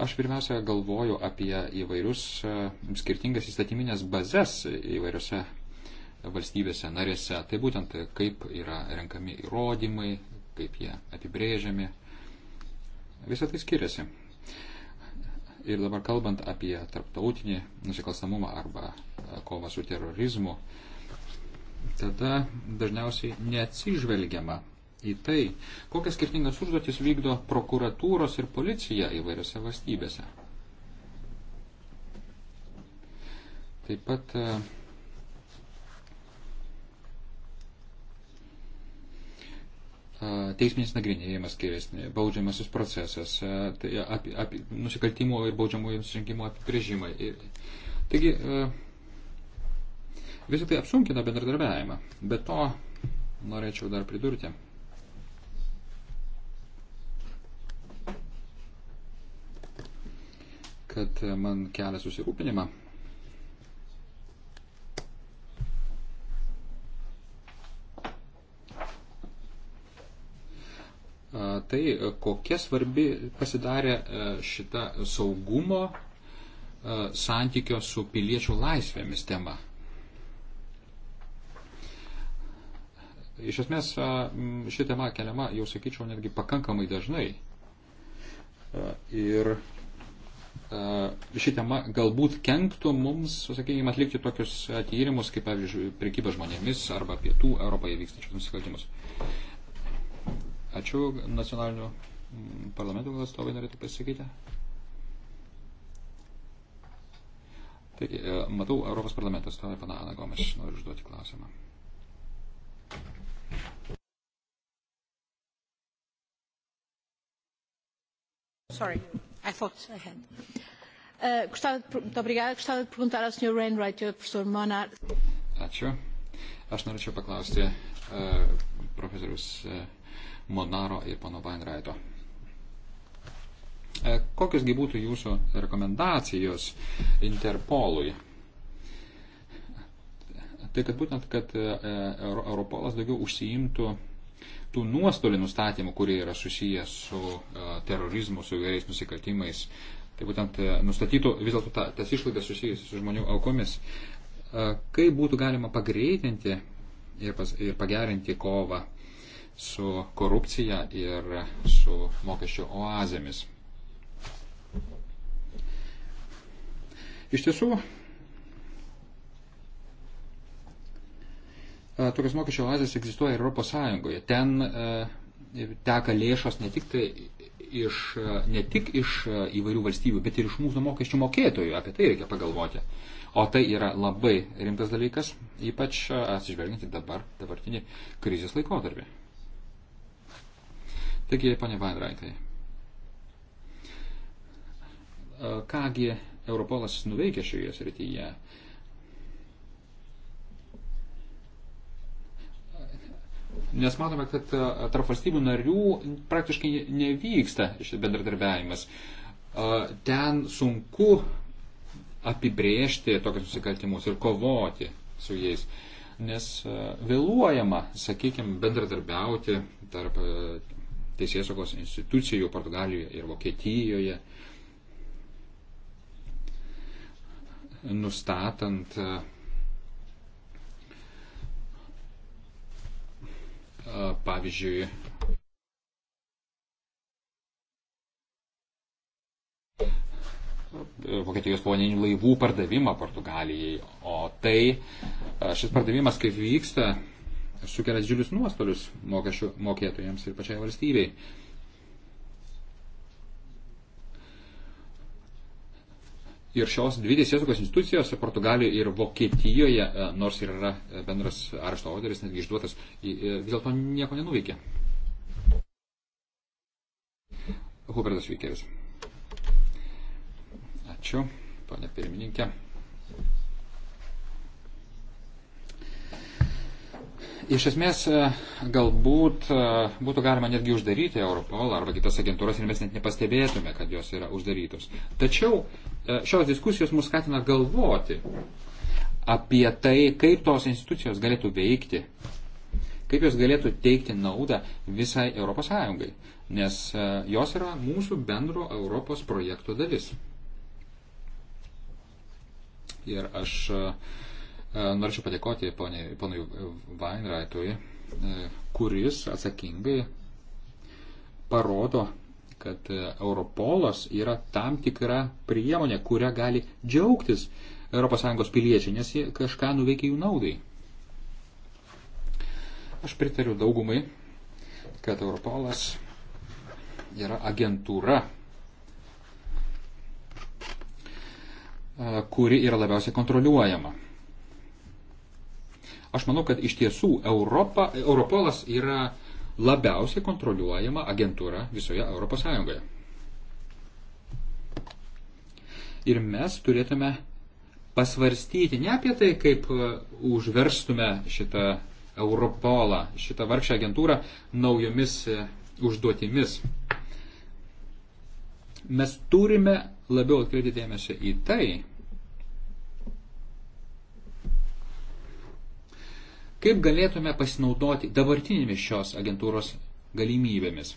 Aš pirmiausia galvoju apie įvairius e, skirtingas įstatyminės bazės įvairiose valstybėse narėse. Tai būtent kaip yra renkami įrodymai, kaip jie apibrėžiami. Visą tai skiriasi. Ir dabar kalbant apie tarptautinį nusikalstamumą arba e, kovą su terorizmu, tada dažniausiai neatsižvelgiama į tai, kokias skirtingas užduotis vykdo prokuratūros ir policija įvairiose valstybėse. Taip pat e, teisminis nagrinėjimas skiriasi, baudžiamasis procesas, tai apie, apie nusikaltimų ir baudžiamųjų nusižengimų apibrėžimai. Taigi visą tai apsunkina bendradarbiavimą. Be to norėčiau dar pridurti. kad man kelia susirūpinimą tai, e, kokia svarbi pasidarė e, šita saugumo e, santykio su piliečių laisvėmis tema. Iš esmės ši tema keliama, jau sakyčiau, netgi pakankamai dažnai. Ir ši tema galbūt kenktų mums, sakykime, atlikti tokius tyrimus, kaip, pavyzdžiui, prekyba žmonėmis arba pietų Europoje vykstančius nusikaltimus. Ačiū nacionalinių mm, parlamentų atstovai norėtų pasakyti. Taigi, e, matau, Europos parlamento atstovė pana Ana Gomes nori užduoti klausimą. Sorry, I thought I had. Uh, gostava de, muito obrigada. Gostava de perguntar ao Sr. Rainwright e ao Professor Monar. Ačiū. Aš norėčiau paklausti uh, profesorius uh, Monaro ir pono Vainraito. E, kokiosgi būtų jūsų rekomendacijos Interpolui? Tai kad būtent, kad e, Europolas daugiau užsiimtų tų nuostolių nustatymų, kurie yra susijęs su e, terorizmu, su įvairiais nusikaltimais. Tai būtent nustatytų vis dėlto ta, tas išlaidas susijusias su žmonių aukomis. Kaip būtų galima pagreitinti ir, pas, ir pagerinti kovą su korupcija ir su mokesčio oazėmis. Iš tiesų, e, tokios mokesčio oazės egzistuoja ir Europos Sąjungoje. Ten e, teka lėšos ne tik, tai iš, e, ne tik iš įvairių valstybių, bet ir iš mūsų mokesčių mokėtojų. Apie tai reikia pagalvoti. O tai yra labai rimtas dalykas, ypač atsižvelgiant į dabar, dabartinį krizės laikotarpį. Taigi, ponė Vainraitai, e, kągi Europolas nuveikia šioje srityje? Nes matome, kad e, tarp valstybių narių praktiškai nevyksta šis bendradarbiavimas. E, ten sunku apibriežti tokius nusikaltimus ir kovoti su jais, nes vėluojama, sakykime, bendradarbiauti tarp teisėsaugos institucijų Portugalijoje ir Vokietijoje, nustatant e, pavyzdžiui Vokietijos povandeninių laivų pardavimą Portugalijai. O tai e, šis pardavimas kaip vyksta sukelia didžiulius nuostolius mokesčių mokėtojams ir pačiai valstybei. Ir šios dvi teisėsaugos institucijos Portugalijoje ir Vokietijoje, e, nors ir yra e, bendras arešto orderis, netgi išduotas, e, vis dėlto nieko nenuveikė. Hubertas Vykėjus. Ačiū, ponė pirmininkė. Iš esmės, e, galbūt e, būtų galima netgi uždaryti Europolą arba kitas agentūras ir mes net nepastebėtume, kad jos yra uždarytos. Tačiau e, šios diskusijos mus skatina galvoti apie tai, kaip tos institucijos galėtų veikti, kaip jos galėtų teikti naudą visai ES, nes jos yra mūsų bendro Europos projekto dalis. Ir aš uh, E, norėčiau padėkoti ponui Vainraitui, e, kuris atsakingai parodo, kad e, Europolas yra tam tikra priemonė, kurią gali džiaugtis ES piliečiai, nes jie kažką nuveikia jų naudai. Aš pritariu daugumai, kad Europolas yra agentūra, kuri yra labiausiai kontroliuojama Aš manau, kad iš tiesų Europa, Europolas yra labiausiai kontroliuojama agentūra visoje Europos Sąjungoje. Ir mes turėtume pasvarstyti ne apie tai, kaip e, užverstume šitą Europolą, šitą vargšę agentūrą naujomis e, užduotimis. Mes turime labiau atkreipti dėmesį į tai, Kaip galėtume pasinaudoti dabartinėmis šios agentūros galimybėmis?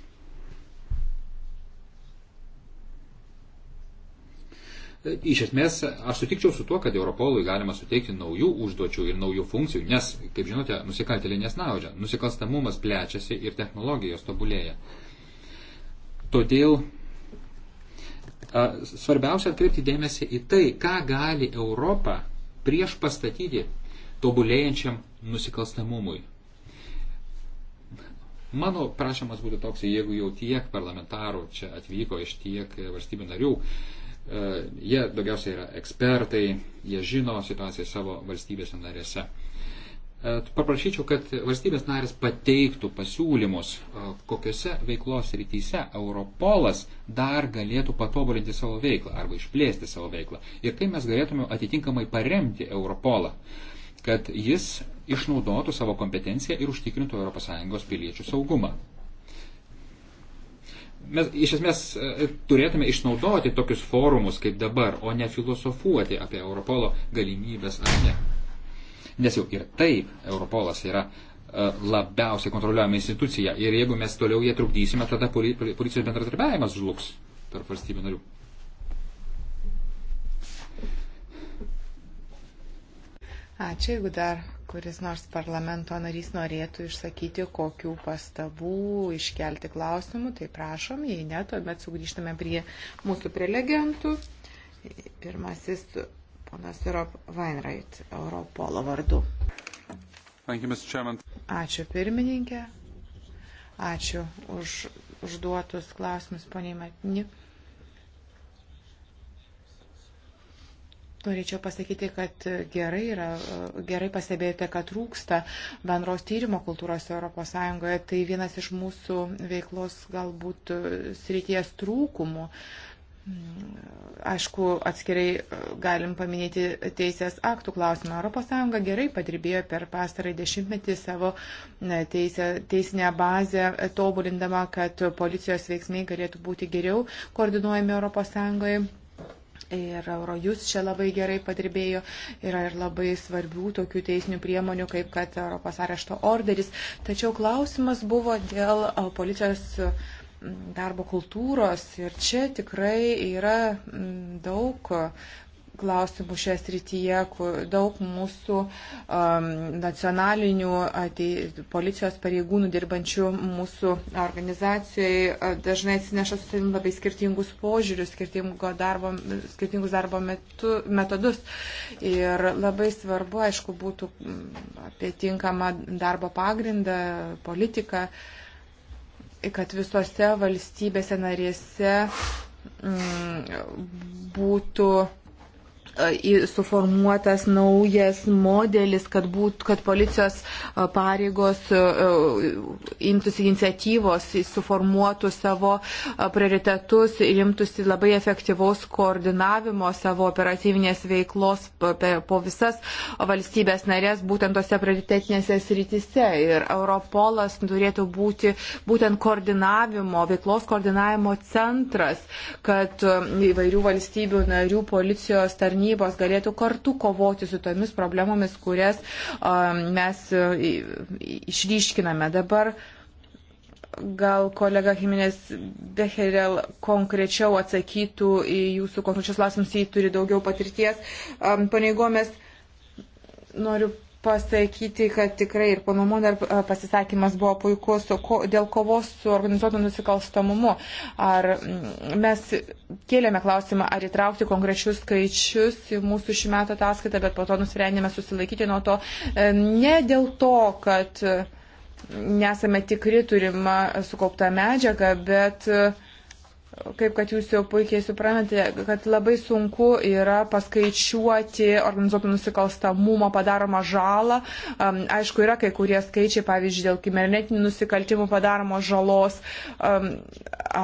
Iš esmės, aš sutikčiau su tuo, kad Europolui galima suteikti naujų užduočių ir naujų funkcijų, nes, kaip žinote, nusikaltėliai nesnaudžia, nusikalstamumas plečiasi ir technologijos tobulėja. Todėl a, svarbiausia atkreipti dėmesį į tai, ką gali Europa prieš pastatyti tobulėjančiam nusikalstamumui. Mano prašymas būtų toks, jeigu jau tiek parlamentarų čia atvyko iš tiek valstybių narių, e, jie daugiausiai yra ekspertai, jie žino situaciją savo valstybėse narėse. E, paprašyčiau, kad valstybės narės pateiktų pasiūlymus, e, kokiuose veiklos rytyse Europolas dar galėtų patobulinti savo veiklą arba išplėsti savo veiklą ir kaip mes galėtume atitinkamai paremti Europolą kad jis išnaudotų savo kompetenciją ir užtikrintų ES piliečių saugumą. Mes iš esmės e, turėtume išnaudoti tokius forumus kaip dabar, o ne filosofuoti apie Europolo galimybės ar ne. Nes jau ir taip Europolas yra e, labiausiai kontroliuojama institucija ir jeigu mes toliau jie trukdysime, tada policijos bendradarbiavimas žlugs tarp valstybių narių. Ačiū, jeigu dar kuris nors parlamento narys norėtų išsakyti kokių pastabų, iškelti klausimų, tai prašom, jei ne, tuomet sugrįžtame prie mūsų prelegentų. Pirmasis ponas Rob Weinreit, Europolo vardu. Ačiū pirmininkė, ačiū už užduotus klausimus, poniai Matni. Norėčiau pasakyti, kad gerai, yra, gerai pastebėjote, kad trūksta bendros tyrimo kultūros ES. Tai vienas iš mūsų veiklos galbūt srities trūkumų. Aišku, atskirai galim paminėti teisės aktų klausimą. ES gerai padirbėjo per pastarąjį dešimtmetį savo teisę, teisinę bazę, tobulindama, kad policijos veiksmai galėtų būti geriau koordinuojami ES Ir Eurojus čia labai gerai padirbėjo, yra ir labai svarbių tokių teisinių priemonių, kaip kad Europos arešto orderis. Tačiau klausimas buvo dėl policijos darbo kultūros ir čia tikrai yra daug klausimų šioje srityje, kur daug mūsų um, nacionalinių atei, policijos pareigūnų dirbančių mūsų organizacijoje dažnai atsineša su savim labai skirtingus požiūrius, darbo, skirtingus darbo metu, metodus. Ir labai svarbu, aišku, būtų mm, apie tinkamą darbo pagrindą, politiką, kad visose valstybėse narėse mm, būtų suformuotas naujas modelis, kad, būt, kad policijos pareigos imtųsi iniciatyvos, suformuotų savo prioritetus ir imtųsi labai efektyvaus koordinavimo savo operatyvinės veiklos po visas valstybės narės būtent tose prioritetinėse srityse. Ir Europolas turėtų būti būtent koordinavimo, veiklos koordinavimo centras, kad įvairių valstybių narių policijos tarnybų tarnybos galėtų kartu kovoti su tomis problemomis, kurias mes išryškiname dabar gal kolega Jiminės Becherel konkrečiau atsakytų į jūsų konkrečius klausimus, jei turi daugiau patirties. Paneigomės, noriu pasakyti, kad tikrai ir pono Moner e, pasisakymas buvo puikus ko, dėl kovos su organizuotu nusikalstamumu. Ar mm, mes kėlėme klausimą, ar įtraukti konkrečius skaičius į mūsų šių metų ataskaitą, bet po to nusprendėme susilaikyti nuo to. E, ne dėl to, kad nesame tikri turima sukaupta medžiaga, bet uh, kaip kad jūs jau puikiai suprantate, kad labai sunku yra paskaičiuoti organizuotų nusikalstamumo padaromą žalą. Um, aišku, yra kai kurie skaičiai, pavyzdžiui, dėl kibernetinių nusikaltimų padaromos žalos um,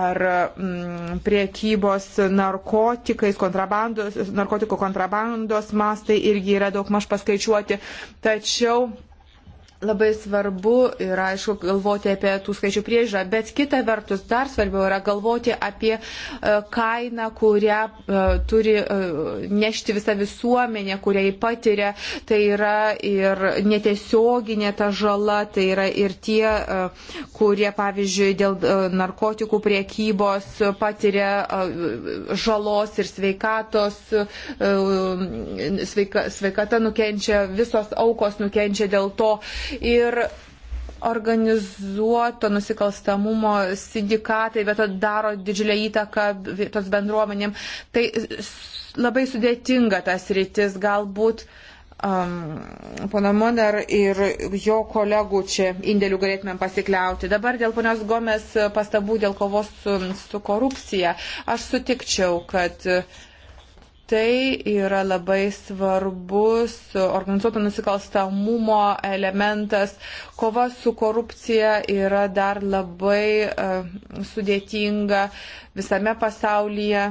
ar um, priekybos narkotikais, kontrabandos, narkotikų kontrabandos mastai irgi yra daug maž paskaičiuoti. Tačiau labai svarbu ir aišku galvoti apie tų skaičių priežą, bet kita vertus dar svarbiau yra galvoti apie e, kainą, kurią e, turi e, nešti visa visuomenė, kurią jį patiria. Tai yra ir netiesioginė ta žala, tai yra ir tie, kurie, pavyzdžiui, dėl narkotikų priekybos patiria žalos ir sveikatos, sveika, sveikata nukenčia, visos aukos nukenčia dėl to ir organizuoto nusikalstamumo sindikatai, bet to daro didžiulę įtaką tos bendruomenėm. Tai labai sudėtinga tas rytis, galbūt um, pono Moner ir jo kolegų čia indėlių galėtumėm pasikliauti. Dabar dėl ponios Gomes pastabų dėl kovos su, su korupcija. Aš sutikčiau, kad uh, tai yra labai svarbus organizuoto nusikalstamumo elementas. Kova su korupcija yra dar labai e, sudėtinga visame pasaulyje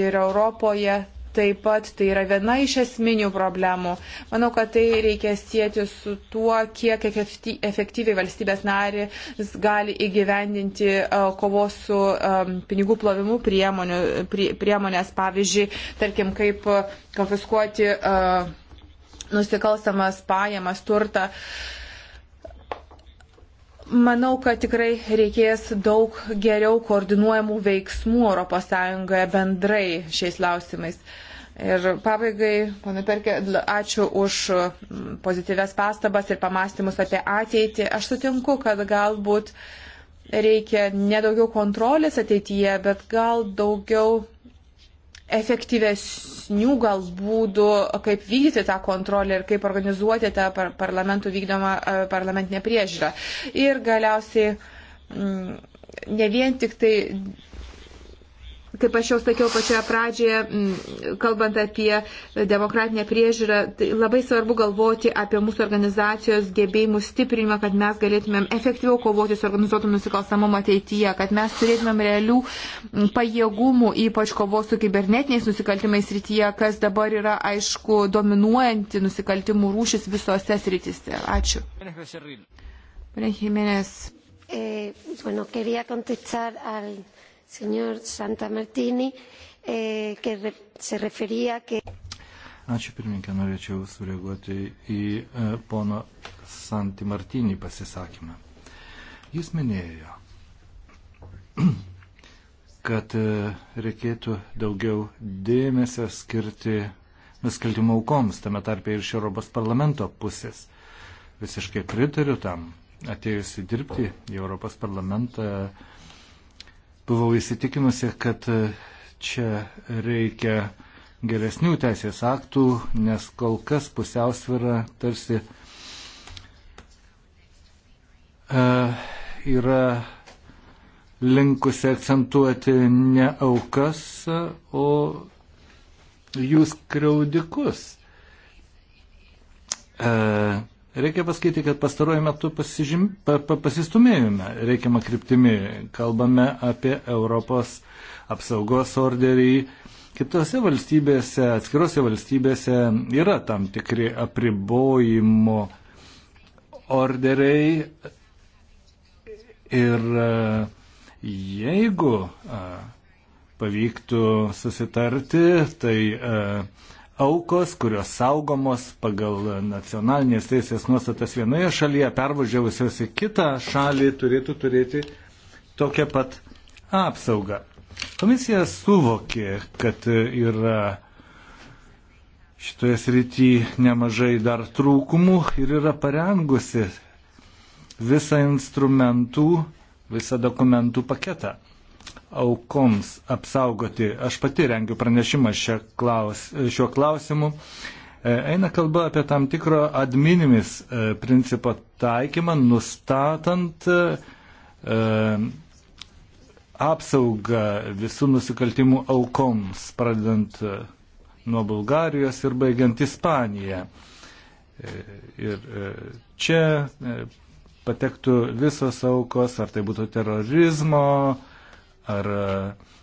ir Europoje taip pat tai yra viena iš esminių problemų. Manau, kad tai reikia sieti su tuo, kiek efektyviai valstybės narys gali įgyvendinti e, kovos su e, pinigų plovimu priemonių, priemonės, pavyzdžiui, tarkim, kaip konfiskuoti e, nusikalstamas pajamas, turtą. Manau, kad tikrai reikės daug geriau koordinuojamų veiksmų ES bendrai šiais klausimais. Uh, Ir pabaigai, ponai Perkė, ačiū už pozityves pastabas ir pamastymus apie ateitį. Aš sutinku, kad galbūt reikia nedaugiau kontrolės ateityje, bet gal daugiau efektyvesnių gal būdų, kaip vykdyti tą kontrolę ir kaip organizuoti tą par parlamentų vykdomą e, parlamentinę priežiūrą. Ir galiausiai ne vien tik tai kaip aš jau sakiau pačioje pradžioje, kalbant apie demokratinę priežiūrą, tai labai svarbu galvoti apie mūsų organizacijos gebėjimų stiprinimą, kad mes galėtumėm efektyviau kovoti su organizuotų nusikalstamumu ateityje, kad mes turėtumėm realių pajėgumų, ypač kovos su kibernetiniais nusikaltimais rytyje, kas dabar yra, aišku, dominuojanti nusikaltimų rūšis visose srityse. Ačiū. Pane Jiménez. Eh, bueno, quería contestar al señor Santamartini, eh, que re, se refería que. Ačiū pirmininkė, norėčiau sureaguoti į e, pono Santi Martinį pasisakymą. Jis minėjo, kad e, reikėtų daugiau dėmesio skirti nusikaltimo aukoms, tame tarpe ir iš Europos parlamento pusės. Visiškai pritariu tam, atėjusi dirbti į Europos parlamentą. E, buvau įsitikinusi, kad čia reikia geresnių teisės aktų, nes kol kas pusiausvėra tarsi e, yra linkusi akcentuoti ne aukas, o jūs kraudikus. E, Reikia pasakyti, kad pastaruoju metu pasižym, pa, pa, pasistumėjome reikiamą kryptimį. Kalbame apie Europos apsaugos orderį. Kitose valstybėse, atskirose valstybėse yra tam tikri apribojimo orderiai. Ir e, jeigu e, pavyktų susitarti, tai uh, aukos, kurios saugomos pagal nacionalinės teisės nuostatas vienoje šalyje, pervažiavusios į kitą šalį, turėtų turėti tokią pat apsaugą. Komisija suvokė, kad yra šitoje srityje nemažai dar trūkumų ir yra parengusi visą instrumentų, visą dokumentų paketą aukoms apsaugoti. Aš pati rengiu pranešimą klaus, šiuo klausimu. E, eina kalba apie tam tikro adminimis e, principo taikymą, nustatant e, apsaugą visų nusikaltimų aukoms, pradedant nuo Bulgarijos ir baigiant Ispaniją. Ir čia patektų visos aukos, ar tai būtų terorizmo, ar e,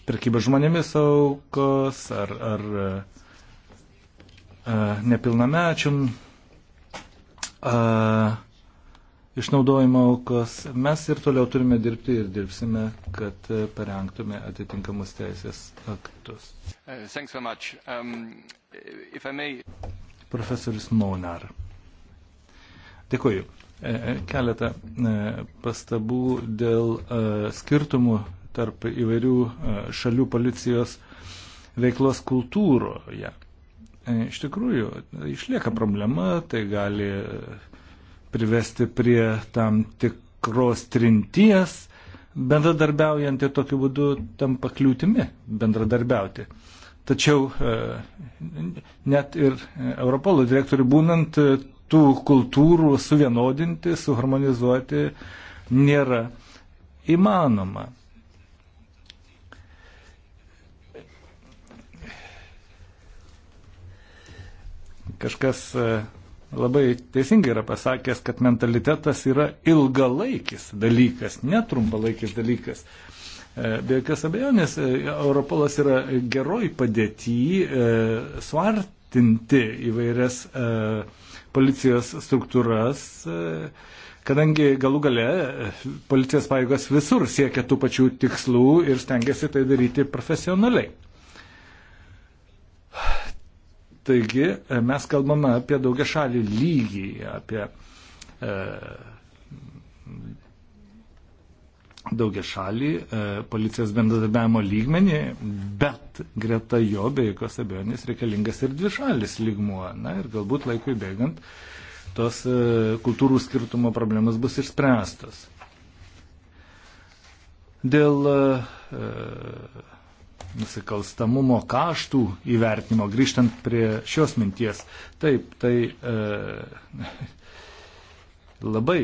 prekyba žmonėmis aukos, ar, ar a, e, nepilnamečių a, e, išnaudojimo aukos. Mes ir toliau turime dirbti ir dirbsime, kad parengtume atitinkamus teisės aktus. Uh, um, may... Profesorius Monar. Dėkuoju. Keletą pastabų dėl skirtumų tarp įvairių e, šalių policijos veiklos kultūroje. E, iš tikrųjų, išlieka problema, tai gali e, privesti prie tam tikros trinties, bendradarbiaujant ir tokiu būdu tampa kliūtimi bendradarbiauti. Tačiau net ir Europolo direktoriui būnant tų kultūrų suvienodinti, suharmonizuoti nėra įmanoma. Kažkas e, labai teisingai yra pasakęs, kad mentalitetas yra ilgalaikis dalykas, netrumpalaikis dalykas. E, be jokios abejonės, e, Europolas yra geroj padėtyj e, suartinti įvairias e, policijos struktūras, e, kadangi galų gale policijos paėgos visur siekia tų pačių tikslų ir stengiasi tai daryti profesionaliai. Taigi e, mes kalbame apie daugia šalį lygį, apie e, daugia šalį e, policijos bendradarbiavimo lygmenį, bet greta jo be jokios abejonės reikalingas ir dvi šalis lygmuo. Na ir galbūt laikui bėgant tos e, kultūrų skirtumo problemas bus išspręstas. Dėl e, nusikalstamumo kaštų įvertinimo, grįžtant prie šios minties, taip, tai e, labai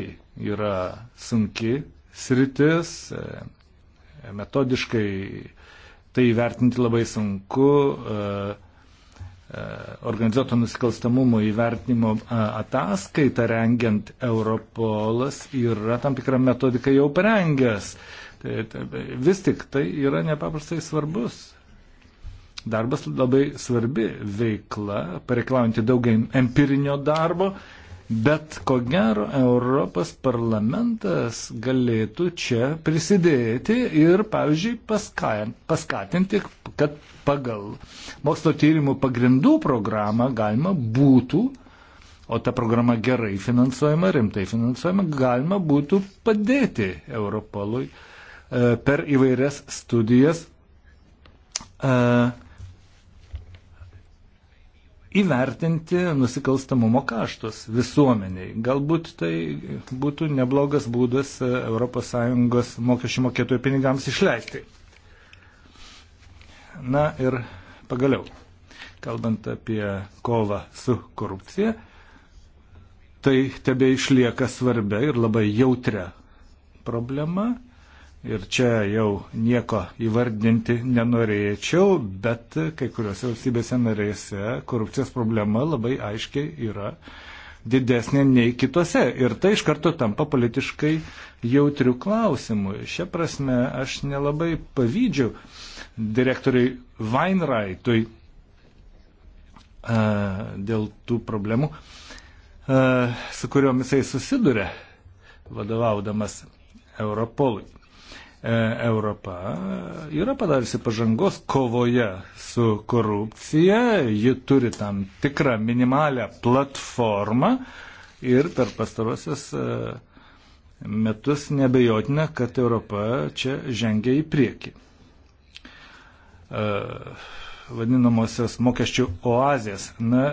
yra sunki sritis, e, metodiškai tai įvertinti labai sunku, e, e, organizuoto nusikalstamumo įvertinimo e, ataskaitą rengiant Europolas yra tam tikrą metodiką jau parengęs. E, Tai, tai, vis tik tai yra nepaprastai svarbus darbas, labai svarbi veikla, pareikalaujanti daug empirinio darbo, bet ko gero Europos parlamentas galėtų čia prisidėti ir, pavyzdžiui, paskatinti, kad pagal mokslo tyrimų pagrindų programą galima būtų o ta programa gerai finansuojama, rimtai finansuojama, galima būtų padėti Europolui uh, E, per įvairias studijas e, įvertinti nusikalstamumo kaštus visuomeniai. Galbūt tai būtų neblogas būdas e, ES mokesčių mokėtojų pinigams išleisti. Na ir pagaliau, kalbant apie kovą su korupcija, tai tebe išlieka svarbia ir labai jautria problema ir čia jau nieko įvardinti nenorėčiau, bet kai kuriuose valstybėse narėse korupcijos problema labai aiškiai yra didesnė nei kitose. Ir tai iš karto tampa politiškai jautrių klausimų. Šia prasme aš nelabai pavydžiu direktoriui Weinreitui dėl tų problemų, a, su kuriomis jisai susiduria vadovaudamas Europolui. E, Europa yra padariusi pažangos kovoje su korupcija, ji turi tam tikrą minimalę platformą ir per pastarosius e, metus nebejotina, kad Europa čia žengia į priekį. E, vadinamosios mokesčių oazės. Na,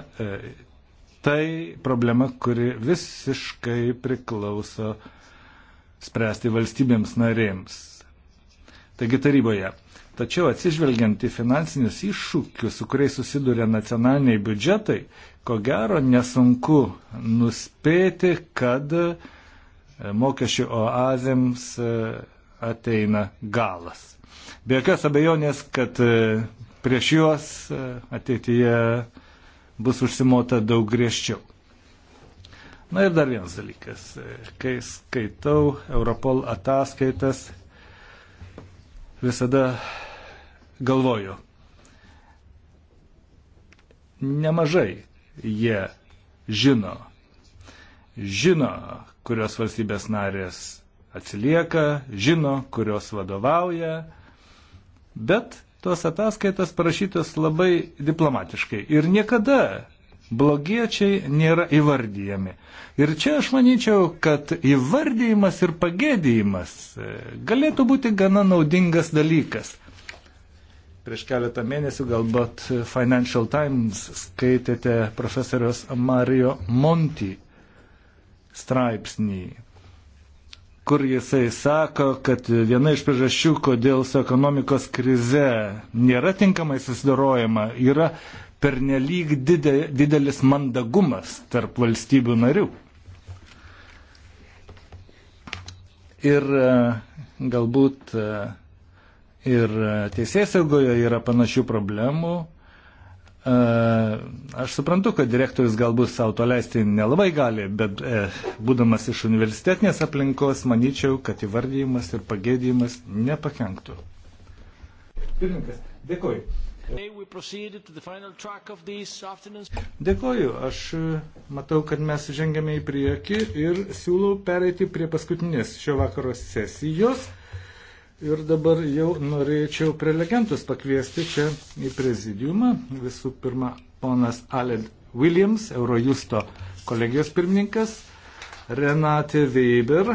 tai problema, kuri visiškai priklauso spręsti valstybėms narėms taigi taryboje. Tačiau atsižvelgiant į finansinius iššūkius, su kuriais susiduria nacionaliniai biudžetai, ko gero nesunku nuspėti, kad e, mokesčių oazėms e, ateina galas. Be jokios abejonės, kad e, prieš juos ateityje bus užsimota daug griežčiau. Na ir dar vienas dalykas. Kai skaitau Europol ataskaitas, visada galvoju, nemažai jie žino, žino, kurios valstybės narės atsilieka, žino, kurios vadovauja, bet tos ataskaitas parašytos labai diplomatiškai ir niekada blogiečiai nėra įvardyjami. Ir čia aš manyčiau, kad įvardyjimas ir pagėdėjimas e, galėtų būti gana naudingas dalykas. Prieš keletą mėnesių galbūt Financial Times skaitėte profesorius Mario Monti straipsnį, kur jisai sako, kad viena iš priežasčių, kodėl su ekonomikos krize nėra tinkamai susidorojama, yra pernelyg didelis mandagumas tarp valstybių narių. Ir e, galbūt e, ir teisėsaugoje yra panašių problemų. E, aš suprantu, kad direktorius galbūt savo to leisti nelabai gali, bet būdamas iš universitetinės aplinkos, manyčiau, kad įvardyjimas ir pagėdyjimas nepakenktų. Pirmininkas, dėkoju. Dėkoju, aš e, matau, kad mes žengėme į priekį ir siūlau pereiti prie paskutinės šio vakaro sesijos. Ir dabar jau norėčiau prelegentus pakviesti čia į prezidiumą. Visų pirma, ponas Aled Williams, Eurojusto kolegijos pirmininkas, Renate Weber,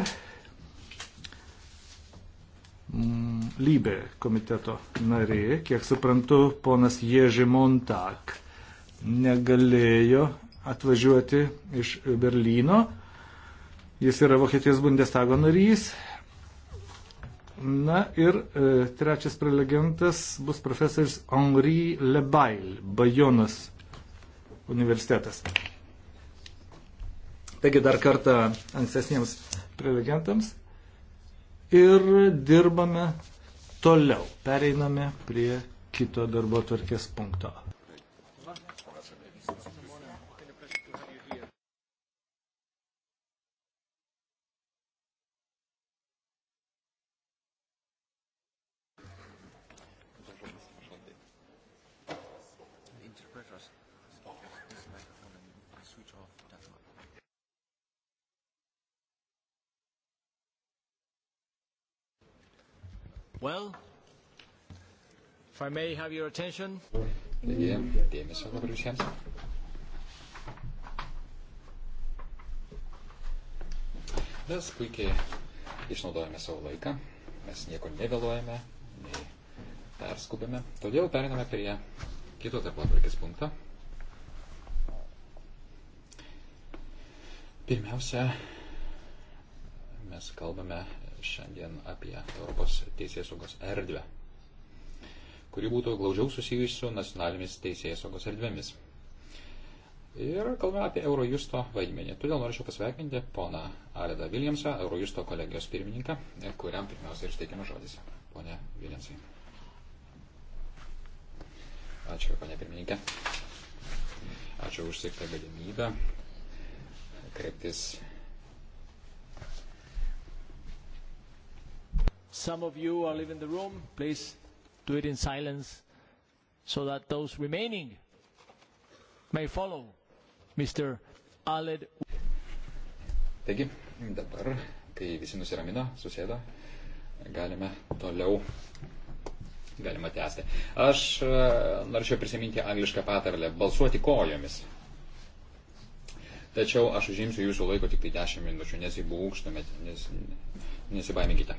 Mm, lybė komiteto narė. Kiek suprantu, ponas Ježi Montak negalėjo atvažiuoti iš Berlyno. Jis yra Vokietijos Bundestago narys. Na ir e, trečias prelegentas bus profesorius Henri Lebail, Bajonas universitetas. Taigi dar kartą ankstesniems prelegentams ir dirbame toliau. Pereiname prie kito darbo tvarkės punkto. Well, if I may have your attention. Taigi, dėmesio dabar visiems. Mes puikiai išnaudojame savo laiką, mes nieko nevėluojame, nei perskubame. Todėl periname prie kito darbo atvarkės punkto. Pirmiausia, mes kalbame šiandien apie Europos teisės saugos erdvę, kuri būtų glaudžiau susijusi su nacionalinėmis teisės saugos erdvėmis. Ir kalbame apie Eurojusto vaidmenį. Todėl norėčiau pasveikinti poną Aledą Viljamsą, Eurojusto kolegijos pirmininką, kuriam pirmiausia ir steikiamas žodis. Pone Viljamsai. Ačiū, ponė pirmininkė. Ačiū už sėktą galimybę kreiptis Some of you are leaving the room. Please do it in silence so that those remaining may follow Mr. Aled. Taigi, dabar, kai visi nusiramino, susėdo, galime toliau, galima tęsti. Aš e, norėčiau prisiminti anglišką patarlę - balsuoti kojomis. Tačiau aš užimsiu jūsų laiko tik tai 10 minučių, nesibūkštumėte, nes, nesibaiminkite.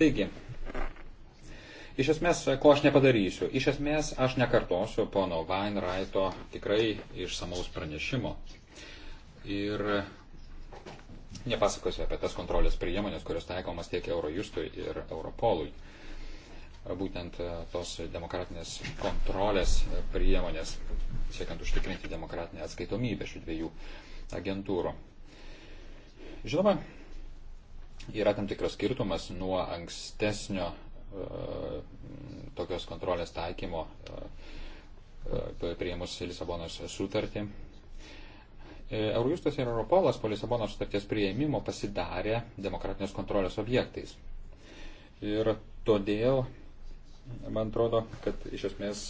Taigi, iš esmės, ko aš nepadarysiu? Iš esmės, aš nekartosiu pono Weinreito tikrai išsamaus pranešimo. Ir nepasakosiu apie tas kontrolės priemonės, kurios taikomas tiek Eurojustui ir Europolui. Būtent e, tos demokratinės kontrolės e, priemonės, siekiant užtikrinti demokratinę atskaitomybę šių dviejų agentūrų. Žinoma, yra tam tikras skirtumas nuo ankstesnio e, tokios kontrolės taikymo e, e, prieimus Lisabonos sutartį. Eurojustas ir Europolas po Lisabonos sutarties prieimimo pasidarė demokratinės kontrolės objektais. Ir todėl, man atrodo, kad iš esmės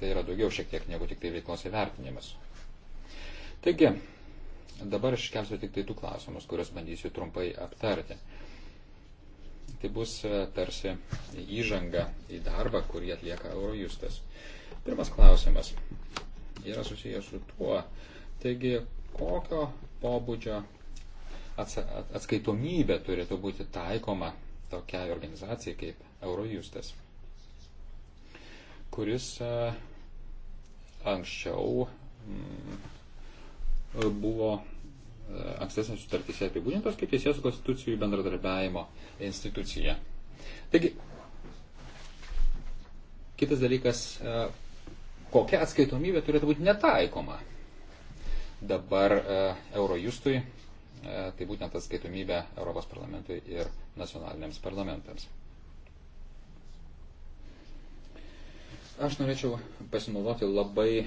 tai yra daugiau šiek tiek negu tik tai veiklos įvertinimas. Taigi, Dabar aš kelsiu tik tai tų klausimus, kuriuos bandysiu trumpai aptarti. Tai bus e, tarsi įžanga į darbą, kurį atlieka Eurojustas. Pirmas klausimas yra susijęs su tuo, taigi kokio pobūdžio atskaitomybė turėtų būti taikoma tokiai organizacijai kaip Eurojustas, kuris e, anksčiau buvo e, ankstesnės sutartys apibūdintos kaip teisės konstitucijų bendradarbiavimo institucija. Taigi, kitas dalykas, e, kokia atskaitomybė turėtų būti netaikoma. Dabar e, Eurojustui tai būtent atskaitomybė Europos parlamentui ir nacionaliniams parlamentams. Aš norėčiau pasinaudoti labai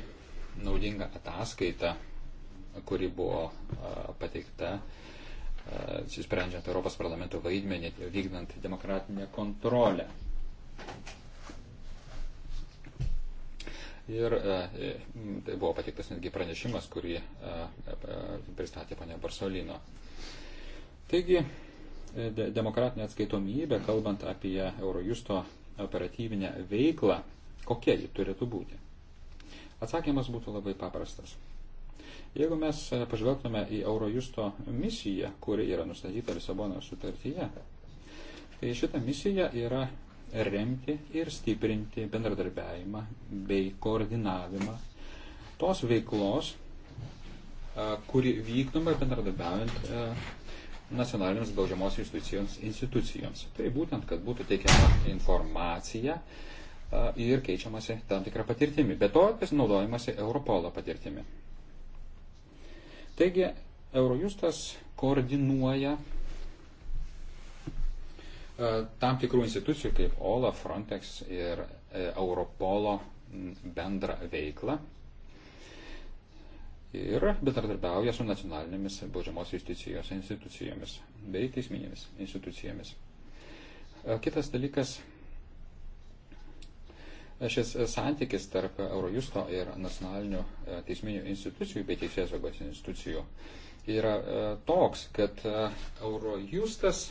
naudingą ataskaitą kuri buvo pateikta, sprendžiant Europos parlamento vaidmenį, vykdant demokratinę kontrolę. Ir tai buvo pateiktas netgi pranešimas, kurį pristatė ponia Barsolino. Taigi, e, demokratinė atskaitomybė, kalbant apie Eurojusto operatyvinę veiklą, kokia ji turėtų būti? Atsakymas būtų labai paprastas. Jeigu mes e, pažvelgtume į Eurojusto misiją, kuri yra nustatyta Lisabono sutartyje, tai šita misija yra remti ir stiprinti bendradarbiavimą bei koordinavimą tos veiklos, e, kuri vykdoma bendradarbiaujant e, nacionalinėms baudžiamos institucijoms, institucijoms. Tai būtent, kad būtų teikiama informacija ir keičiamasi tam tikrą patirtimį. Be to, pasinaudojimasi Europolo patirtimi. Taigi, Eurojustas koordinuoja e, tam tikrų institucijų kaip OLA, Frontex ir e, Europolo bendrą veiklą ir bendradarbiauja su nacionalinėmis baudžiamos justicijos institucijomis bei teisminėmis institucijomis. E, kitas dalykas šis santykis tarp Eurojusto ir nacionalinių e, teisminių institucijų bei teisėsaugos institucijų yra e, toks, kad e, Eurojustas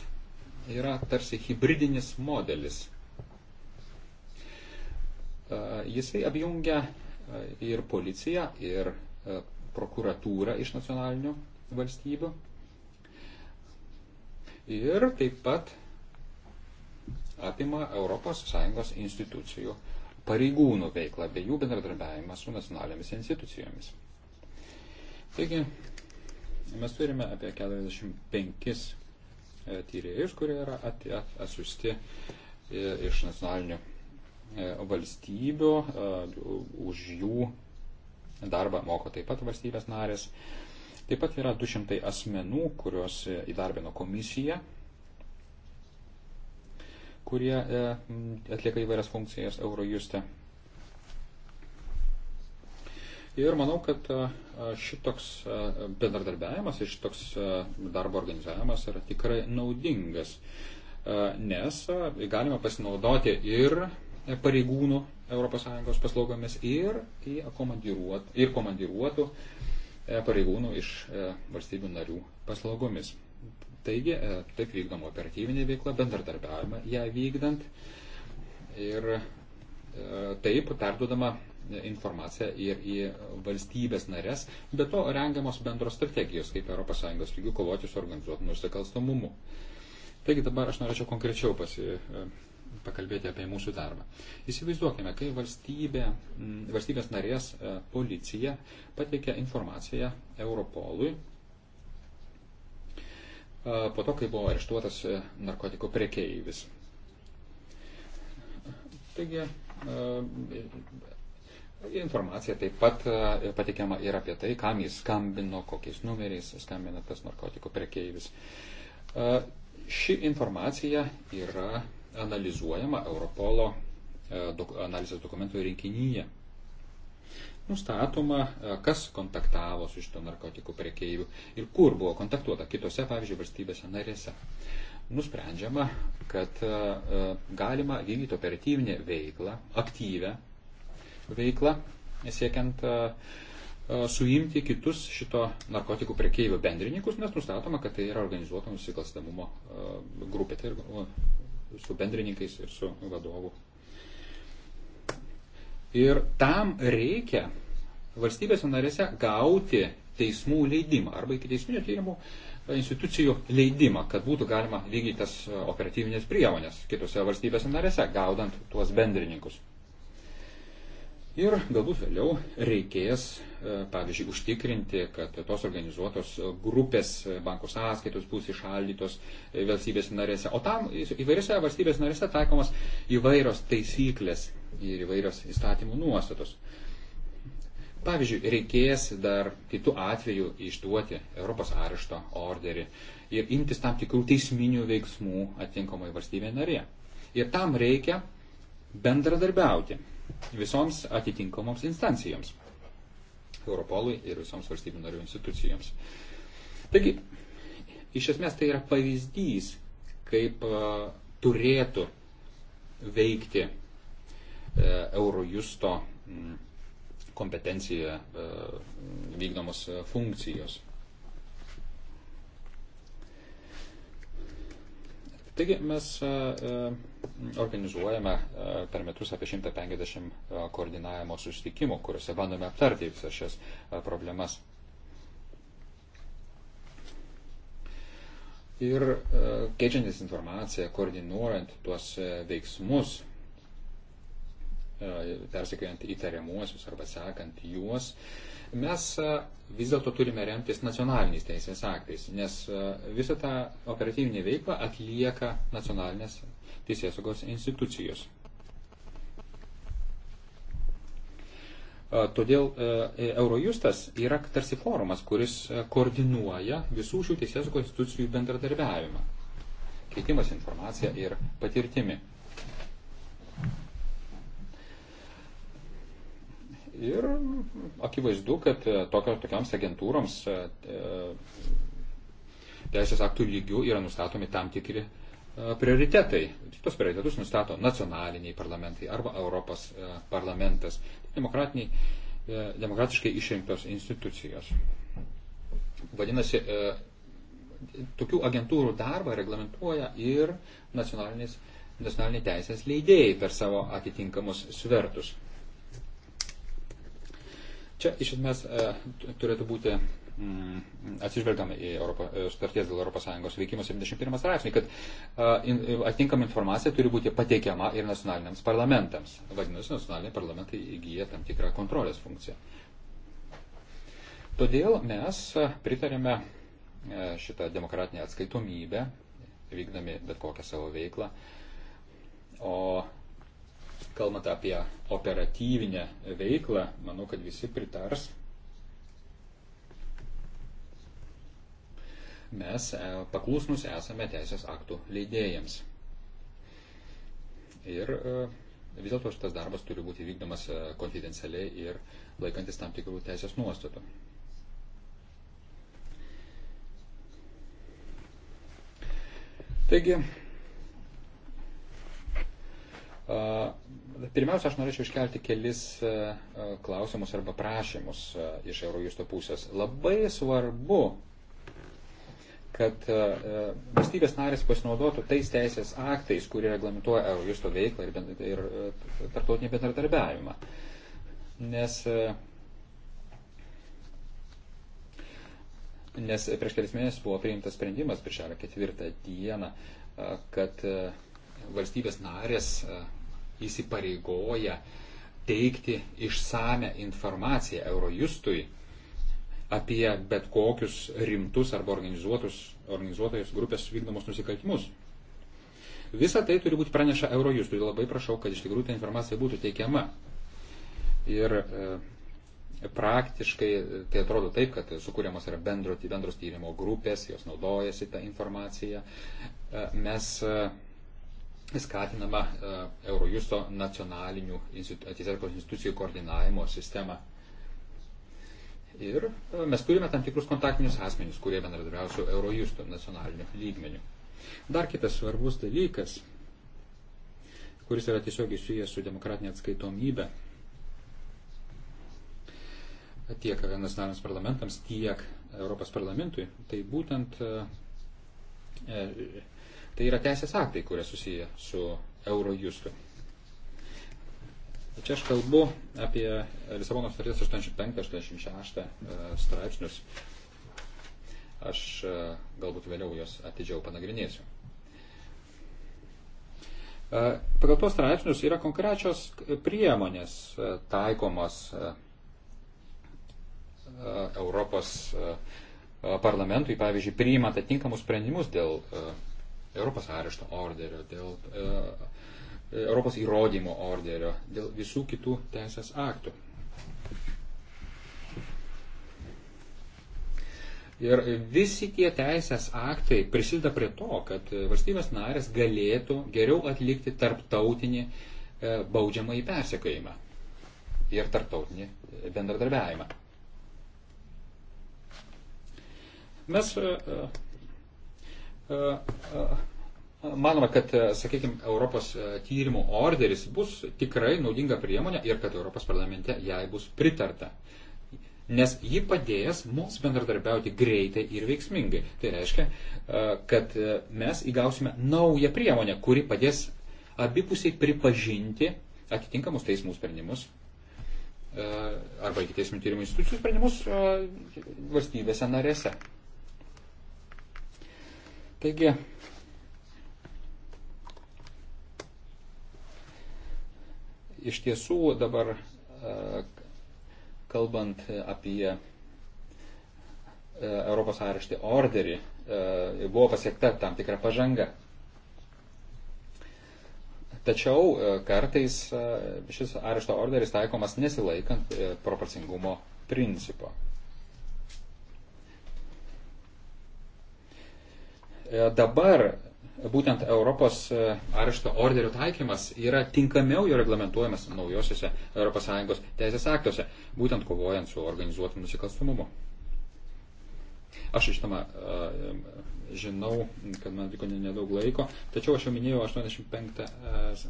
yra tarsi hybridinis modelis. Jisai apjungia ir policiją, ir prokuratūrą iš nacionalinių valstybių. Ir taip pat apima ES institucijų uh, pareigūnų veiklą bei jų bendradarbiavimą su nacionalinėmis institucijomis. Taigi, mes turime apie 45 e, tyrėjus, kurie yra atsiusti e, iš nacionalinių e, valstybių, už jų darbą moko taip pat valstybės narės. Taip pat yra 200 asmenų, kuriuos įdarbino komisija kurie e, atlieka įvairias funkcijas Eurojuste. Ir manau, kad e, šitoks e, bendradarbiavimas ir šitoks darbo organizavimas yra tikrai naudingas, nes galima pasinaudoti ir pareigūnų ES paslaugomis ir, komandiruot, ir komandiruotų pareigūnų iš valstybių narių paslaugomis. Taigi, e, taip vykdoma operatyvinė veikla, bendradarbiavimą ją vykdant ir e, taip perdodama informaciją ir į valstybės narės, bet to rengiamos bendros strategijos, kaip ES lygių kovoti su organizuotų nusikalstamumu. Taigi dabar aš norėčiau konkrečiau pasi, e, pakalbėti apie mūsų darbą. Įsivaizduokime, kai valstybė, valstybės narės policija pateikia informaciją Europolui po to, kai buvo areštuotas e, narkotikų prekeivis. Taigi, informacija taip pat patikiama ir apie tai, kam jis skambino, kokiais numeriais skambina tas narkotikų prekeivis. Ši informacija yra analizuojama Europolo e, analizės dokumentų rinkinyje nustatoma, e, kas kontaktavo su šito narkotikų prekeiviu ir kur buvo kontaktuota kitose, pavyzdžiui, valstybėse narėse. Nusprendžiama, kad e, e, galima vykdyti operatyvinę veiklą, aktyvę veiklą, siekiant suimti kitus šito narkotikų prekeivių bendrininkus, nes nustatoma, kad tai yra organizuoto nusikalstamumo grupė, tai su bendrininkais ir su vadovu Ir tam reikia valstybėse narėse gauti teismų leidimą arba iki teisminio tyrimų institucijų leidimą, kad būtų galima vykdyti tas e, operatyvinės priemonės kitose valstybėse narėse, gaudant tuos bendrininkus. Ir galbūt vėliau reikės, e, pavyzdžiui, užtikrinti, kad tos organizuotos grupės e, bankų sąskaitos bus išaldytos valstybės narėse. O tam įvairiose valstybės narėse taikomas įvairios taisyklės ir įvairios įstatymų nuostatos. Pavyzdžiui, reikės dar kitų atvejų išduoti Europos arešto orderį ir imtis tam tikrų teisminių veiksmų atinkamai valstybė narė. Ir tam reikia bendradarbiauti visoms atitinkamoms instancijoms. Europolui ir visoms valstybių narių institucijoms. Taigi, iš esmės tai yra pavyzdys, kaip uh, turėtų veikti E, Eurojusto mm, kompetencija e, vykdomos e, funkcijos. Taigi mes organizuojame per metus apie 150 koordinavimo susitikimų, kuriuose bandome aptarti visas šias problemas. Ir keičiantis informaciją, koordinuojant tuos veiksmus, E, persikėjant įtariamuosius arba sekant juos, mes e, vis dėlto turime remtis nacionaliniais teisės aktais, nes e, visą tą operatyvinę veiklą atlieka nacionalinės teisėsaugos institucijos. Todėl Eurojustas yra tarsi forumas, kuris koordinuoja visų šių teisėsaugos institucijų bendradarbiavimą, keitimas informacija ir patirtimi. Ir akivaizdu, kad e, tokio, tokiams agentūroms e, e, teisės aktų lygių yra nustatomi tam tikri prioritetai. Tos prioritetus nustato nacionaliniai parlamentai arba Europos parlamentas, demokratiškai išrinktos institucijos. Vadinasi, tokių agentūrų darbą reglamentuoja ir nacionaliniai teisės leidėjai per savo atitinkamus svertus. Čia iš esmės e, turėtų būti mm, atsižvelgiam į Europą, e, starties dėl ES veikimo 71 straipsnį, kad e, atinkama informacija turi būti pateikiama ir nacionaliniams parlamentams. Vadinasi, nacionaliniai parlamentai įgyja tam tikrą kontrolės funkciją. Todėl mes pritarėme šitą demokratinę atskaitomybę, vykdami bet kokią savo veiklą. O kalbant apie operatyvinę veiklą, manau, kad visi pritars. Mes e, paklusnus esame teisės aktų leidėjams. Ir e, vis dėlto šitas darbas turi būti vykdomas e, konfidencialiai ir laikantis tam tikrų teisės nuostatų. Taigi, Pirmiausia, aš norėčiau iškelti kelis e, e, klausimus arba prašymus e, iš Eurojusto pusės. Labai svarbu, kad valstybės narės pasinaudotų tais teisės aktais, kurie reglamentuoja Eurojusto veiklą ir, ir tarptautinį bendradarbiavimą. Nes Nes prieš kelias mėnesius buvo priimtas sprendimas, prieš ketvirtą dieną, kad valstybės narės įsipareigoja teikti išsame informaciją Eurojustui apie bet kokius rimtus arba organizuotojus grupės vykdomus nusikaltimus. Visa tai turi būti praneša Eurojustui. Labai prašau, kad iš tikrųjų ta informacija būtų teikiama. Ir e, praktiškai e, tai atrodo taip, kad sukūriamos yra bendro, bendros tyrimo grupės, jos naudojasi tą informaciją. E, mes e, skatinama e, Eurojusto nacionalinių teisėkos institucijų koordinavimo sistema. Ir e, mes turime tam tikrus kontaktinius asmenys, kurie bendradarbiauja su Eurojusto nacionaliniu lygmeniu. Dar kitas svarbus dalykas, kuris yra tiesiogiai susijęs su demokratinė atskaitomybė tiek nacionaliniams parlamentams, tiek Europos parlamentui, tai būtent e, e Tai yra teisės aktai, kurie susiję su Eurojustu. Čia aš kalbu apie Lisabono sutarties 85-86 e, straipsnius. Aš e, galbūt vėliau juos atidžiau panagrinėsiu. E, pagal tos straipsnius yra konkrečios priemonės taikomos Europos parlamentui, pavyzdžiui, priimant atitinkamus sprendimus dėl Europos arešto orderio, dėl e, e, Europos įrodymo orderio, dėl visų kitų teisės aktų. Ir visi tie teisės aktai prisideda prie to, kad valstybės narės galėtų geriau atlikti tarptautinį e, baudžiamą į persekėjimą ir tarptautinį bendradarbiavimą. Mes e, Manoma, kad, sakykime, Europos tyrimų orderis bus tikrai naudinga priemonė ir kad Europos parlamente jai bus pritarta. Nes ji padės mums bendradarbiauti greitai ir veiksmingai. Tai reiškia, kad mes įgausime naują priemonę, kuri padės abipusiai pripažinti atitinkamus teismų sprendimus arba iki teismų tyrimų institucijų sprendimus valstybėse narėse. Taigi, iš tiesų dabar e, kalbant apie e, Europos areštį orderį, e, buvo pasiekta tam tikra pažanga. Tačiau kartais šis arešto orderis taikomas nesilaikant proporcingumo principo. E, dabar būtent Europos e, arešto orderio taikymas yra tinkamiau jau reglamentuojamas naujosiuose ES teisės aktuose, būtent kovojant su organizuotu nusikalstumumu. Aš, žinoma, e, žinau, kad man liko nedaug laiko, tačiau aš jau minėjau 85 ES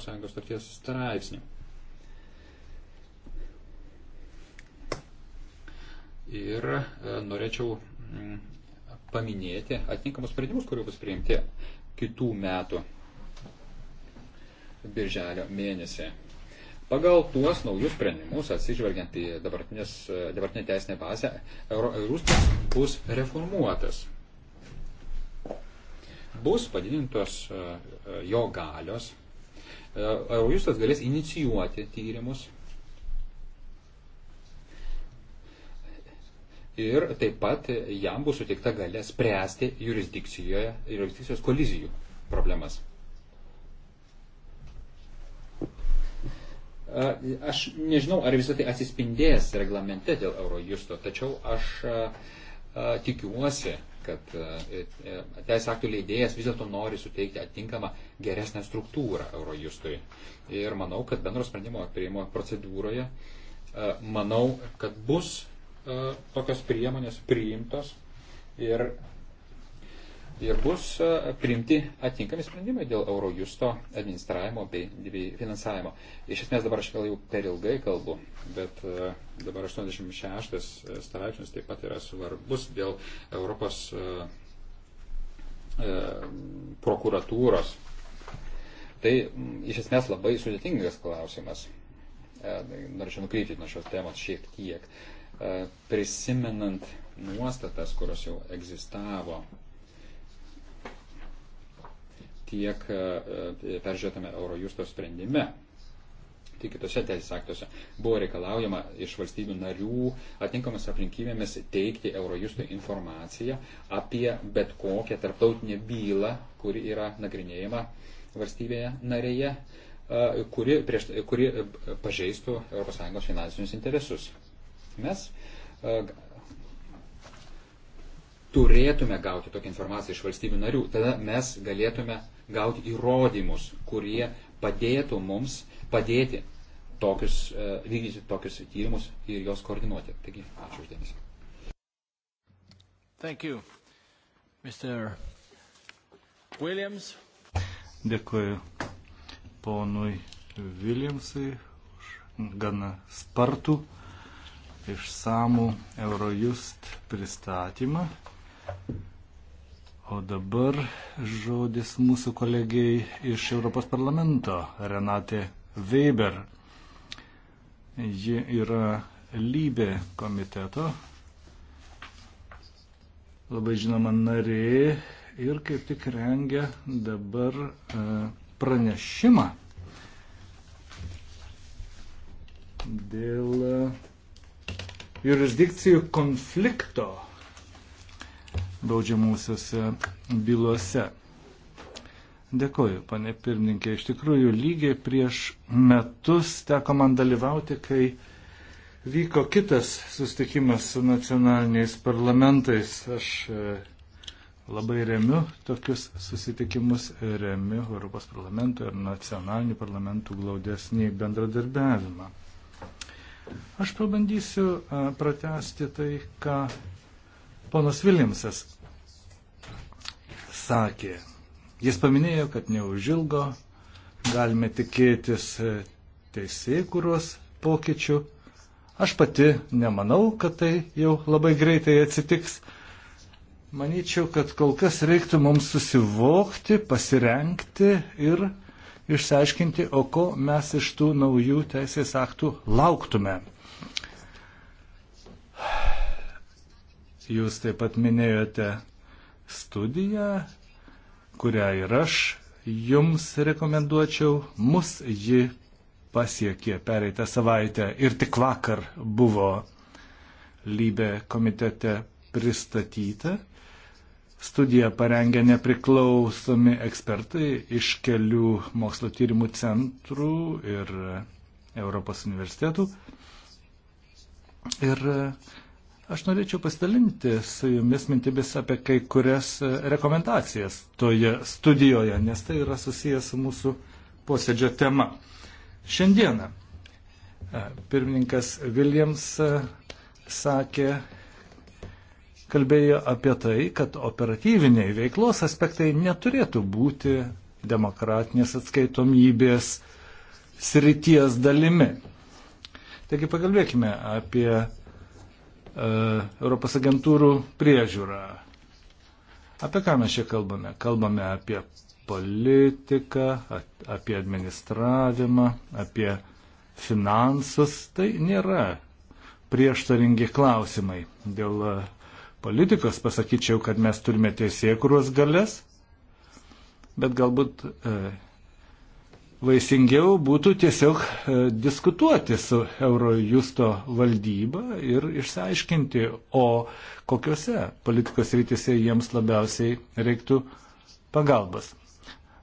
starties straipsnį. Ir norėčiau mm, paminėti atitinkamus sprendimus, kurie bus priimti kitų metų birželio mėnesį. Pagal tuos naujus sprendimus, atsižvelgiant į dabartinę teisinę bazę, Eurostas bus reformuotas. Bus padidintos e, e, jo galios. E, Eurostas galės inicijuoti tyrimus ir taip pat jam bus suteikta galia spręsti jurisdikcijos kolizijų problemas. Aš nežinau, ar visą tai atsispindės reglamente dėl Eurojusto, tačiau aš tikiuosi, kad e, e, teisės aktų leidėjas vis dėlto nori suteikti atitinkamą geresnę struktūrą Eurojustui. Ir manau, kad bendro sprendimo prieimo procedūroje, manau, kad bus E, tokios priemonės priimtos ir, ir bus e, priimti atinkami sprendimai dėl Eurojusto administravimo bei finansavimo. Iš esmės dabar aš gal jau per ilgai kalbu, bet e, dabar 86 straipsnis taip pat yra svarbus dėl Europos prokuratūros. Tai iš esmės labai sudėtingas klausimas. Norėčiau nukrypti nuo šios temos šiek tiek. Uh, E, prisimenant nuostatas, kurios jau egzistavo tiek e, e, peržiūrėtame Eurojusto sprendime, tiek kitose teisės aktuose buvo reikalaujama iš valstybių narių atinkamas aplinkybėmis teikti Eurojustui informaciją apie bet kokią tarptautinę bylą, kuri yra nagrinėjama valstybėje narėje, kuri, prieš, kuri pažeistų ES finansinius interesus. Mes e, turėtume gauti tokią informaciją iš valstybių narių, tada mes galėtume gauti įrodymus, kurie padėtų mums padėti tokius, e, vykdyti tokius tyrimus ir juos koordinuoti. Taigi, ačiū uždėmesi. Thank you, Mr. Williams. Dėkuoju ponui Williamsui už gana spartų išsamų Eurojust pristatymą. O dabar žodis mūsų kolegijai iš Europos parlamento, Renate Weber. Ji yra lybė komiteto, labai žinoma narė ir kaip tik rengia dabar e, pranešimą dėl jurisdikcijų konflikto baudžiamusiose bylose. Dėkoju, pane pirmininkė. Iš tikrųjų, lygiai prieš metus teko man dalyvauti, kai vyko kitas sustikimas su nacionaliniais parlamentais. Aš e, labai remiu tokius susitikimus, remiu Europos parlamento ir nacionalinių parlamentų glaudesnį bendradarbiavimą. Aš pabandysiu pratesti tai, ką ponas Viljamsas sakė. Jis paminėjo, kad neužilgo galime tikėtis e, teisėkuros pokyčių. Aš pati nemanau, kad tai jau labai greitai atsitiks. Manyčiau, kad kol kas reiktų mums susivokti, pasirenkti ir uh, išsiaiškinti, o ko mes iš tų naujų teisės aktų lauktume. Jūs taip pat minėjote studiją, kurią ir aš jums rekomenduočiau. Mus ji pasiekė pereitą savaitę ir tik vakar buvo lybė komitete pristatyta. Studiją parengė nepriklausomi ekspertai iš kelių mokslo tyrimų centrų ir Europos universitetų. Ir aš norėčiau pasidalinti su jumis mintimis apie kai kurias rekomendacijas toje studijoje, nes tai yra susijęs su mūsų posėdžio tema. Šiandieną pirmininkas Viljams sakė, kalbėjo apie tai, kad operatyviniai veiklos aspektai neturėtų būti demokratinės atskaitomybės srities dalimi. Taigi pakalbėkime apie uh, Europos agentūrų priežiūrą. Apie ką mes čia kalbame? Kalbame apie politiką, apie administravimą, apie finansus. Tai nėra prieštaringi klausimai dėl politikos pasakyčiau, kad mes turime teisėkuros galės, bet galbūt e, vaisingiau būtų tiesiog e, diskutuoti su Eurojusto valdyba ir išsiaiškinti, o kokiuose politikos rytise jiems labiausiai reiktų pagalbas.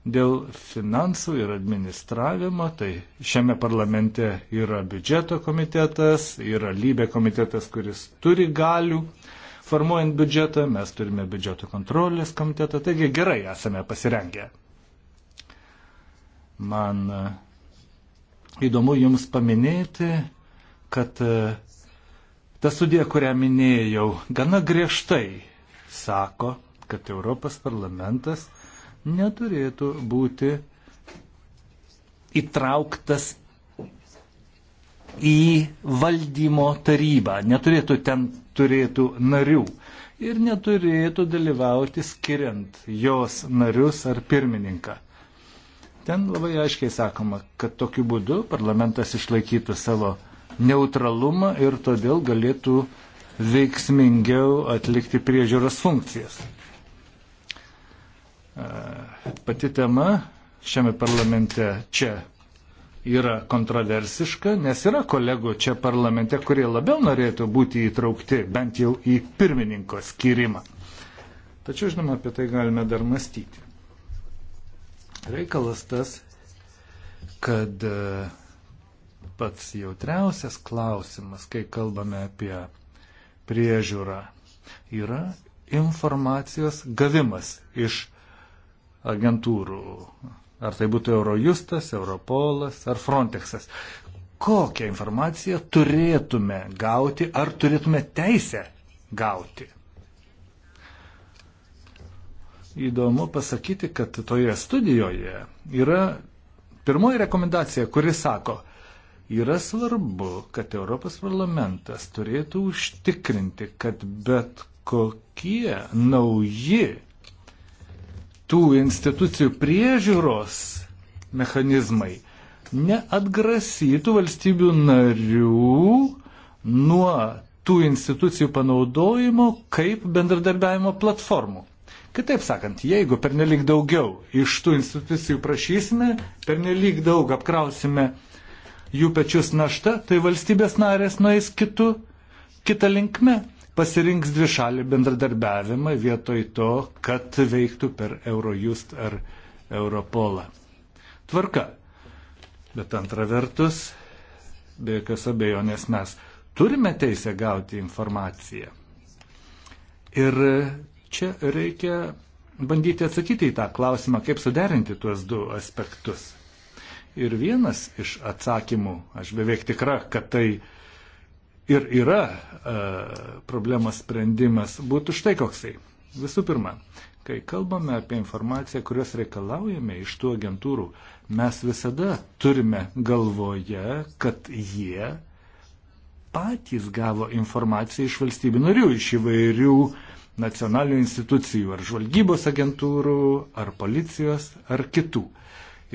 Dėl finansų ir administravimo, tai šiame parlamente yra biudžeto komitetas, yra lybė komitetas, kuris turi galių. E, formuojant biudžetą, mes turime biudžeto kontrolės komitetą, taigi gerai esame pasirengę. Man e, įdomu Jums paminėti, kad e, ta studija, kurią minėjau, gana griežtai sako, kad Europos parlamentas neturėtų būti įtrauktas į valdymo tarybą, neturėtų ten turėtų narių ir neturėtų dalyvauti skiriant jos narius ar pirmininką. Ten labai aiškiai sakoma, kad tokiu būdu parlamentas išlaikytų savo neutralumą ir todėl galėtų veiksmingiau atlikti priežiūros funkcijas. Pati tema šiame parlamente čia yra kontroversiška, nes yra kolegų čia parlamente, kurie labiau norėtų būti įtraukti bent jau į pirmininko skirimą. Tačiau, žinoma, apie tai galime dar mąstyti. Reikalas tas, kad e, pats jautriausias klausimas, kai kalbame apie priežiūrą, yra informacijos gavimas iš agentūrų Ar tai būtų Eurojustas, Europolas ar Frontexas. Kokią informaciją turėtume gauti ar turėtume teisę gauti? Įdomu pasakyti, kad toje studijoje yra pirmoji rekomendacija, kuri sako, yra svarbu, kad Europos parlamentas turėtų užtikrinti, kad bet kokie nauji tų institucijų priežiūros mechanizmai neatgrasytų valstybių narių nuo tų institucijų panaudojimo kaip bendradarbiavimo platformų. Kitaip sakant, jeigu pernelyg daugiau iš tų institucijų prašysime, pernelyg daug apkrausime jų pečius naštą, tai valstybės narės nueis kitų, kitą linkmę pasirinks dvišalį bendradarbiavimą vietoj to, kad veiktų per Eurojust ar Europolą. Tvarka. Bet antra vertus, be jokios abejonės mes turime teisę gauti informaciją. Ir čia reikia bandyti atsakyti į tą klausimą, kaip suderinti tuos du aspektus. Ir vienas iš atsakymų, aš beveik tikra, kad tai uh, ir yra e, problemos sprendimas, būtų štai koksai. Visų pirma, kai kalbame apie informaciją, kurios reikalaujame iš tų agentūrų, mes visada turime galvoje, kad jie patys gavo informaciją iš valstybių narių, iš įvairių nacionalinių institucijų, ar žvalgybos agentūrų, ar policijos, ar kitų.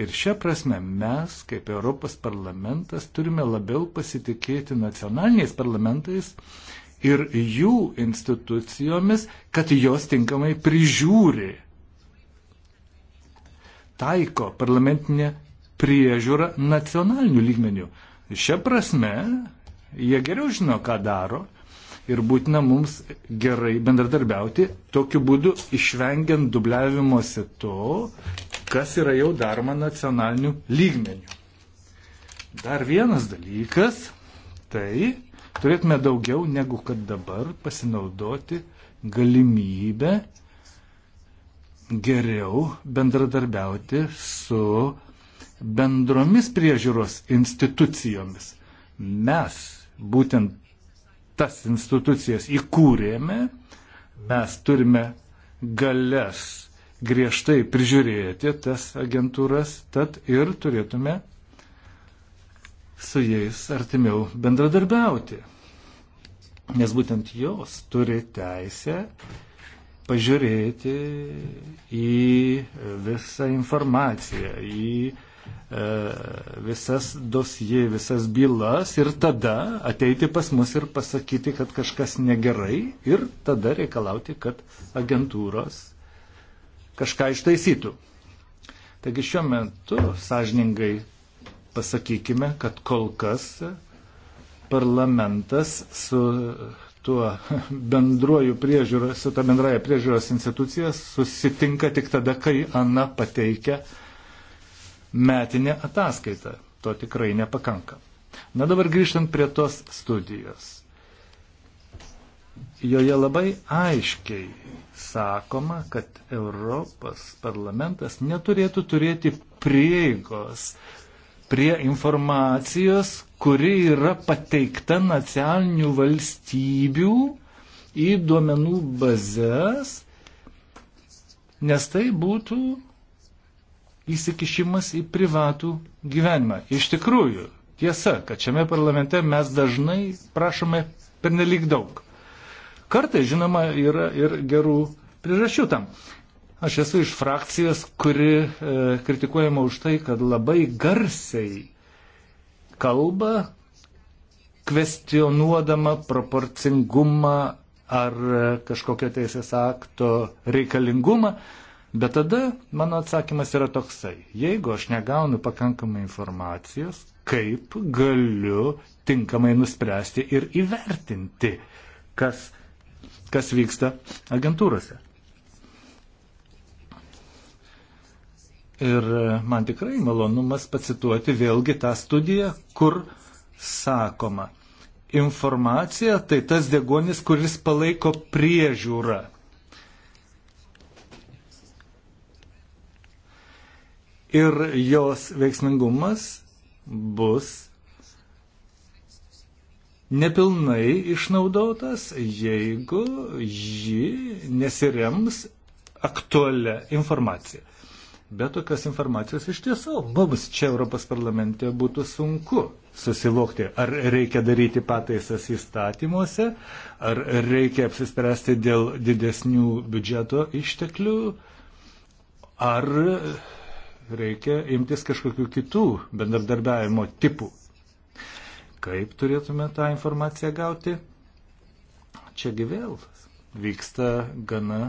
Ir šią prasme mes, kaip Europos parlamentas, turime labiau pasitikėti nacionaliniais parlamentais ir jų institucijomis, kad jos tinkamai prižiūri, taiko parlamentinę priežiūrą nacionaliniu lygmeniu. Šia prasme, jie geriau žino, ką daro ir būtina mums gerai bendradarbiauti, tokiu būdu išvengiant dubliavimuose to, kas yra jau daroma nacionaliniu lygmeniu. Dar vienas dalykas, tai turėtume daugiau negu kad dabar pasinaudoti galimybę geriau bendradarbiauti su bendromis priežiūros institucijomis. Mes būtent tas institucijas įkūrėme, mes turime galės griežtai prižiūrėti tas agentūras, tad ir turėtume su jais artimiau bendradarbiauti. Nes būtent jos turi teisę pažiūrėti į visą informaciją, į E, visas dosijai, visas bylas ir tada ateiti pas mus ir pasakyti, kad kažkas negerai ir tada reikalauti, kad agentūros kažką ištaisytų. Taigi šiuo metu sąžiningai pasakykime, kad kol kas parlamentas su tuo bendruoju priežiūros, su ta bendraja priežiūros institucija susitinka tik tada, kai Ana pateikia uh, metinę ataskaitą. To tikrai nepakanka. Na dabar grįžtant prie tos studijos. Joje labai aiškiai sakoma, kad Europos parlamentas neturėtų turėti prieigos prie informacijos, kuri yra pateikta nacionalinių valstybių į duomenų bazės, nes tai būtų įsikišimas į privatų gyvenimą. Iš tikrųjų, tiesa, kad šiame parlamente mes dažnai prašome pernelik daug. Kartai, žinoma, yra ir gerų priežasčių tam. Aš esu iš frakcijos, kuri e, kritikuojama už tai, kad labai garsiai kalba, kvestionuodama proporcingumą ar e, kažkokio teisės akto reikalingumą. E, Bet tada mano atsakymas yra toksai. Jeigu aš negaunu pakankamai informacijos, kaip galiu tinkamai nuspręsti ir įvertinti, kas, kas vyksta agentūrose. Ir man tikrai malonumas pacituoti vėlgi tą studiją, kur sakoma, informacija tai tas degonis, kuris palaiko priežiūrą. ir jos veiksmingumas bus nepilnai išnaudotas, jeigu ji nesirems aktualią informaciją. Bet tokios informacijos iš tiesų mums čia Europos parlamente būtų sunku susivokti, ar reikia daryti pataisas įstatymuose, ar reikia apsispręsti dėl didesnių biudžeto išteklių, ar reikia imtis kažkokių kitų bendradarbiavimo tipų. Kaip turėtume tą informaciją gauti? Čiagi vėl vyksta gana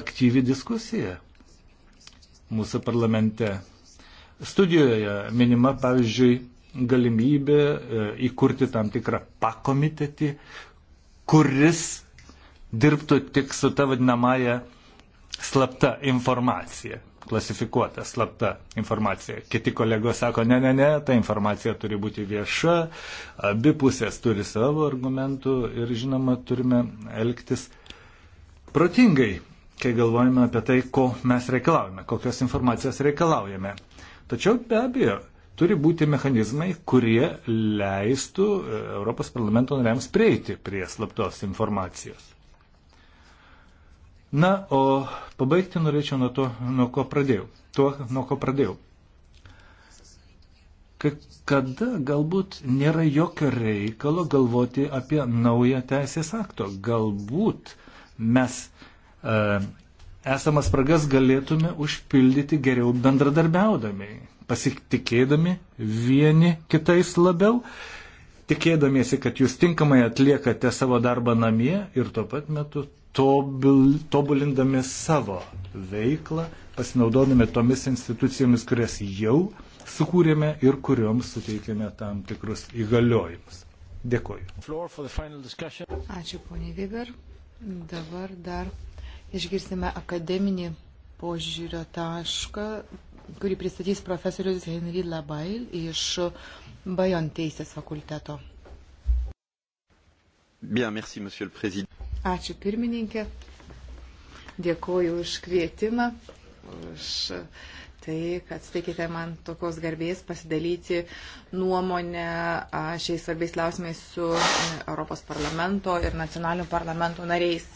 aktyvi diskusija mūsų parlamente. Studijoje minima, pavyzdžiui, galimybė e, įkurti tam tikrą pakomitetį, kuris dirbtų tik su ta vadinamąją slapta informacija klasifikuota slapta informacija. Kiti kolegos sako, ne, ne, ne, ta informacija turi būti vieša, abi pusės turi savo argumentų ir žinoma turime elgtis protingai, kai galvojame apie tai, ko mes reikalaujame, kokios informacijos reikalaujame. Tačiau be abejo, turi būti mechanizmai, kurie leistų e, Europos parlamento nariams prieiti prie slaptos informacijos. Na, o pabaigti norėčiau nuo to, nuo ko pradėjau. Tuo, nuo ko pradėjau. Kai kada galbūt nėra jokio reikalo galvoti apie naują teisės akto. Galbūt mes e, esamas spragas galėtume užpildyti geriau bendradarbiaudami, pasitikėdami vieni kitais labiau tikėdamiesi, kad jūs tinkamai atliekate savo darbą namie ir tuo pat metu tobul, tobulindami savo veiklą, pasinaudodami tomis institucijomis, kurias jau sukūrėme ir kurioms suteikėme tam tikrus įgaliojimus. Dėkoju. Ačiū, ponė Viber. Dabar dar išgirsime akademinį požiūrio tašką, kurį pristatys profesorius Henry Labail iš Bajon teisės fakulteto. Bien, merci, monsieur le président. Ačiū pirmininkė. Dėkoju už kvietimą, už tai, kad suteikite man tokios garbės pasidalyti nuomonę šiais svarbiais klausimais su e, Europos parlamento ir nacionalinių parlamentų nariais.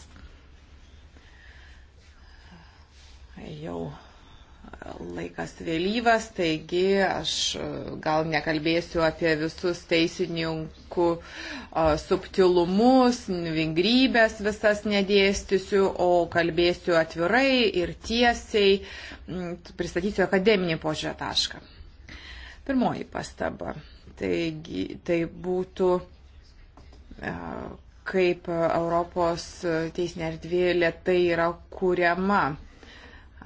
Jau laikas vėlyvas, taigi aš e, gal nekalbėsiu apie visus teisininkų e, subtilumus, vingrybės visas nedėstysiu, o kalbėsiu atvirai ir tiesiai, pristatysiu akademinį požiūrę tašką. Pirmoji pastaba. Taigi, tai būtų e, kaip Europos teisinė erdvė lietai yra kuriama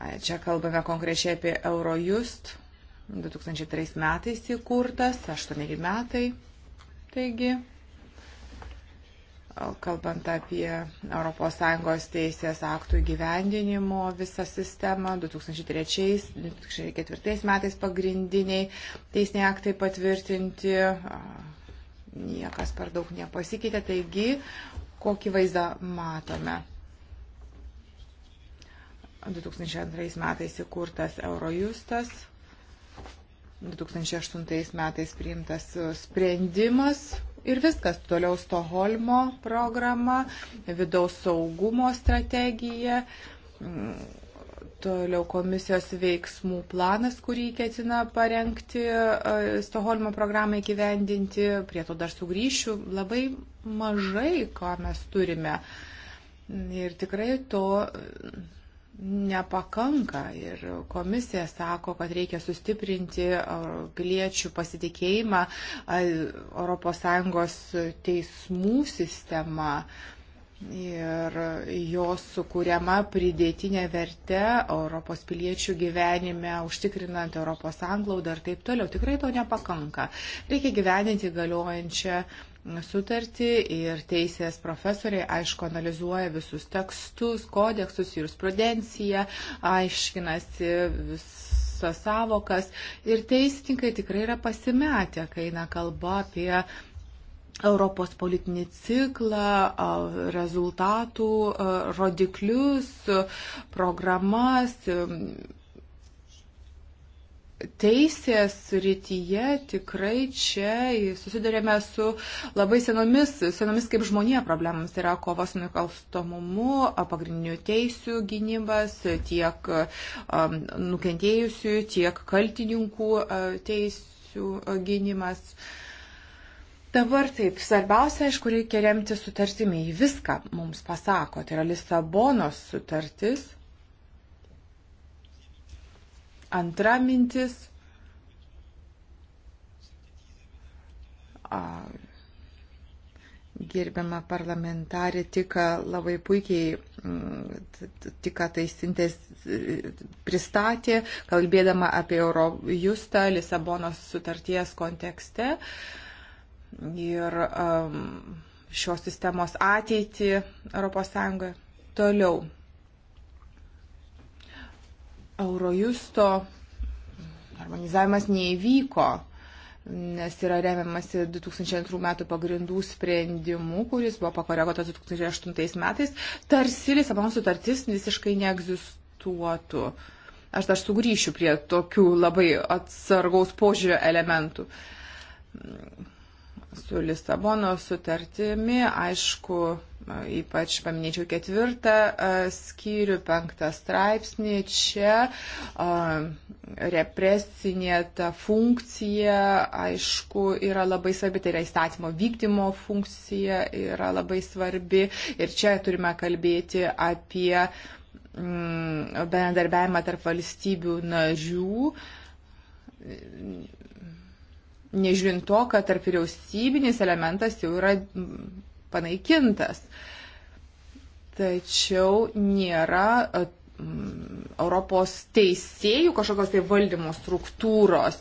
Čia kalbame konkrečiai apie Eurojust, 2003 metais įkurtas, 8 metai. Taigi, kalbant apie ES teisės aktų įgyvendinimo visą sistemą, 2003-2004 metais pagrindiniai teisiniai aktai patvirtinti, niekas per daug nepasikeitė, taigi kokį vaizdą matome. 2002 metais įkurtas Eurojustas, 2008 metais priimtas sprendimas ir viskas. Toliau Stoholmo programa, vidaus saugumo strategija, toliau komisijos veiksmų planas, kurį ketina parengti e, Stoholmo programą įgyvendinti. Prie to dar sugrįšiu. Labai mažai, ką mes turime. Ir tikrai to nepakanka ir komisija sako, kad reikia sustiprinti piliečių pasitikėjimą ES teismų sistema ir jos sukūriama pridėtinė verte Europos piliečių gyvenime, užtikrinant Europos anglaudą ir taip toliau. Tikrai to nepakanka. Reikia gyveninti galiojančią sutartį ir teisės profesoriai, aišku, analizuoja visus tekstus, kodeksus, jurisprudenciją, aiškinasi visas savokas ir teisininkai tikrai yra pasimetę, kai eina kalba apie Europos politinį ciklą, rezultatų, rodiklius, programas teisės rytyje tikrai čia susidurėme su labai senomis, senomis kaip žmonija problemams. Tai yra kovos su nukalstamumu, pagrindinių teisių gynybas, tiek um, nukentėjusių, tiek kaltininkų uh, teisių uh, gynimas. Dabar taip, svarbiausia, aišku, reikia remti sutartimi į viską, mums pasako, tai yra Lisabonos sutartis, Antra mintis. Gerbiama parlamentarė tik labai puikiai mm, tik tai sintės pristatė, kalbėdama apie Eurojustą Lisabonos sutarties kontekste ir um, šios sistemos ateitį ES. Toliau Eurojusto harmonizavimas neįvyko, nes yra remiamasi 2002 metų pagrindų sprendimu, kuris buvo pakoreguotas 2008 metais, tarsi Lisabono sutartis visiškai neegzistuotų. Aš dar sugrįšiu prie tokių labai atsargaus požiūrio elementų su Lisabono sutartimi, aišku, Ypač paminėčiau ketvirtą skyrių, penktą straipsnį. Čia represinė ta funkcija, aišku, yra labai svarbi, tai yra įstatymo vykdymo funkcija, yra labai svarbi. Ir čia turime kalbėti apie mm, bendarbiavimą tarp valstybių narių nežiūrint to, kad tarp vyriausybinis elementas jau yra panaikintas. Tačiau nėra e, mm, Europos teisėjų kažkokios tai valdymo struktūros.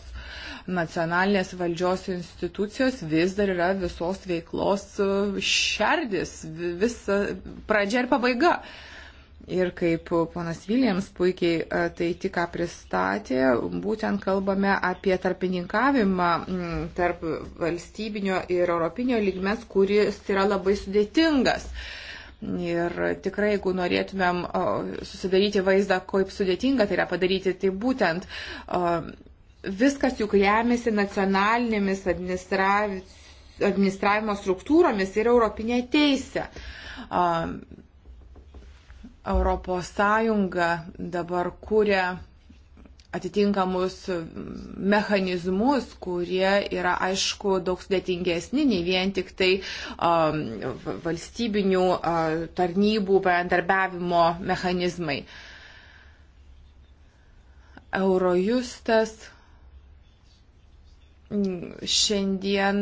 Nacionalinės valdžios institucijos vis dar yra visos veiklos e, šerdis, visa pradžia ir pabaiga. Uh, Ir kaip ponas Viljams puikiai e, tai tik ką pristatė, būtent kalbame apie tarpininkavimą tarp valstybinio ir europinio lygmens, kuris yra labai sudėtingas. Ir tikrai, jeigu norėtumėm susidaryti vaizdą, kaip sudėtinga tai yra padaryti, tai būtent viskas juk remiasi nacionalinėmis administravimo struktūromis ir europinė teisė Europos Sąjunga dabar kūrė atitinkamus mechanizmus, kurie yra, aišku, daug sudėtingesni nei vien tik tai um, valstybinių uh, tarnybų bendarbiavimo mechanizmai. Eurojustas šiandien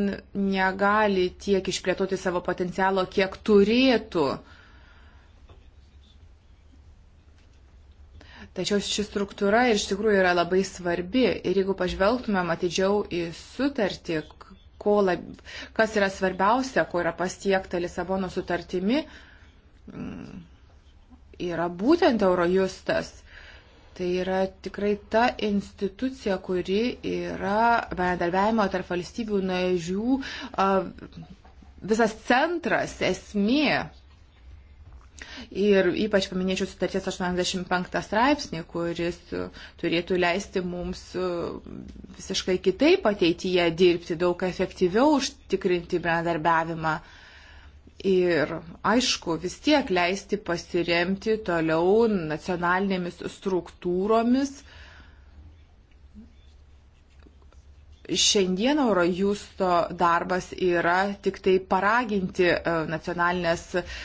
negali tiek išplėtoti savo potencialo, kiek turėtų uh, Tačiau ši struktūra iš tikrųjų yra labai svarbi ir jeigu pažvelgtumėm atidžiau į sutartį, lab, kas yra svarbiausia, ko yra pasiekta Lisabono sutartimi, mm, yra būtent Eurojustas. Tai yra tikrai ta institucija, kuri yra bendarbiavimo tarp valstybių nažių visas centras, esmė. Ir ypač paminėčiau sutarties 85 straipsnį, kuris e, turėtų leisti mums e, visiškai kitaip ateityje dirbti, daug efektyviau užtikrinti bendarbiavimą. Ir aišku, vis tiek leisti pasiremti toliau nacionalinėmis struktūromis, uh, Šiandien Eurojusto darbas yra tik tai paraginti e, nacionalinės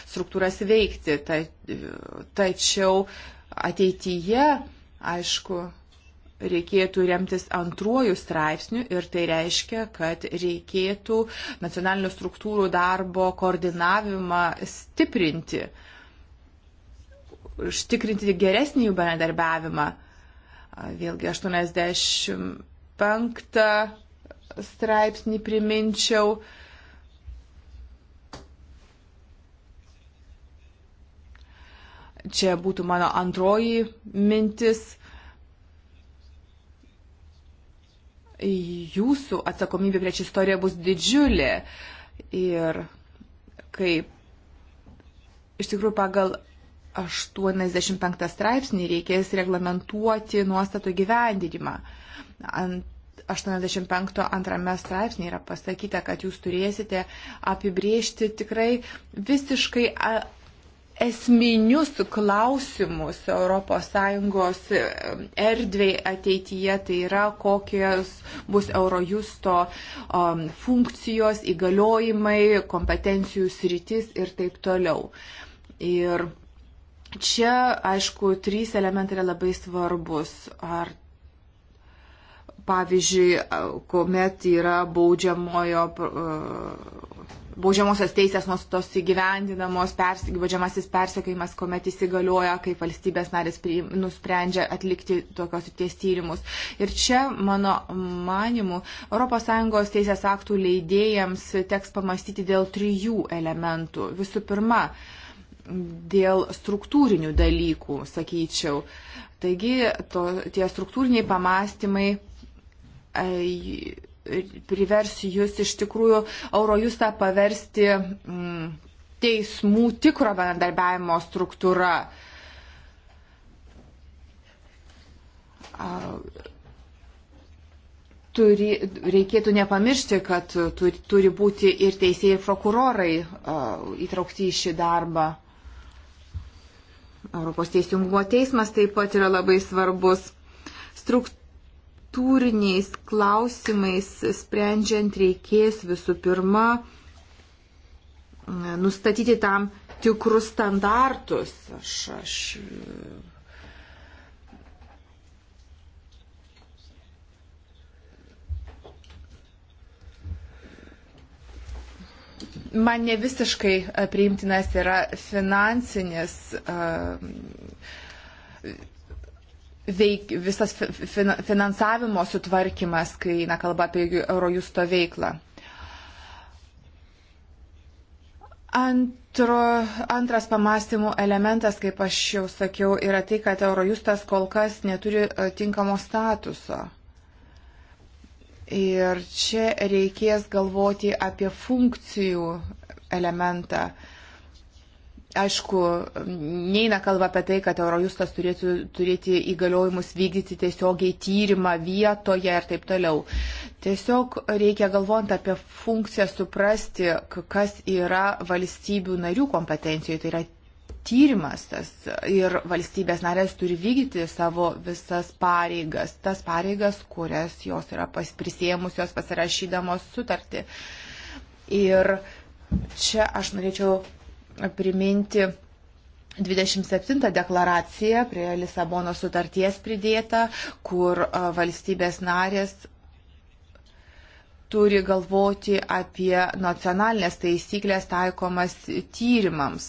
struktūras veikti, ta, e, tačiau ateityje, aišku, reikėtų remtis antruoju straipsniu ir tai reiškia, kad reikėtų nacionalinių struktūrų darbo koordinavimą stiprinti, užtikrinti geresnį jų bendradarbiavimą. Vėlgi 80 penktą straipsnį priminčiau. Čia būtų mano antroji mintis. Jūsų atsakomybė prieš istoriją bus didžiulė. Ir kaip iš tikrųjų pagal 85 straipsnį reikės reglamentuoti nuostatų gyvendinimą. Ant 85 antrame straipsnėje yra pasakyta, kad jūs turėsite apibriežti tikrai visiškai esminius klausimus ES e, erdvėj ateityje, tai yra kokios bus Eurojusto um, funkcijos, įgaliojimai, kompetencijų sritis ir taip toliau. Ir čia, aišku, trys elementai yra labai svarbus. Ar Pavyzdžiui, e, kuomet yra baudžiamojo, e, baudžiamosios teisės nuostos įgyvendinamos, pers, baudžiamasis persekiojimas, kuomet įsigalioja, kai valstybės narės nusprendžia atlikti tokios ties tyrimus. Ir čia, mano manimu, ES teisės aktų leidėjams teks pamastyti dėl trijų elementų. Visų pirma, dėl struktūrinių dalykų, sakyčiau. Taigi, to, tie struktūriniai pamastymai priversiu jūs iš tikrųjų Eurojustą paversti mm, teismų tikro bendarbiavimo struktūra. Turi, reikėtų nepamiršti, kad turi, turi būti ir teisėjai, ir prokurorai uh, įtraukti į šį darbą. Europos teisingumo teismas taip pat yra labai svarbus. Struktūra struktūriniais klausimais sprendžiant reikės visų pirma e, nustatyti tam tikrus standartus. Aš, aš man ne visiškai e, priimtinas yra finansinis e, veik, visas fin, finansavimo sutvarkymas, kai eina kalba apie Eurojusto veiklą. Antro, antras pamastymų elementas, kaip aš jau sakiau, yra tai, kad Eurojustas kol kas neturi e, tinkamo statuso. Ir čia reikės galvoti apie funkcijų elementą. Uh, Aišku, neina kalba apie tai, kad Eurojustas turėtų turėti įgaliojimus vykdyti tiesiogiai tyrimą vietoje ir taip toliau. Tiesiog reikia galvojant apie funkciją suprasti, kas yra valstybių narių kompetencijoje. Tai yra tyrimas tas ir valstybės narės turi vykdyti savo visas pareigas, tas pareigas, kurias jos yra prisėmusios pasirašydamos sutartį. Ir čia aš norėčiau priminti 27 deklaraciją prie Lisabono sutarties pridėta, kur valstybės narės turi galvoti apie nacionalinės taisyklės taikomas tyrimams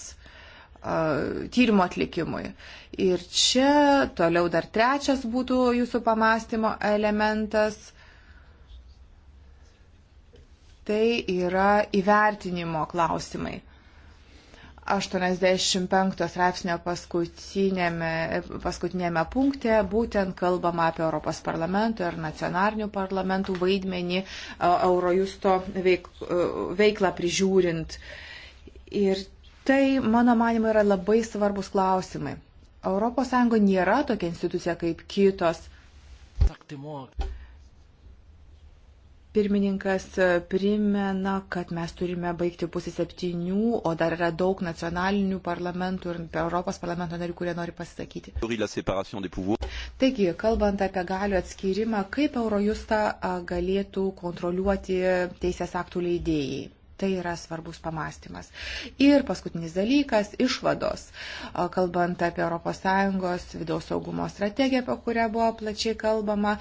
tyrimo atlikimui. Ir čia toliau dar trečias būtų jūsų pamastymo elementas. Tai yra įvertinimo klausimai. 85 straipsnio paskutinėme, paskutinėme punkte būtent kalbama apie Europos parlamento ir nacionalinių parlamentų vaidmenį e, Eurojusto veik, e, veiklą prižiūrint. Ir tai, mano manimo, yra labai svarbus klausimai. ES nėra tokia institucija kaip kitos. Taktimuok. Pirmininkas primena, kad mes turime baigti pusę septynių, o dar yra daug nacionalinių parlamentų ir Europos parlamento narių, kurie nori pasisakyti. Taigi, kalbant apie galių atskirimą, kaip Eurojustą galėtų kontroliuoti teisės aktų leidėjai? Tai yra svarbus pamastymas. Ir paskutinis dalykas - išvados. Kalbant apie ES vidaus saugumo strategiją, apie kurią buvo plačiai kalbama,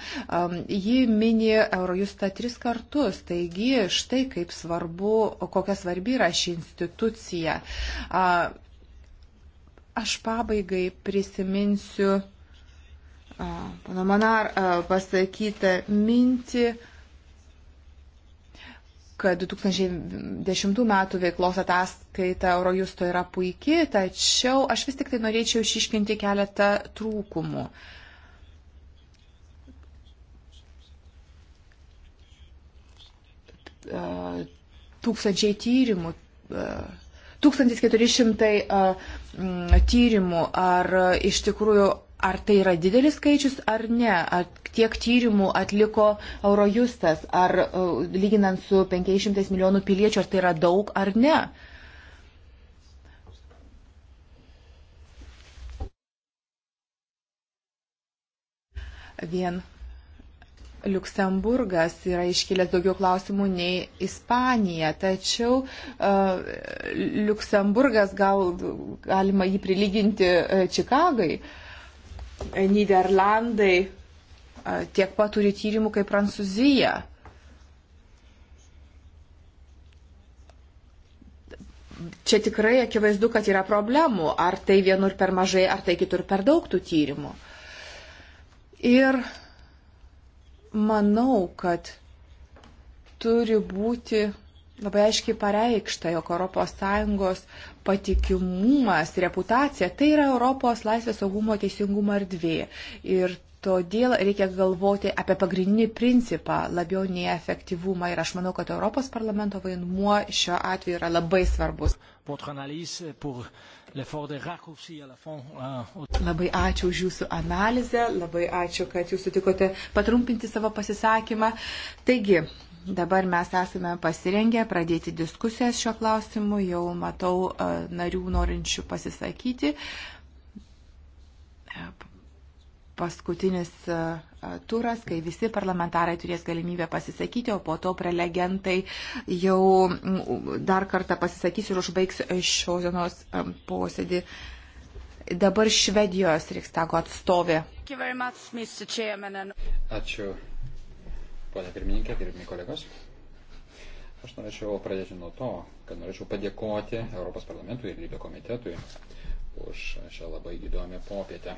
ji mini Eurojustą tris kartus. Taigi, štai kaip svarbu, kokia svarbi yra ši institucija. Aš pabaigai prisiminsiu, pana Manar, pasakytą mintį kad 2010 metų veiklos ataskaita Eurojusto yra puikiai, tačiau aš vis tik tai norėčiau išiškinti keletą trūkumų. Tūkstančiai tyrimų, 1400 tyrimų, ar iš tikrųjų ar tai yra didelis skaičius ar ne, ar tiek tyrimų atliko Eurojustas, ar e, lyginant su 500 milijonų piliečių, ar tai yra daug ar ne. Vien Luksemburgas yra iškilęs daugiau klausimų nei Ispanija, tačiau uh, Luksemburgas gal galima jį prilyginti uh, Čikagai. Uh, Niderlandai tiek pat turi tyrimų kaip Prancūzija. Čia tikrai akivaizdu, kad yra problemų, ar tai vienur per mažai, ar tai kitur per daug tų tyrimų. Ir manau, kad turi būti labai aiškiai pareikšta, jog ES patikimumas, reputacija, tai yra Europos laisvės saugumo teisingumo erdvė. Ir Todėl reikia galvoti apie pagrindinį principą labiau nei efektyvumą ir aš manau, kad Europos parlamento vaidmuo šiuo atveju yra labai svarbus. Euh, labai ačiū už Jūsų analizę, labai ačiū, kad Jūs sutikote patrumpinti savo pasisakymą. Taigi, Dabar mes esame pasirengę pradėti diskusijas šio klausimu, jau matau e, narių norinčių pasisakyti. E, paskutinis e, turas, kai visi parlamentarai turės galimybę pasisakyti, o po to prelegentai jau dar kartą pasisakys ir užbaigs šios dienos posėdį. Dabar Švedijos Rikstago atstovė. Ačiū Pone pirmininkė, gerbimi kolegos. Aš norėčiau pradėti nuo to, kad norėčiau padėkoti Europos parlamentui ir lygio komitetui už šią labai įdomią popietę.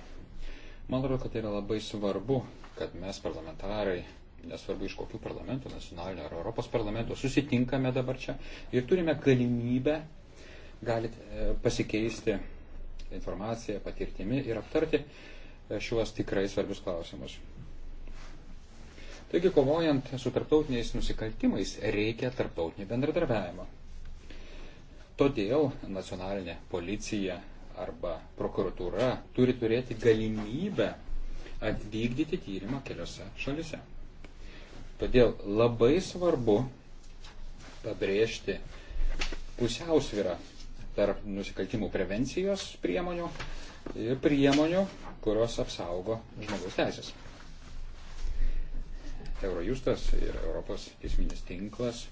Man atrodo, kad tai yra labai svarbu, kad mes parlamentarai, nesvarbu iš kokių parlamentų, nacionalinio ar Europos parlamento, susitinkame dabar čia ir turime galimybę galite pasikeisti informaciją, patirtimi ir aptarti e, šiuos tikrai svarbius klausimus. Taigi, kovojant su tarptautiniais nusikaltimais, reikia tarptautinio bendradarbiavimo. Todėl nacionalinė policija arba prokuratūra turi turėti galimybę atvykdyti tyrimą keliose šalise. Todėl labai svarbu pabrėžti pusiausvyrą tarp nusikaltimų prevencijos priemonių ir priemonių, kurios apsaugo žmogaus teisės. Eurojustas ir Europos teisminis tinklas e,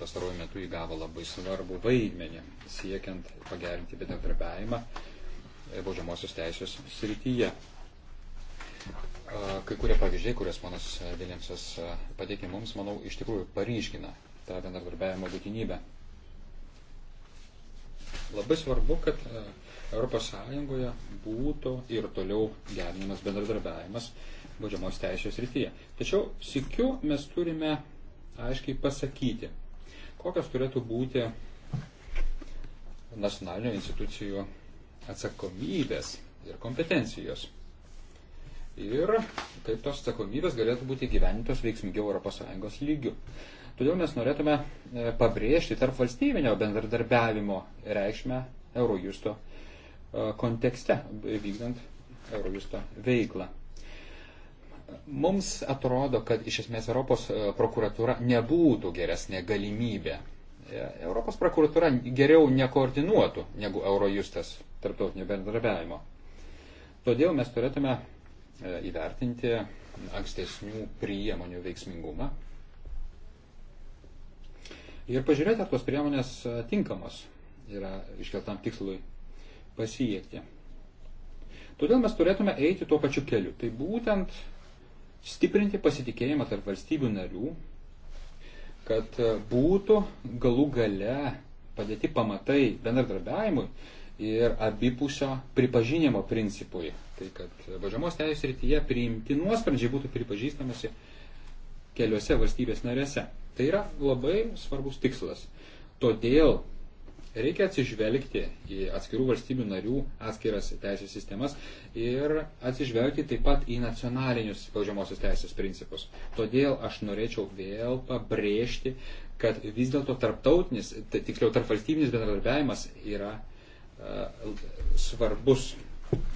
pastaruoju metu įgavo labai svarbų vaidmenį, siekiant pagerinti bendradarbiavimą e, baudžiamosios teisės srityje. E, kai kurie pavyzdžiai, kuriuos ponas Viljamsas pateikė mums, manau, iš tikrųjų paryškina tą bendradarbiavimo būtinybę. Labai svarbu, kad ES būtų ir toliau gerinamas bendradarbiavimas baudžiamos teisės rytyje. Tačiau sikiu mes turime aiškiai pasakyti, kokios turėtų būti nacionalinio institucijų atsakomybės ir kompetencijos. Ir kaip tos atsakomybės galėtų būti gyvenintos veiksmingiau ES lygių. Todėl mes norėtume e, pabrėžti tarp valstybinio bendradarbiavimo reikšmę Eurojusto e, kontekste, vykdant Eurojusto veiklą. Mums atrodo, kad iš esmės Europos e, prokuratūra nebūtų geresnė galimybė. E, Europos prokuratūra geriau nekoordinuotų negu Eurojustas tarptautinio bendradarbiavimo. Todėl mes turėtume e, įvertinti ankstesnių priemonių veiksmingumą ir pažiūrėti, ar tos priemonės tinkamos yra iškeltam tikslui pasiekti. Todėl mes turėtume eiti tuo pačiu keliu. Tai būtent stiprinti pasitikėjimą tarp valstybių narių, kad e, būtų galų gale padėti pamatai bendradarbiavimui ir abipusio pripažinimo principui. Tai kad važiuojamos teisės rytyje priimti nuosprendžiai būtų pripažįstamasi keliose valstybės narėse. Tai yra labai svarbus tikslas. Todėl Reikia atsižvelgti į atskirų valstybių narių atskiras teisės sistemas ir atsižvelgti taip pat į nacionalinius baudžiamosios teisės principus. Todėl aš norėčiau vėl pabrėžti, kad vis dėlto tarptautinis, tiksliau tarpvalstybinis bendradarbiavimas yra uh, svarbus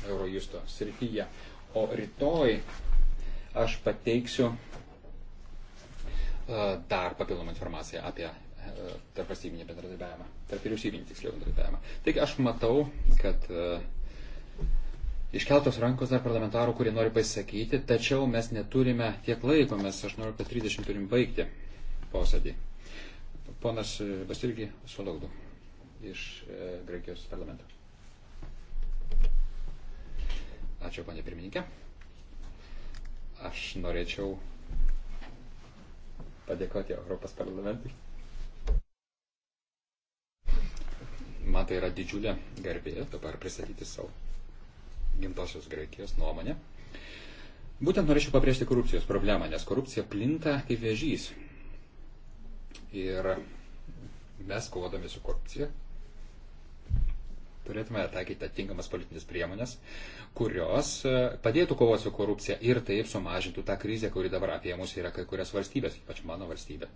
Eurojusto srityje. O rytoj aš pateiksiu uh, dar papildomą informaciją apie E, tarp valstybinį bendradarbiavimą, tarp vyriausybinį tiksliau bendradarbiavimą. Taigi aš matau, kad e, iškeltos rankos dar parlamentarų, kurie nori pasisakyti, tačiau mes neturime tiek laiko, mes 18.30 turim baigti posėdį. Ponas e, Basilgi Sulaudų iš Graikijos parlamento. Ačiū, ponė pirmininkė. Aš norėčiau padėkoti Europos parlamentui Man tai yra didžiulė garbė dabar pristatyti savo gimtosios Graikijos nuomonę. Būtent norėčiau pabrėžti korupcijos problemą, nes korupcija plinta kaip vėžys. Ir mes, kovodami su korupcija, turėtume taikyti atitinkamas politinės priemonės, kurios e, padėtų kovoti su korupcija ir taip sumažintų tą krizę, kuri dabar apie mus yra kai kurias valstybės, ypač mano valstybė.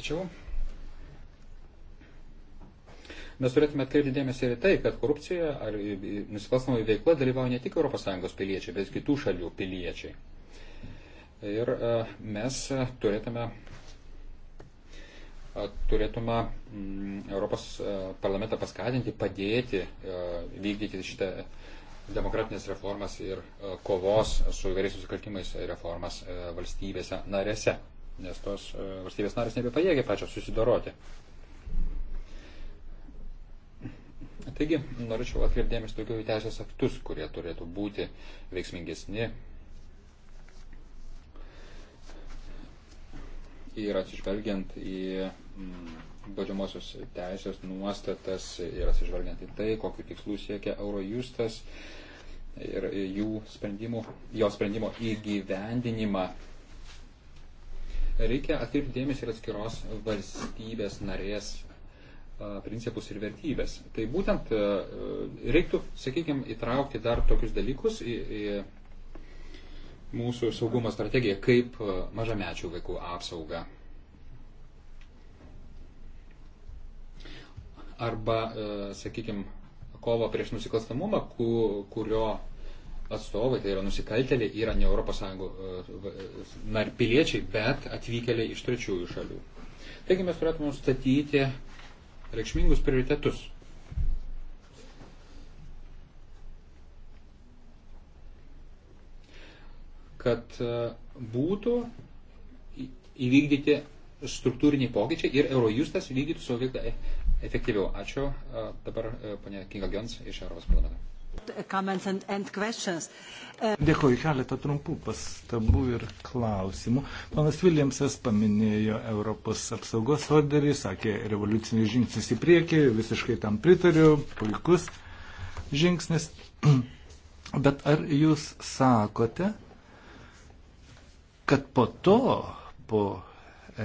Tačiau Mes turėtume atkreipti dėmesį ir tai, kad korupcija ar nusikalstama veikla dalyvauja ne tik ES piliečiai, bet ir kitų šalių piliečiai. Ir e, mes e, turėtume, e, turėtume mm, Europos parlamentą paskatinti, padėti vykdyti šitą demokratinės reformas ir kovos su įvairiais nusikaltimais reformas valstybėse narėse, nes tos valstybės narės nebepajėgia pačios susidoroti Taigi, norėčiau atkreipdėmės daugiau į teisės aktus, kurie turėtų būti veiksmingesni ir atsižvelgiant į mm, baudžiamosios teisės nuostatas ir atsižvelgiant į tai, kokiu tikslu siekia Eurojustas ir jų sprendimų, jo sprendimo įgyvendinimą. Reikia atkreipti dėmesį ir atskiros valstybės narės principus ir vertybės. Tai būtent reiktų, sakykime, įtraukti dar tokius dalykus į, į mūsų saugumo strategiją kaip mažamečių vaikų apsaugą. Arba, sakykime, kovo prieš nusikalstamumą, kurio atstovai, tai yra nusikaltėliai, yra ne ES piliečiai, bet atvykėliai iš trečiųjų šalių. Taigi mes turėtume nustatyti reikšmingus prioritetus. Kad e, būtų įvykdyti struktūriniai pokyčiai ir Eurojustas vykdytų savo veiklą e, efektyviau. Ačiū. E, dabar ponė Kinga Gens iš Europos parlamento. Dėkuoju keletą trumpų pastabų ir klausimų. Panas Viljamsas paminėjo Europos apsaugos orderį, sakė revoliucinis žingsnis į priekį, visiškai tam pritariu, puikus žingsnis. Bet ar jūs sakote, kad po to, po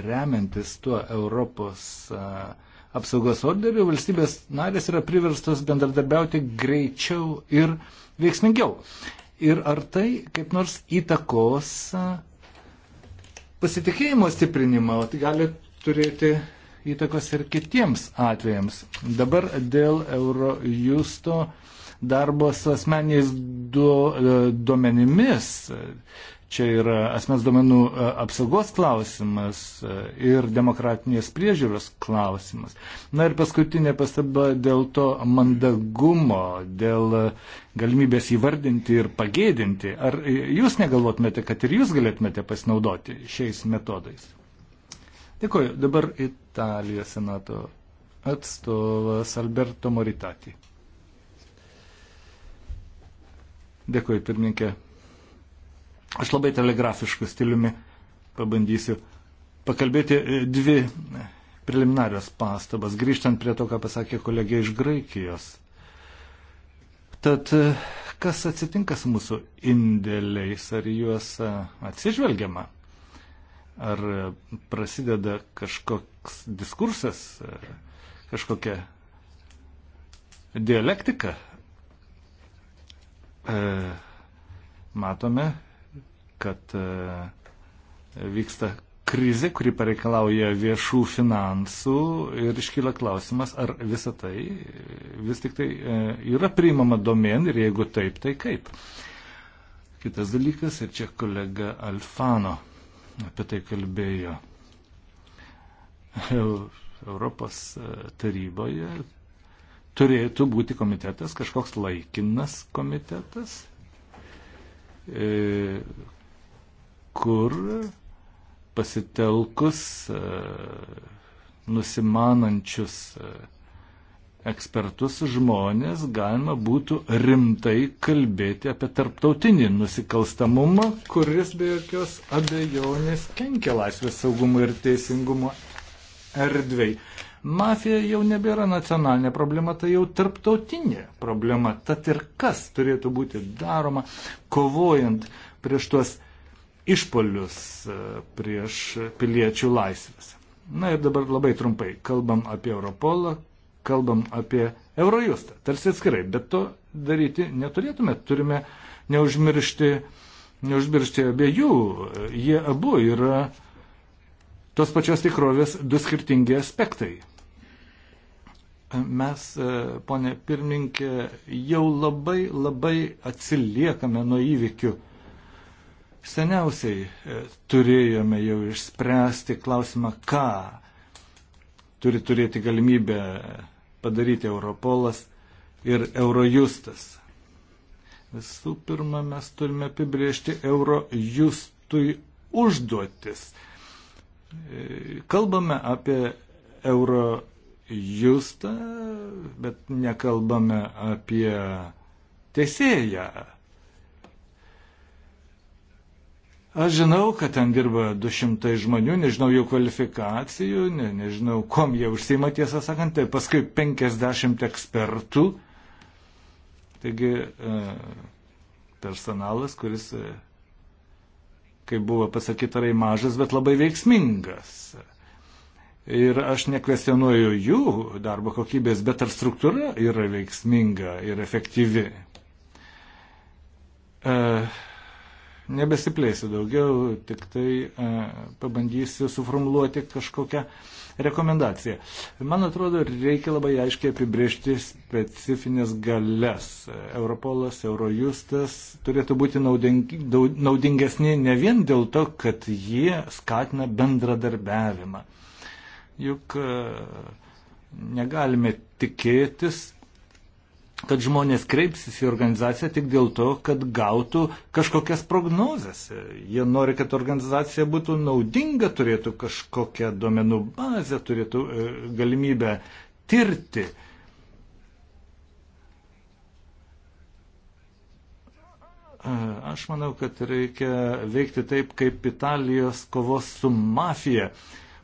remiantis tuo Europos uh, apsaugos orderių, valstybės narės yra priverstos bendradarbiauti greičiau ir veiksmingiau. Ir ar tai kaip nors įtakos pasitikėjimo stiprinimą, o tai gali turėti įtakos ir kitiems atvejams. Dabar dėl Eurojusto darbo su asmeniais du, e, duomenimis. Čia yra asmens duomenų e, apsaugos klausimas e, ir demokratinės priežiūros klausimas. Na ir paskutinė pastaba dėl to mandagumo, dėl e, galimybės įvardinti ir pagėdinti. Ar jūs negalvotumėte, kad ir jūs galėtumėte pasinaudoti šiais metodais? Dėkuoju. Dabar Italijos senato atstovas Alberto Moritati. Dėkuoju, pirmininkė. Aš labai telegrafišku stiliumi pabandysiu pakalbėti e, dvi e, preliminarios pastabas, grįžtant prie to, ką pasakė kolegė iš Graikijos. Tad e, kas atsitinka su mūsų indėliais, ar juos atsižvelgiama? Ar prasideda kažkoks diskursas, kažkokia dialektika? E, matome, kad e, vyksta krizė, kuri pareikalauja viešų finansų ir iškyla klausimas, ar visa tai e, vis tik tai e, yra priimama domen ir jeigu taip, tai kaip. Kitas dalykas, ir čia kolega Alfano apie tai kalbėjo. Europos taryboje turėtų būti komitetas, kažkoks laikinas komitetas, kur pasitelkus e, nusimanančius e, ekspertus žmonės galima būtų rimtai kalbėti apie tarptautinį nusikalstamumą, kuris be jokios abejonės kenkia laisvės saugumo ir teisingumo erdvei. Mafija jau nebėra nacionalinė problema, tai jau tarptautinė problema. Tad ir kas turėtų būti daroma, kovojant prieš tuos išpolius e, prieš piliečių laisvės. Na ir dabar labai trumpai kalbam apie Europolą, kalbam apie Eurojustą, tarsi atskirai, bet to daryti neturėtume, turime neužmiršti, neužmiršti abiejų, jie abu yra tos pačios tikrovės du skirtingi aspektai. Mes, e, ponė pirmininkė, jau labai labai atsiliekame nuo įvykių Seniausiai e, turėjome jau išspręsti klausimą, ką turi turėti galimybę padaryti Europolas ir Eurojustas. Visų pirma, mes turime apibriežti Eurojustui užduotis. E, kalbame apie Eurojustą, bet nekalbame apie teisėją, Aš žinau, kad ten dirba 200 žmonių, nežinau jų kvalifikacijų, ne, nežinau, kom jie užsima, tiesą sakant, tai paskui 50 ekspertų. Taigi e, personalas, kuris, e, kaip buvo pasakyta, yra mažas, bet labai veiksmingas. Ir aš nekvestionuoju jų darbo kokybės, bet ar struktūra yra veiksminga ir efektyvi. Uh, Nebesiplėsiu daugiau, tik tai e, pabandysiu suformuluoti kažkokią rekomendaciją. Man atrodo, reikia labai aiškiai apibriežti specifines galias. Europolas, Eurojustas turėtų būti naudingesni ne vien dėl to, kad jie skatina bendradarbiavimą. Juk e, negalime tikėtis, kad žmonės kreipsis į organizaciją tik dėl to, kad gautų kažkokias prognozes. Jie nori, kad organizacija būtų naudinga, turėtų kažkokią duomenų bazę, turėtų e, galimybę tirti. E, aš manau, kad reikia veikti taip, kaip Italijos kovos su mafija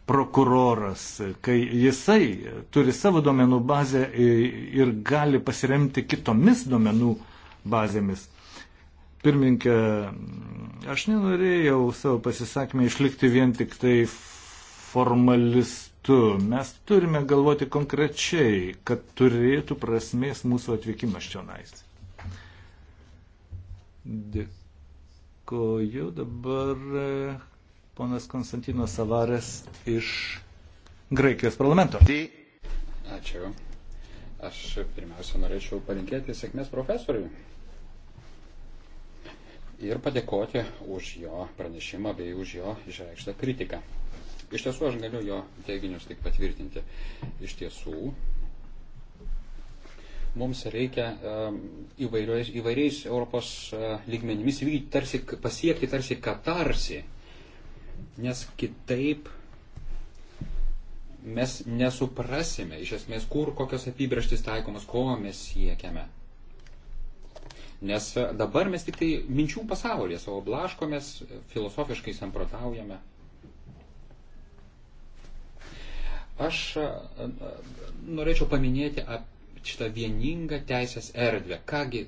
prokuroras, kai jisai turi savo duomenų bazę ir gali pasiremti kitomis duomenų bazėmis. Pirminkė, aš nenorėjau savo pasisakymę išlikti vien tik tai formalistu. Mes turime galvoti konkrečiai, kad turėtų prasmės mūsų atvykimas čia nais. Dėkoju dabar ponas Konstantinas Savaras iš Graikijos parlamento. Ačiū. Aš pirmiausia norėčiau palinkėti sėkmės profesoriui ir padėkoti už jo pranešimą bei už jo išreikštą kritiką. Iš tiesų aš galiu jo teiginius tik patvirtinti. Iš tiesų mums reikia um, įvairiais, įvairiais Europos uh, lygmenimis vykdyti, tarsi pasiekti tarsi katarsi nes kitaip mes nesuprasime iš esmės, kur kokios apibrieštis taikomas, ko mes siekiame. Nes dabar mes tik tai minčių pasaulyje savo blaškomės, filosofiškai samprotaujame. Aš e, e, norėčiau paminėti šitą vieningą teisės erdvę. Kągi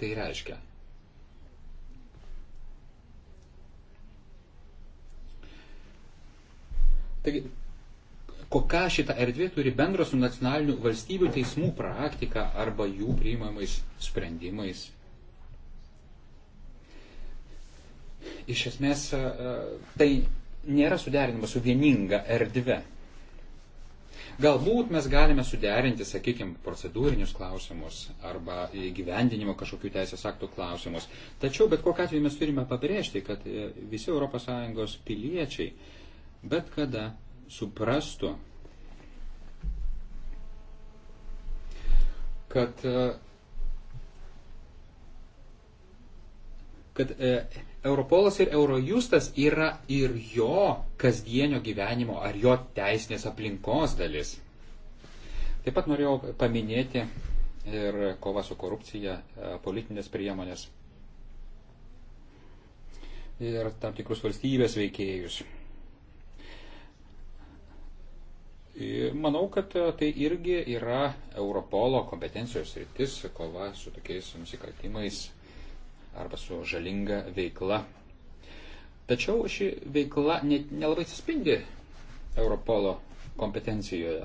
tai reiškia? Taigi, kokia šita erdvė turi bendro su nacionalinių valstybių teismų praktika arba jų priimamais sprendimais. Iš esmės, tai nėra suderinama su vieninga erdve. Galbūt mes galime suderinti, sakykime, procedūrinius klausimus arba gyvendinimo kažkokių teisės aktų klausimus. Tačiau bet kokiu atveju mes turime pabrėžti, kad e, visi ES piliečiai bet kada suprastų, kad, e, kad e, Europolas ir Eurojustas yra ir jo kasdienio gyvenimo ar jo teisinės aplinkos dalis. Taip pat norėjau paminėti ir kova su korupcija, e, politinės priemonės ir tam tikrus valstybės veikėjus. Manau, kad e, tai irgi yra Europolo kompetencijos rytis kova su tokiais nusikaltimais arba su žalinga veikla. Tačiau ši veikla nelabai atsispindi Europolo kompetencijoje.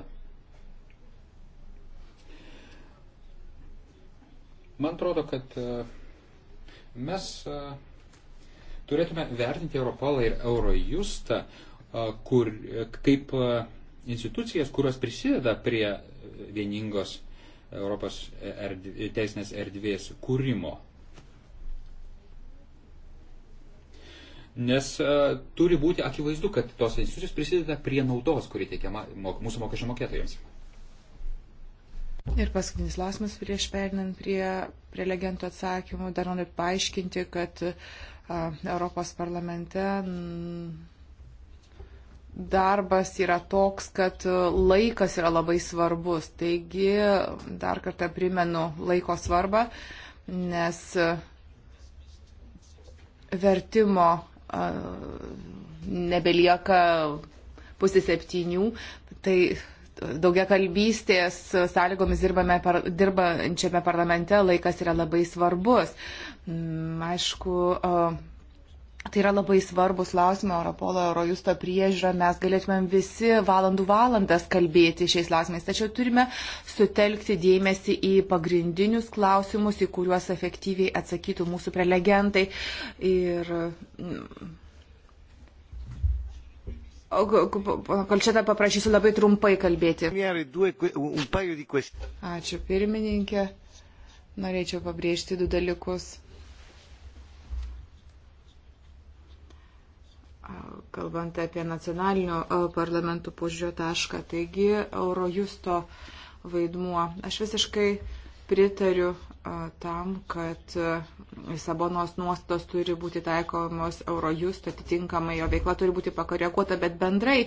Man atrodo, kad e, mes e, turėtume vertinti Europolą ir Eurojustą kur, kaip institucijas, kurios prisideda prie vieningos Europos erdvė, teisinės erdvės kūrimo. Nes uh, turi būti akivaizdu, kad tos institucijos prisideda prie naudos, kuri teikiama mok, mūsų mokesčių mokėtojams. Ir paskutinis klausimas prieš perinant prie, prie legendų atsakymų. Dar noriu paaiškinti, kad uh, Europos parlamente. Mm, darbas yra toks, kad laikas yra labai svarbus. Taigi, dar kartą primenu laiko svarbą, nes e, vertimo e, nebelieka pusė septynių. Tai e, daugia kalbystės sąlygomis dirbame, par, dirbančiame parlamente laikas yra labai svarbus. Mm, aišku, Tai yra labai svarbus klausimai Europolo, Eurojusto priežiūra. Mes galėtumėm visi valandų valandas kalbėti šiais klausimais, tačiau turime sutelkti dėmesį į pagrindinius klausimus, į kuriuos efektyviai atsakytų mūsų prelegentai. Ir... Mm, Kolčetą paprašysiu labai trumpai kalbėti. Ačiū pirmininkė. Norėčiau pabrėžti du dalykus. kalbant apie nacionalinių parlamentų požiūrio tašką. Taigi, Eurojusto vaidmuo. Aš visiškai pritariu tam, kad Lisabonos nuostos turi būti taikomos Eurojust, atitinkamai jo veikla turi būti pakoreguota, bet bendrai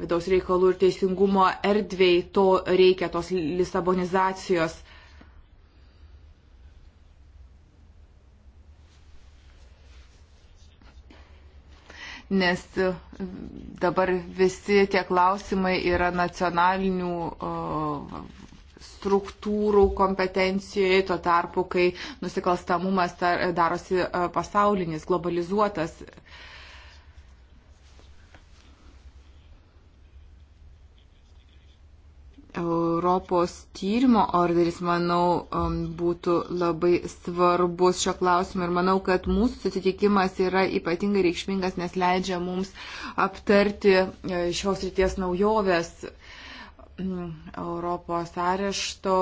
vidaus reikalų ir teisingumo erdvėj to reikia, tos Lisabonizacijos nes e, dabar visi tie klausimai yra nacionalinių e, struktūrų kompetencijoje, tuo tarpu, kai nusikalstamumas darosi e, pasaulinis, globalizuotas. Uh, Europos tyrimo orderis, manau, um, būtų labai svarbus šio klausimu ir manau, kad mūsų susitikimas yra ypatingai reikšmingas, nes leidžia mums aptarti e, šios ryties naujoves mm, Europos arešto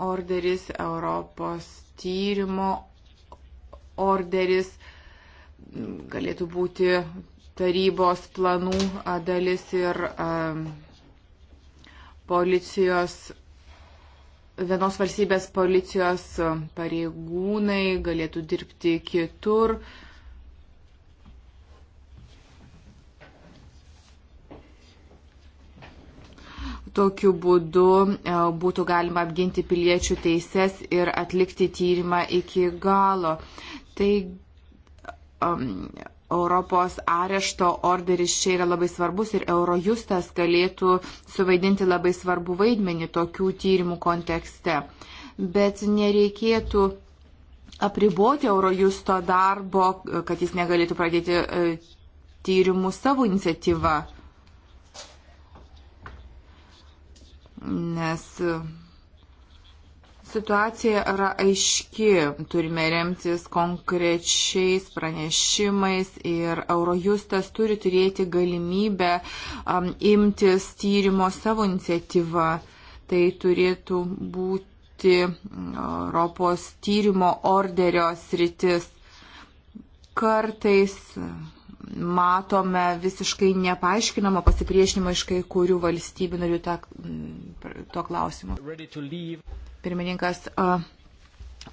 orderis, Europos tyrimo orderis mm, galėtų būti tarybos planų dalis ir policijos, vienos valstybės policijos pareigūnai galėtų dirbti kitur. Tokiu būdu e, būtų galima apginti piliečių teises ir atlikti tyrimą iki galo. Tai um, Europos arešto orderis čia yra labai svarbus ir Eurojustas galėtų suvaidinti labai svarbu vaidmenį tokių tyrimų kontekste. Bet nereikėtų apriboti Eurojusto darbo, kad jis negalėtų pradėti e, tyrimų savo iniciatyvą. Nes situacija yra aiški. Turime remtis konkrečiais pranešimais ir Eurojustas turi turėti galimybę um, imtis tyrimo savo iniciatyvą. Tai turėtų būti mm, Europos tyrimo orderio sritis. Kartais matome visiškai nepaaiškinamą pasipriešinimą iš kai kurių valstybių narių mm, to klausimu. Pirmininkas,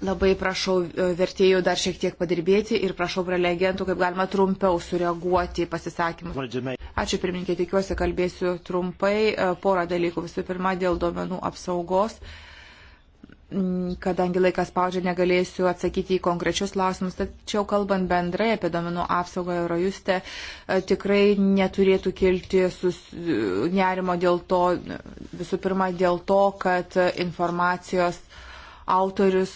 labai prašau vertėjų dar šiek tiek padirbėti ir prašau prelegentų, kaip galima trumpiau sureaguoti į pasisakymus. Ačiū pirmininkė, tikiuosi kalbėsiu trumpai. Porą dalykų. Visų pirma, dėl duomenų apsaugos. Uh, Mm, kadangi laikas spaudžia, negalėsiu atsakyti į konkrečius klausimus, tačiau kalbant bendrai apie domenų apsaugą Eurojuste, e, tikrai neturėtų kilti sus... E, nerimo dėl to, visų pirma, dėl to, kad informacijos autorius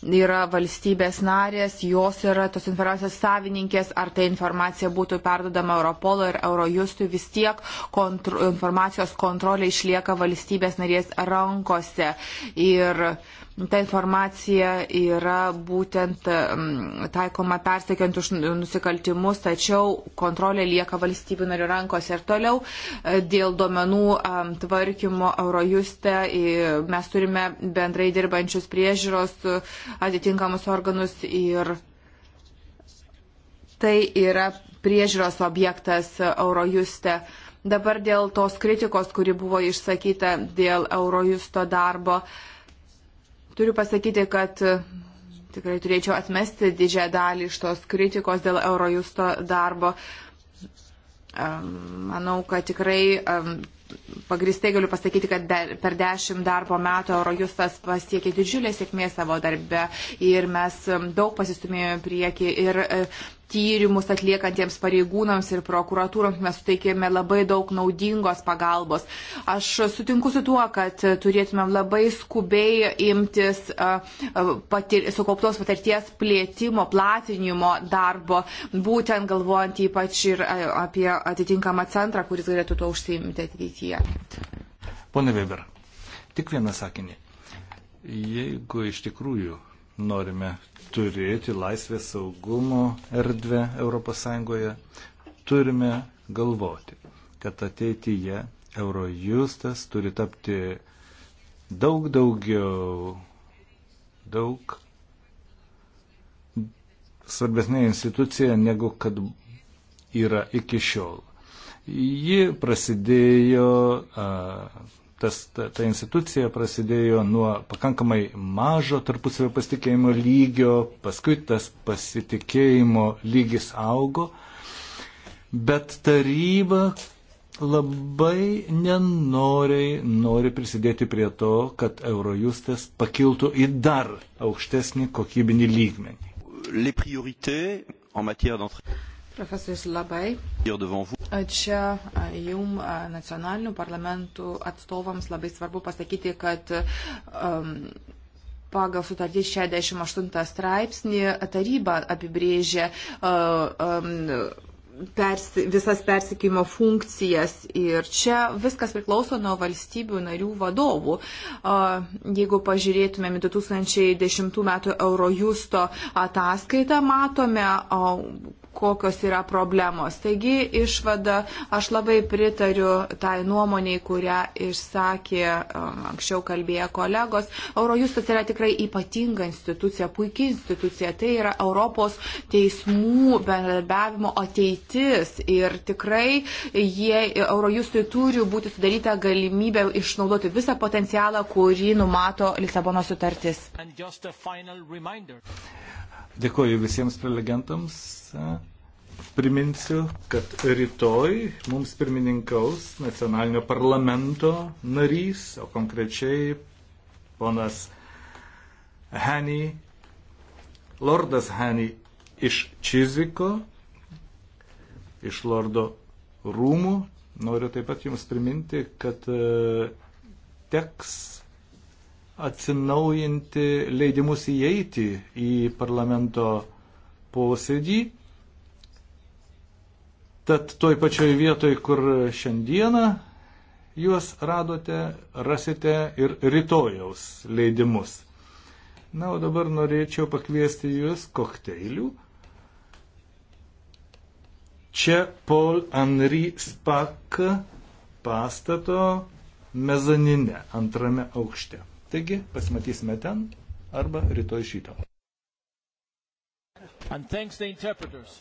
yra valstybės narės, jos yra tos informacijos savininkės, ar ta informacija būtų perdodama Europolo ir Eurojustui, vis tiek kontro, informacijos kontrolė išlieka valstybės narės rankose. Ir ta informacija yra būtent mm, taikoma persekiant už nusikaltimus, tačiau kontrolė lieka valstybių narių rankose ir toliau. E, dėl duomenų e, tvarkymo Eurojuste mes turime bendrai dirbančius priežiūros e, atitinkamus organus ir tai yra priežiūros objektas Eurojuste. Dabar dėl tos kritikos, kuri buvo išsakyta dėl Eurojusto darbo. Uh, Turiu pasakyti, kad e, tikrai turėčiau atmesti didžiąją dalį iš tos kritikos dėl Eurojusto darbo. E, manau, kad tikrai e, pagristai galiu pasakyti, kad de, per dešimt darbo metų Eurojustas pasiekė didžiulę sėkmę savo darbe ir mes daug pasistumėjome prieki ir tyrimus atliekantiems pareigūnams ir prokuratūrams mes suteikėme labai daug naudingos pagalbos. Aš sutinku su tuo, kad turėtumėm labai skubiai imtis patir, sukauptos patirties plėtimo, platinimo darbo, būtent galvojant ypač ir apie atitinkamą centrą, kuris galėtų tuo užsiimti ateityje. Pone Weber, tik vieną sakinį. Jeigu iš tikrųjų Norime turėti laisvės saugumo erdvę ES. Turime galvoti, kad ateityje Eurojustas turi tapti daug daugiau, daug svarbesnė institucija, negu kad yra iki šiol. Ji prasidėjo a, tas, ta, ta institucija prasidėjo nuo pakankamai mažo tarpusavio pasitikėjimo lygio, paskui tas pasitikėjimo lygis augo, bet taryba labai nenoriai nori prisidėti prie to, kad Eurojustas pakiltų į dar aukštesnį kokybinį lygmenį. Profesorius labai. Čia jum nacionalinių parlamentų atstovams labai svarbu pasakyti, kad um, pagal sutartį 68 straipsnį taryba apibrėžia uh, um, persi, visas persikėjimo funkcijas ir čia viskas priklauso nuo valstybių narių vadovų. Jeigu pažiūrėtumėm 2010 m. Eurojusto ataskaitą, matome, kokios yra problemos. Taigi, išvada, aš labai pritariu tai nuomoniai, kurią išsakė um, anksčiau kalbėję kolegos. Eurojustas yra tikrai ypatinga institucija, puikiai institucija. Tai yra Europos teismų bendradarbiavimo ateitis ir tikrai jie Eurojustui turi būti sudaryta galimybė išnaudoti visą potencialą, kurį numato Lisabono sutartis. Dėkuoju visiems prelegentams. Priminsiu, kad rytoj mums pirmininkaus nacionalinio parlamento narys, o konkrečiai ponas Henny, lordas Henny iš Čiziko, iš lordo rūmų. Noriu taip pat jums priminti, kad e, teks atsinaujinti leidimus įeiti į parlamento posėdį. Tad toj pačioj vietoj, kur šiandieną juos radote, rasite ir rytojaus leidimus. Na, o dabar norėčiau pakviesti jūs kokteilių. Čia Paul Henry Spak pastato mezaninė antrame aukšte. Taigi, pasimatysime ten arba rytoj šito. And thanks the interpreters.